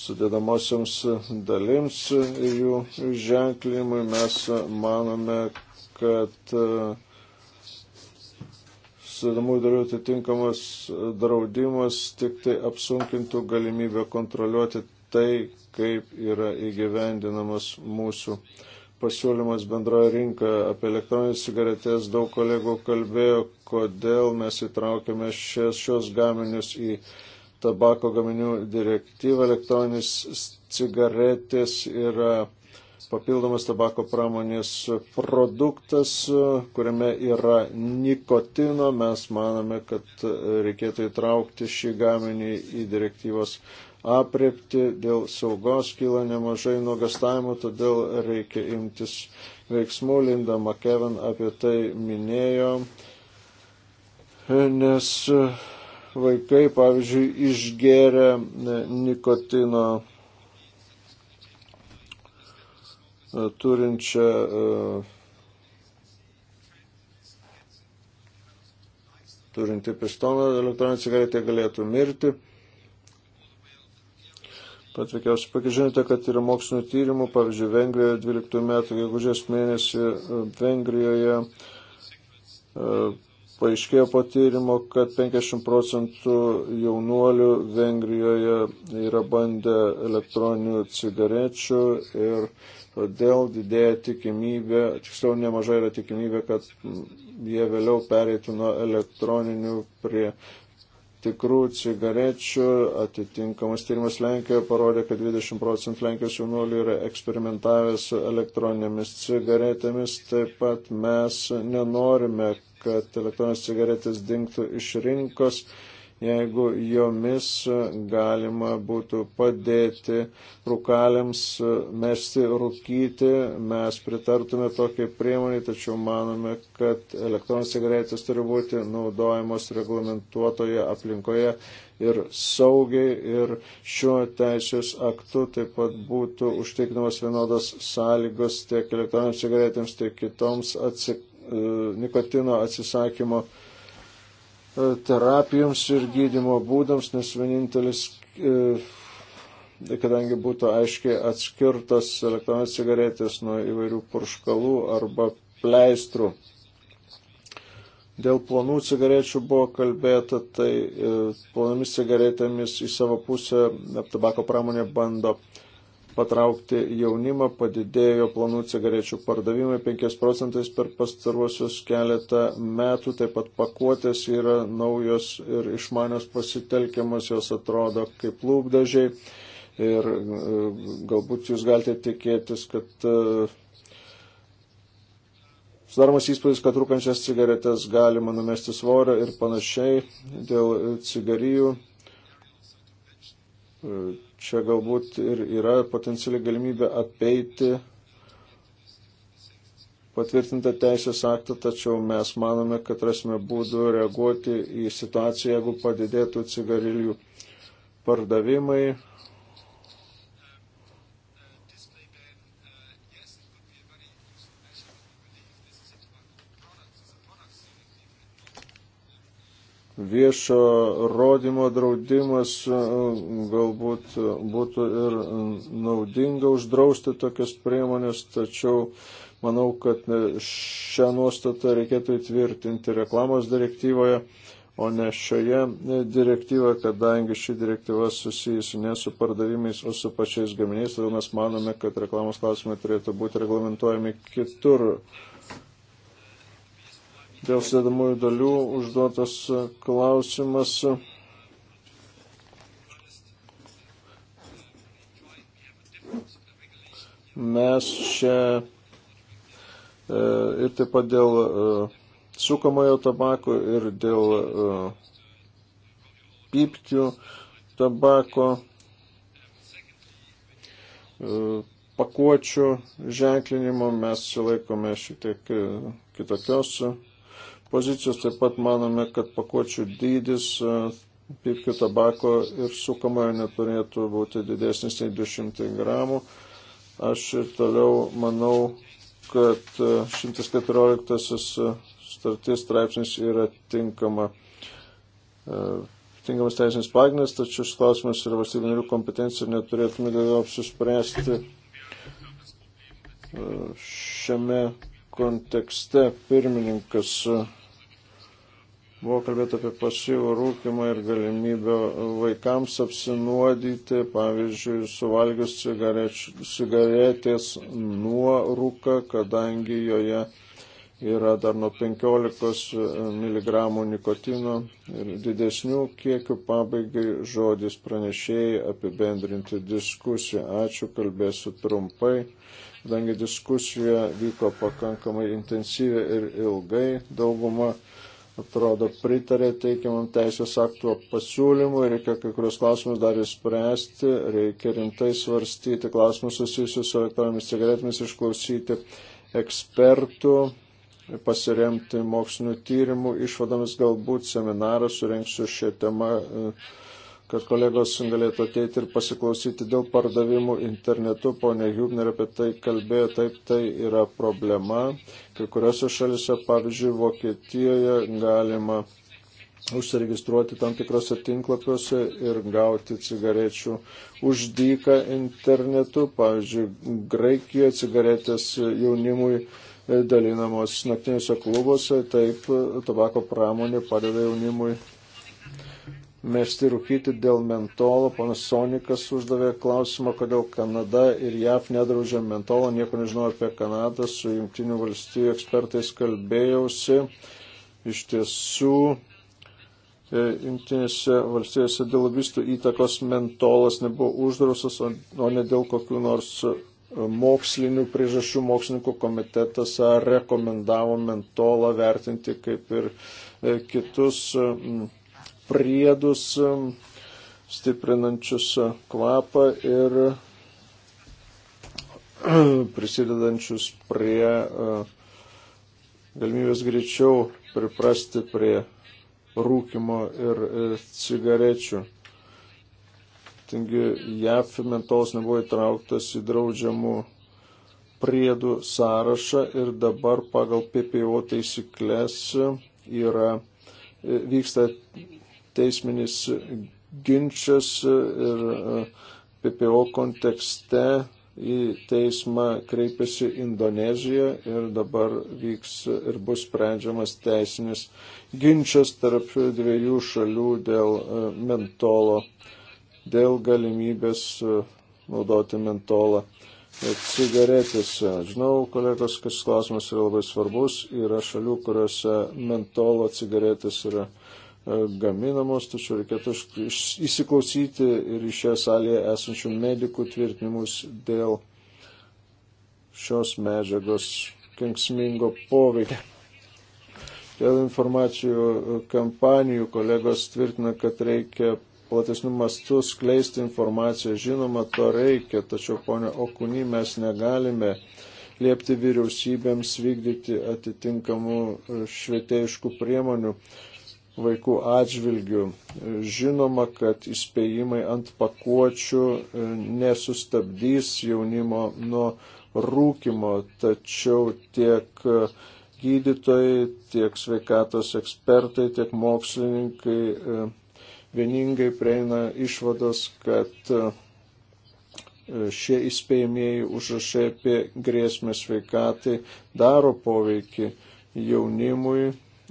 sudėdamosioms dalims e, jų ženklimui. Mes manome, kad e, sudėdamų dalių atitinkamas draudimas tik tai apsunkintų galimybę kontroliuoti tai, kaip yra įgyvendinamas mūsų uh, pasiūlymas bendroje rinkoje. Apie elektroninės cigaretės daug kolegų kalbėjo, kodėl mes įtraukėme šios, šios gaminius į tabako gaminių direktyvą. Elektroninės cigaretės yra papildomas tabako pramonės produktas, kuriame yra nikotino. Mes manome, kad reikėtų įtraukti šį gaminį į direktyvos apriepti, dėl saugos kyla nemažai nuogastavimų, todėl reikia imtis veiksmų. Linda McKevin apie tai minėjo, nes vaikai, pavyzdžiui, išgeria nikotino turinčią e, turinti pistoną elektroninę cigaretę galėtų mirti. Patvikiausiai pakižinote, kad yra mokslinio tyrimų, pavyzdžiui, Vengrijoje 12 metų, gegužės mėnesį e, Vengrijoje e, paaiškėjo po tyrimo, kad 50 procentų jaunuolių Vengrijoje yra bandę elektroninių cigarečių ir todėl didėja tikimybė, tiksliau nemažai yra tikimybė, kad jie vėliau pereitų nuo elektroninių prie tikrų cigarečių. Atitinkamas tyrimas Lenkijoje parodė, kad 20 procentų Lenkijos jaunuolių yra eksperimentavę su elektroninėmis cigaretėmis. Taip pat mes nenorime, kad elektroninės cigaretės dinktų iš rinkos jeigu jomis e, galima būtų padėti rūkaliams e, mesti rūkyti, mes pritartume tokiai priemoniai, tačiau manome, kad elektroninės cigaretės turi būti naudojamos reglamentuotoje aplinkoje ir saugiai ir šiuo teisės aktu taip pat būtų užtikrinamos vienodos sąlygos tiek elektroninėms cigaretėms, tiek kitoms atsik e, nikotino atsisakymo E, terapijoms ir gydimo būdams, nes vienintelis, e, kadangi būtų aiškiai atskirtas elektroninės cigaretės nuo įvairių purškalų arba pleistrų. Dėl plonų cigarečių buvo kalbėta, tai e, plonomis cigaretėmis į savo pusę tabako pramonė bando uh, patraukti jaunimą, padidėjo planų cigarečių pardavimai 5 procentais per pastaruosius keletą metų, taip pat pakuotės yra naujos ir išmanios pasitelkiamos, jos atrodo kaip lūpdažiai ir e, galbūt jūs galite tikėtis, kad e, Sudaromas įspūdis, kad rūkančias cigaretės galima numesti svorio ir panašiai dėl cigarijų e, Čia galbūt ir yra potencialiai galimybė apeiti patvirtintą teisės aktą, tačiau mes manome, kad rasime būdų reaguoti į situaciją, jeigu padidėtų cigarilių pardavimai, viešo rodymo draudimas e, galbūt būtų ir naudinga uždrausti tokias priemonės, tačiau manau, kad šią nuostatą reikėtų įtvirtinti reklamos direktyvoje, o ne šioje direktyvoje, kadangi ši direktyva susijusi ne su pardavimais, o su pačiais gaminiais, todėl mes manome, kad reklamos klausimai turėtų būti reglamentuojami kitur dėl sudėdamųjų dalių užduotas e, klausimas. Mes čia e, ir taip pat dėl e, sukamojo tabako ir dėl pypkių tabako pakuočių ženklinimo mes laikome šiek tiek kitokios pozicijos taip pat manome, kad pakuočių dydis e, pipkių tabako ir sukamojo neturėtų būti didesnis nei 200 gramų. Aš ir toliau manau, kad 114 e, e, starties straipsnis yra tinkama, tinkamas teisinis pagrindas, tačiau šis klausimas yra valstybinių kompetencija ir neturėtume dėl jo apsispręsti šiame kontekste pirmininkas Buvo kalbėta apie pasyvų rūkimą ir galimybę vaikams apsinuodyti, pavyzdžiui, suvalgius cigareč, cigaretės nuorūką, kadangi joje yra dar nuo 15 mg nikotino ir didesnių kiekių pabaigai žodis pranešėjai apibendrinti diskusiją. Ačiū, kalbėsiu trumpai kadangi diskusija vyko pakankamai intensyviai ir ilgai, dauguma atrodo pritarė teikiamam teisės akto pasiūlymui, reikia kai kurios klausimus dar įspręsti, reikia rimtai svarstyti klausimus susijusius su elektroninėmis cigaretėmis, išklausyti ekspertų, pasiremti mokslinių tyrimų išvadomis, galbūt seminarą surenksiu šią temą. E, kad kolegos galėtų ateiti ir pasiklausyti dėl pardavimų internetu. Pone Hübner apie tai kalbėjo, taip tai yra problema. Kai kuriuose šalise, pavyzdžiui, Vokietijoje galima užsiregistruoti tam tikrose tinklapiuose ir gauti cigarečių uždyką internetu. Pavyzdžiui, Graikijoje cigaretės jaunimui dalinamos naktiniuose klubuose, taip tabako pramonė padeda jaunimui mesti rūkyti dėl mentolo. Ponas Sonikas uždavė klausimą, kodėl Kanada ir JAF nedraužia mentolo. Nieko nežinau apie Kanadą. Su jungtinių valstybių ekspertais kalbėjausi. Iš tiesų, e, jungtinėse valstybėse dėl lobistų įtakos mentolas nebuvo uždrausas, o ne dėl kokių nors e, mokslinių priežasčių mokslininkų komitetas rekomendavo mentolą vertinti kaip ir e, kitus. Mm, priedus um, stiprinančius kvapą ir um, prisidedančius prie uh, galimybės greičiau priprasti prie rūkimo ir cigarečių. Taigi JAF mentolas nebuvo įtrauktas į draudžiamų priedų sąrašą ir dabar pagal PPO taisyklės yra e, vyksta teisminis ginčas ir e, PPO kontekste į teismą kreipėsi Indonezija ir dabar vyks ir bus sprendžiamas teisinis ginčas tarp dviejų šalių dėl e, mentolo, dėl galimybės e, naudoti mentolą cigaretėse. Žinau, kolegos, kas klausimas yra labai svarbus. Yra šalių, kuriuose mentolo cigaretės yra E, gaminamos, tačiau reikėtų įsiklausyti ir iš šią salėje esančių medikų tvirtinimus dėl šios medžiagos kenksmingo poveikio. Dėl informacijų kampanijų kolegos tvirtina, kad reikia platesnių mastų skleisti informaciją. Žinoma, to reikia, tačiau, ponia Okūny, mes negalime liepti vyriausybėms vykdyti atitinkamų švietėjiškų priemonių vaikų atžvilgių. Žinoma, kad įspėjimai ant pakuočių e, nesustabdys jaunimo nuo rūkimo, tačiau tiek e, gydytojai, tiek sveikatos ekspertai, tiek mokslininkai e, vieningai prieina išvados, kad šie įspėjimieji užrašai apie grėsmę sveikatai daro poveikį jaunimui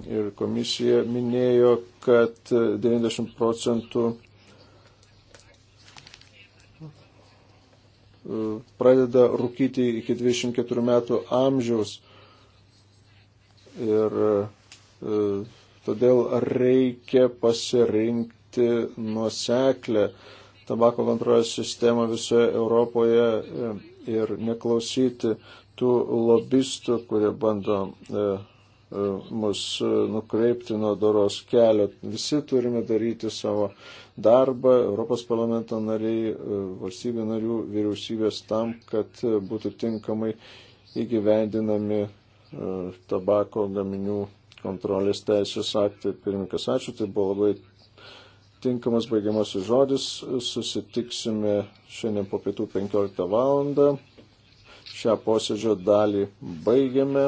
ir komisija minėjo, kad 90 procentų e, pradeda rūkyti iki 24 metų amžiaus. Ir e, todėl reikia pasirinkti nuoseklę tabako kontrolės sistemą visoje Europoje e, ir neklausyti tų lobistų, kurie bando E, mus e, nukreipti nuo doros kelio. Visi turime daryti savo darbą, Europos parlamento nariai, e, valstybių narių, vyriausybės tam, kad būtų tinkamai įgyvendinami tabako gaminių kontrolės teisės aktai. Pirmininkas, ačiū, tai buvo labai tinkamas baigiamasis žodis. Susitiksime šiandien po pietų 15 val. Šią posėdžio dalį baigiame.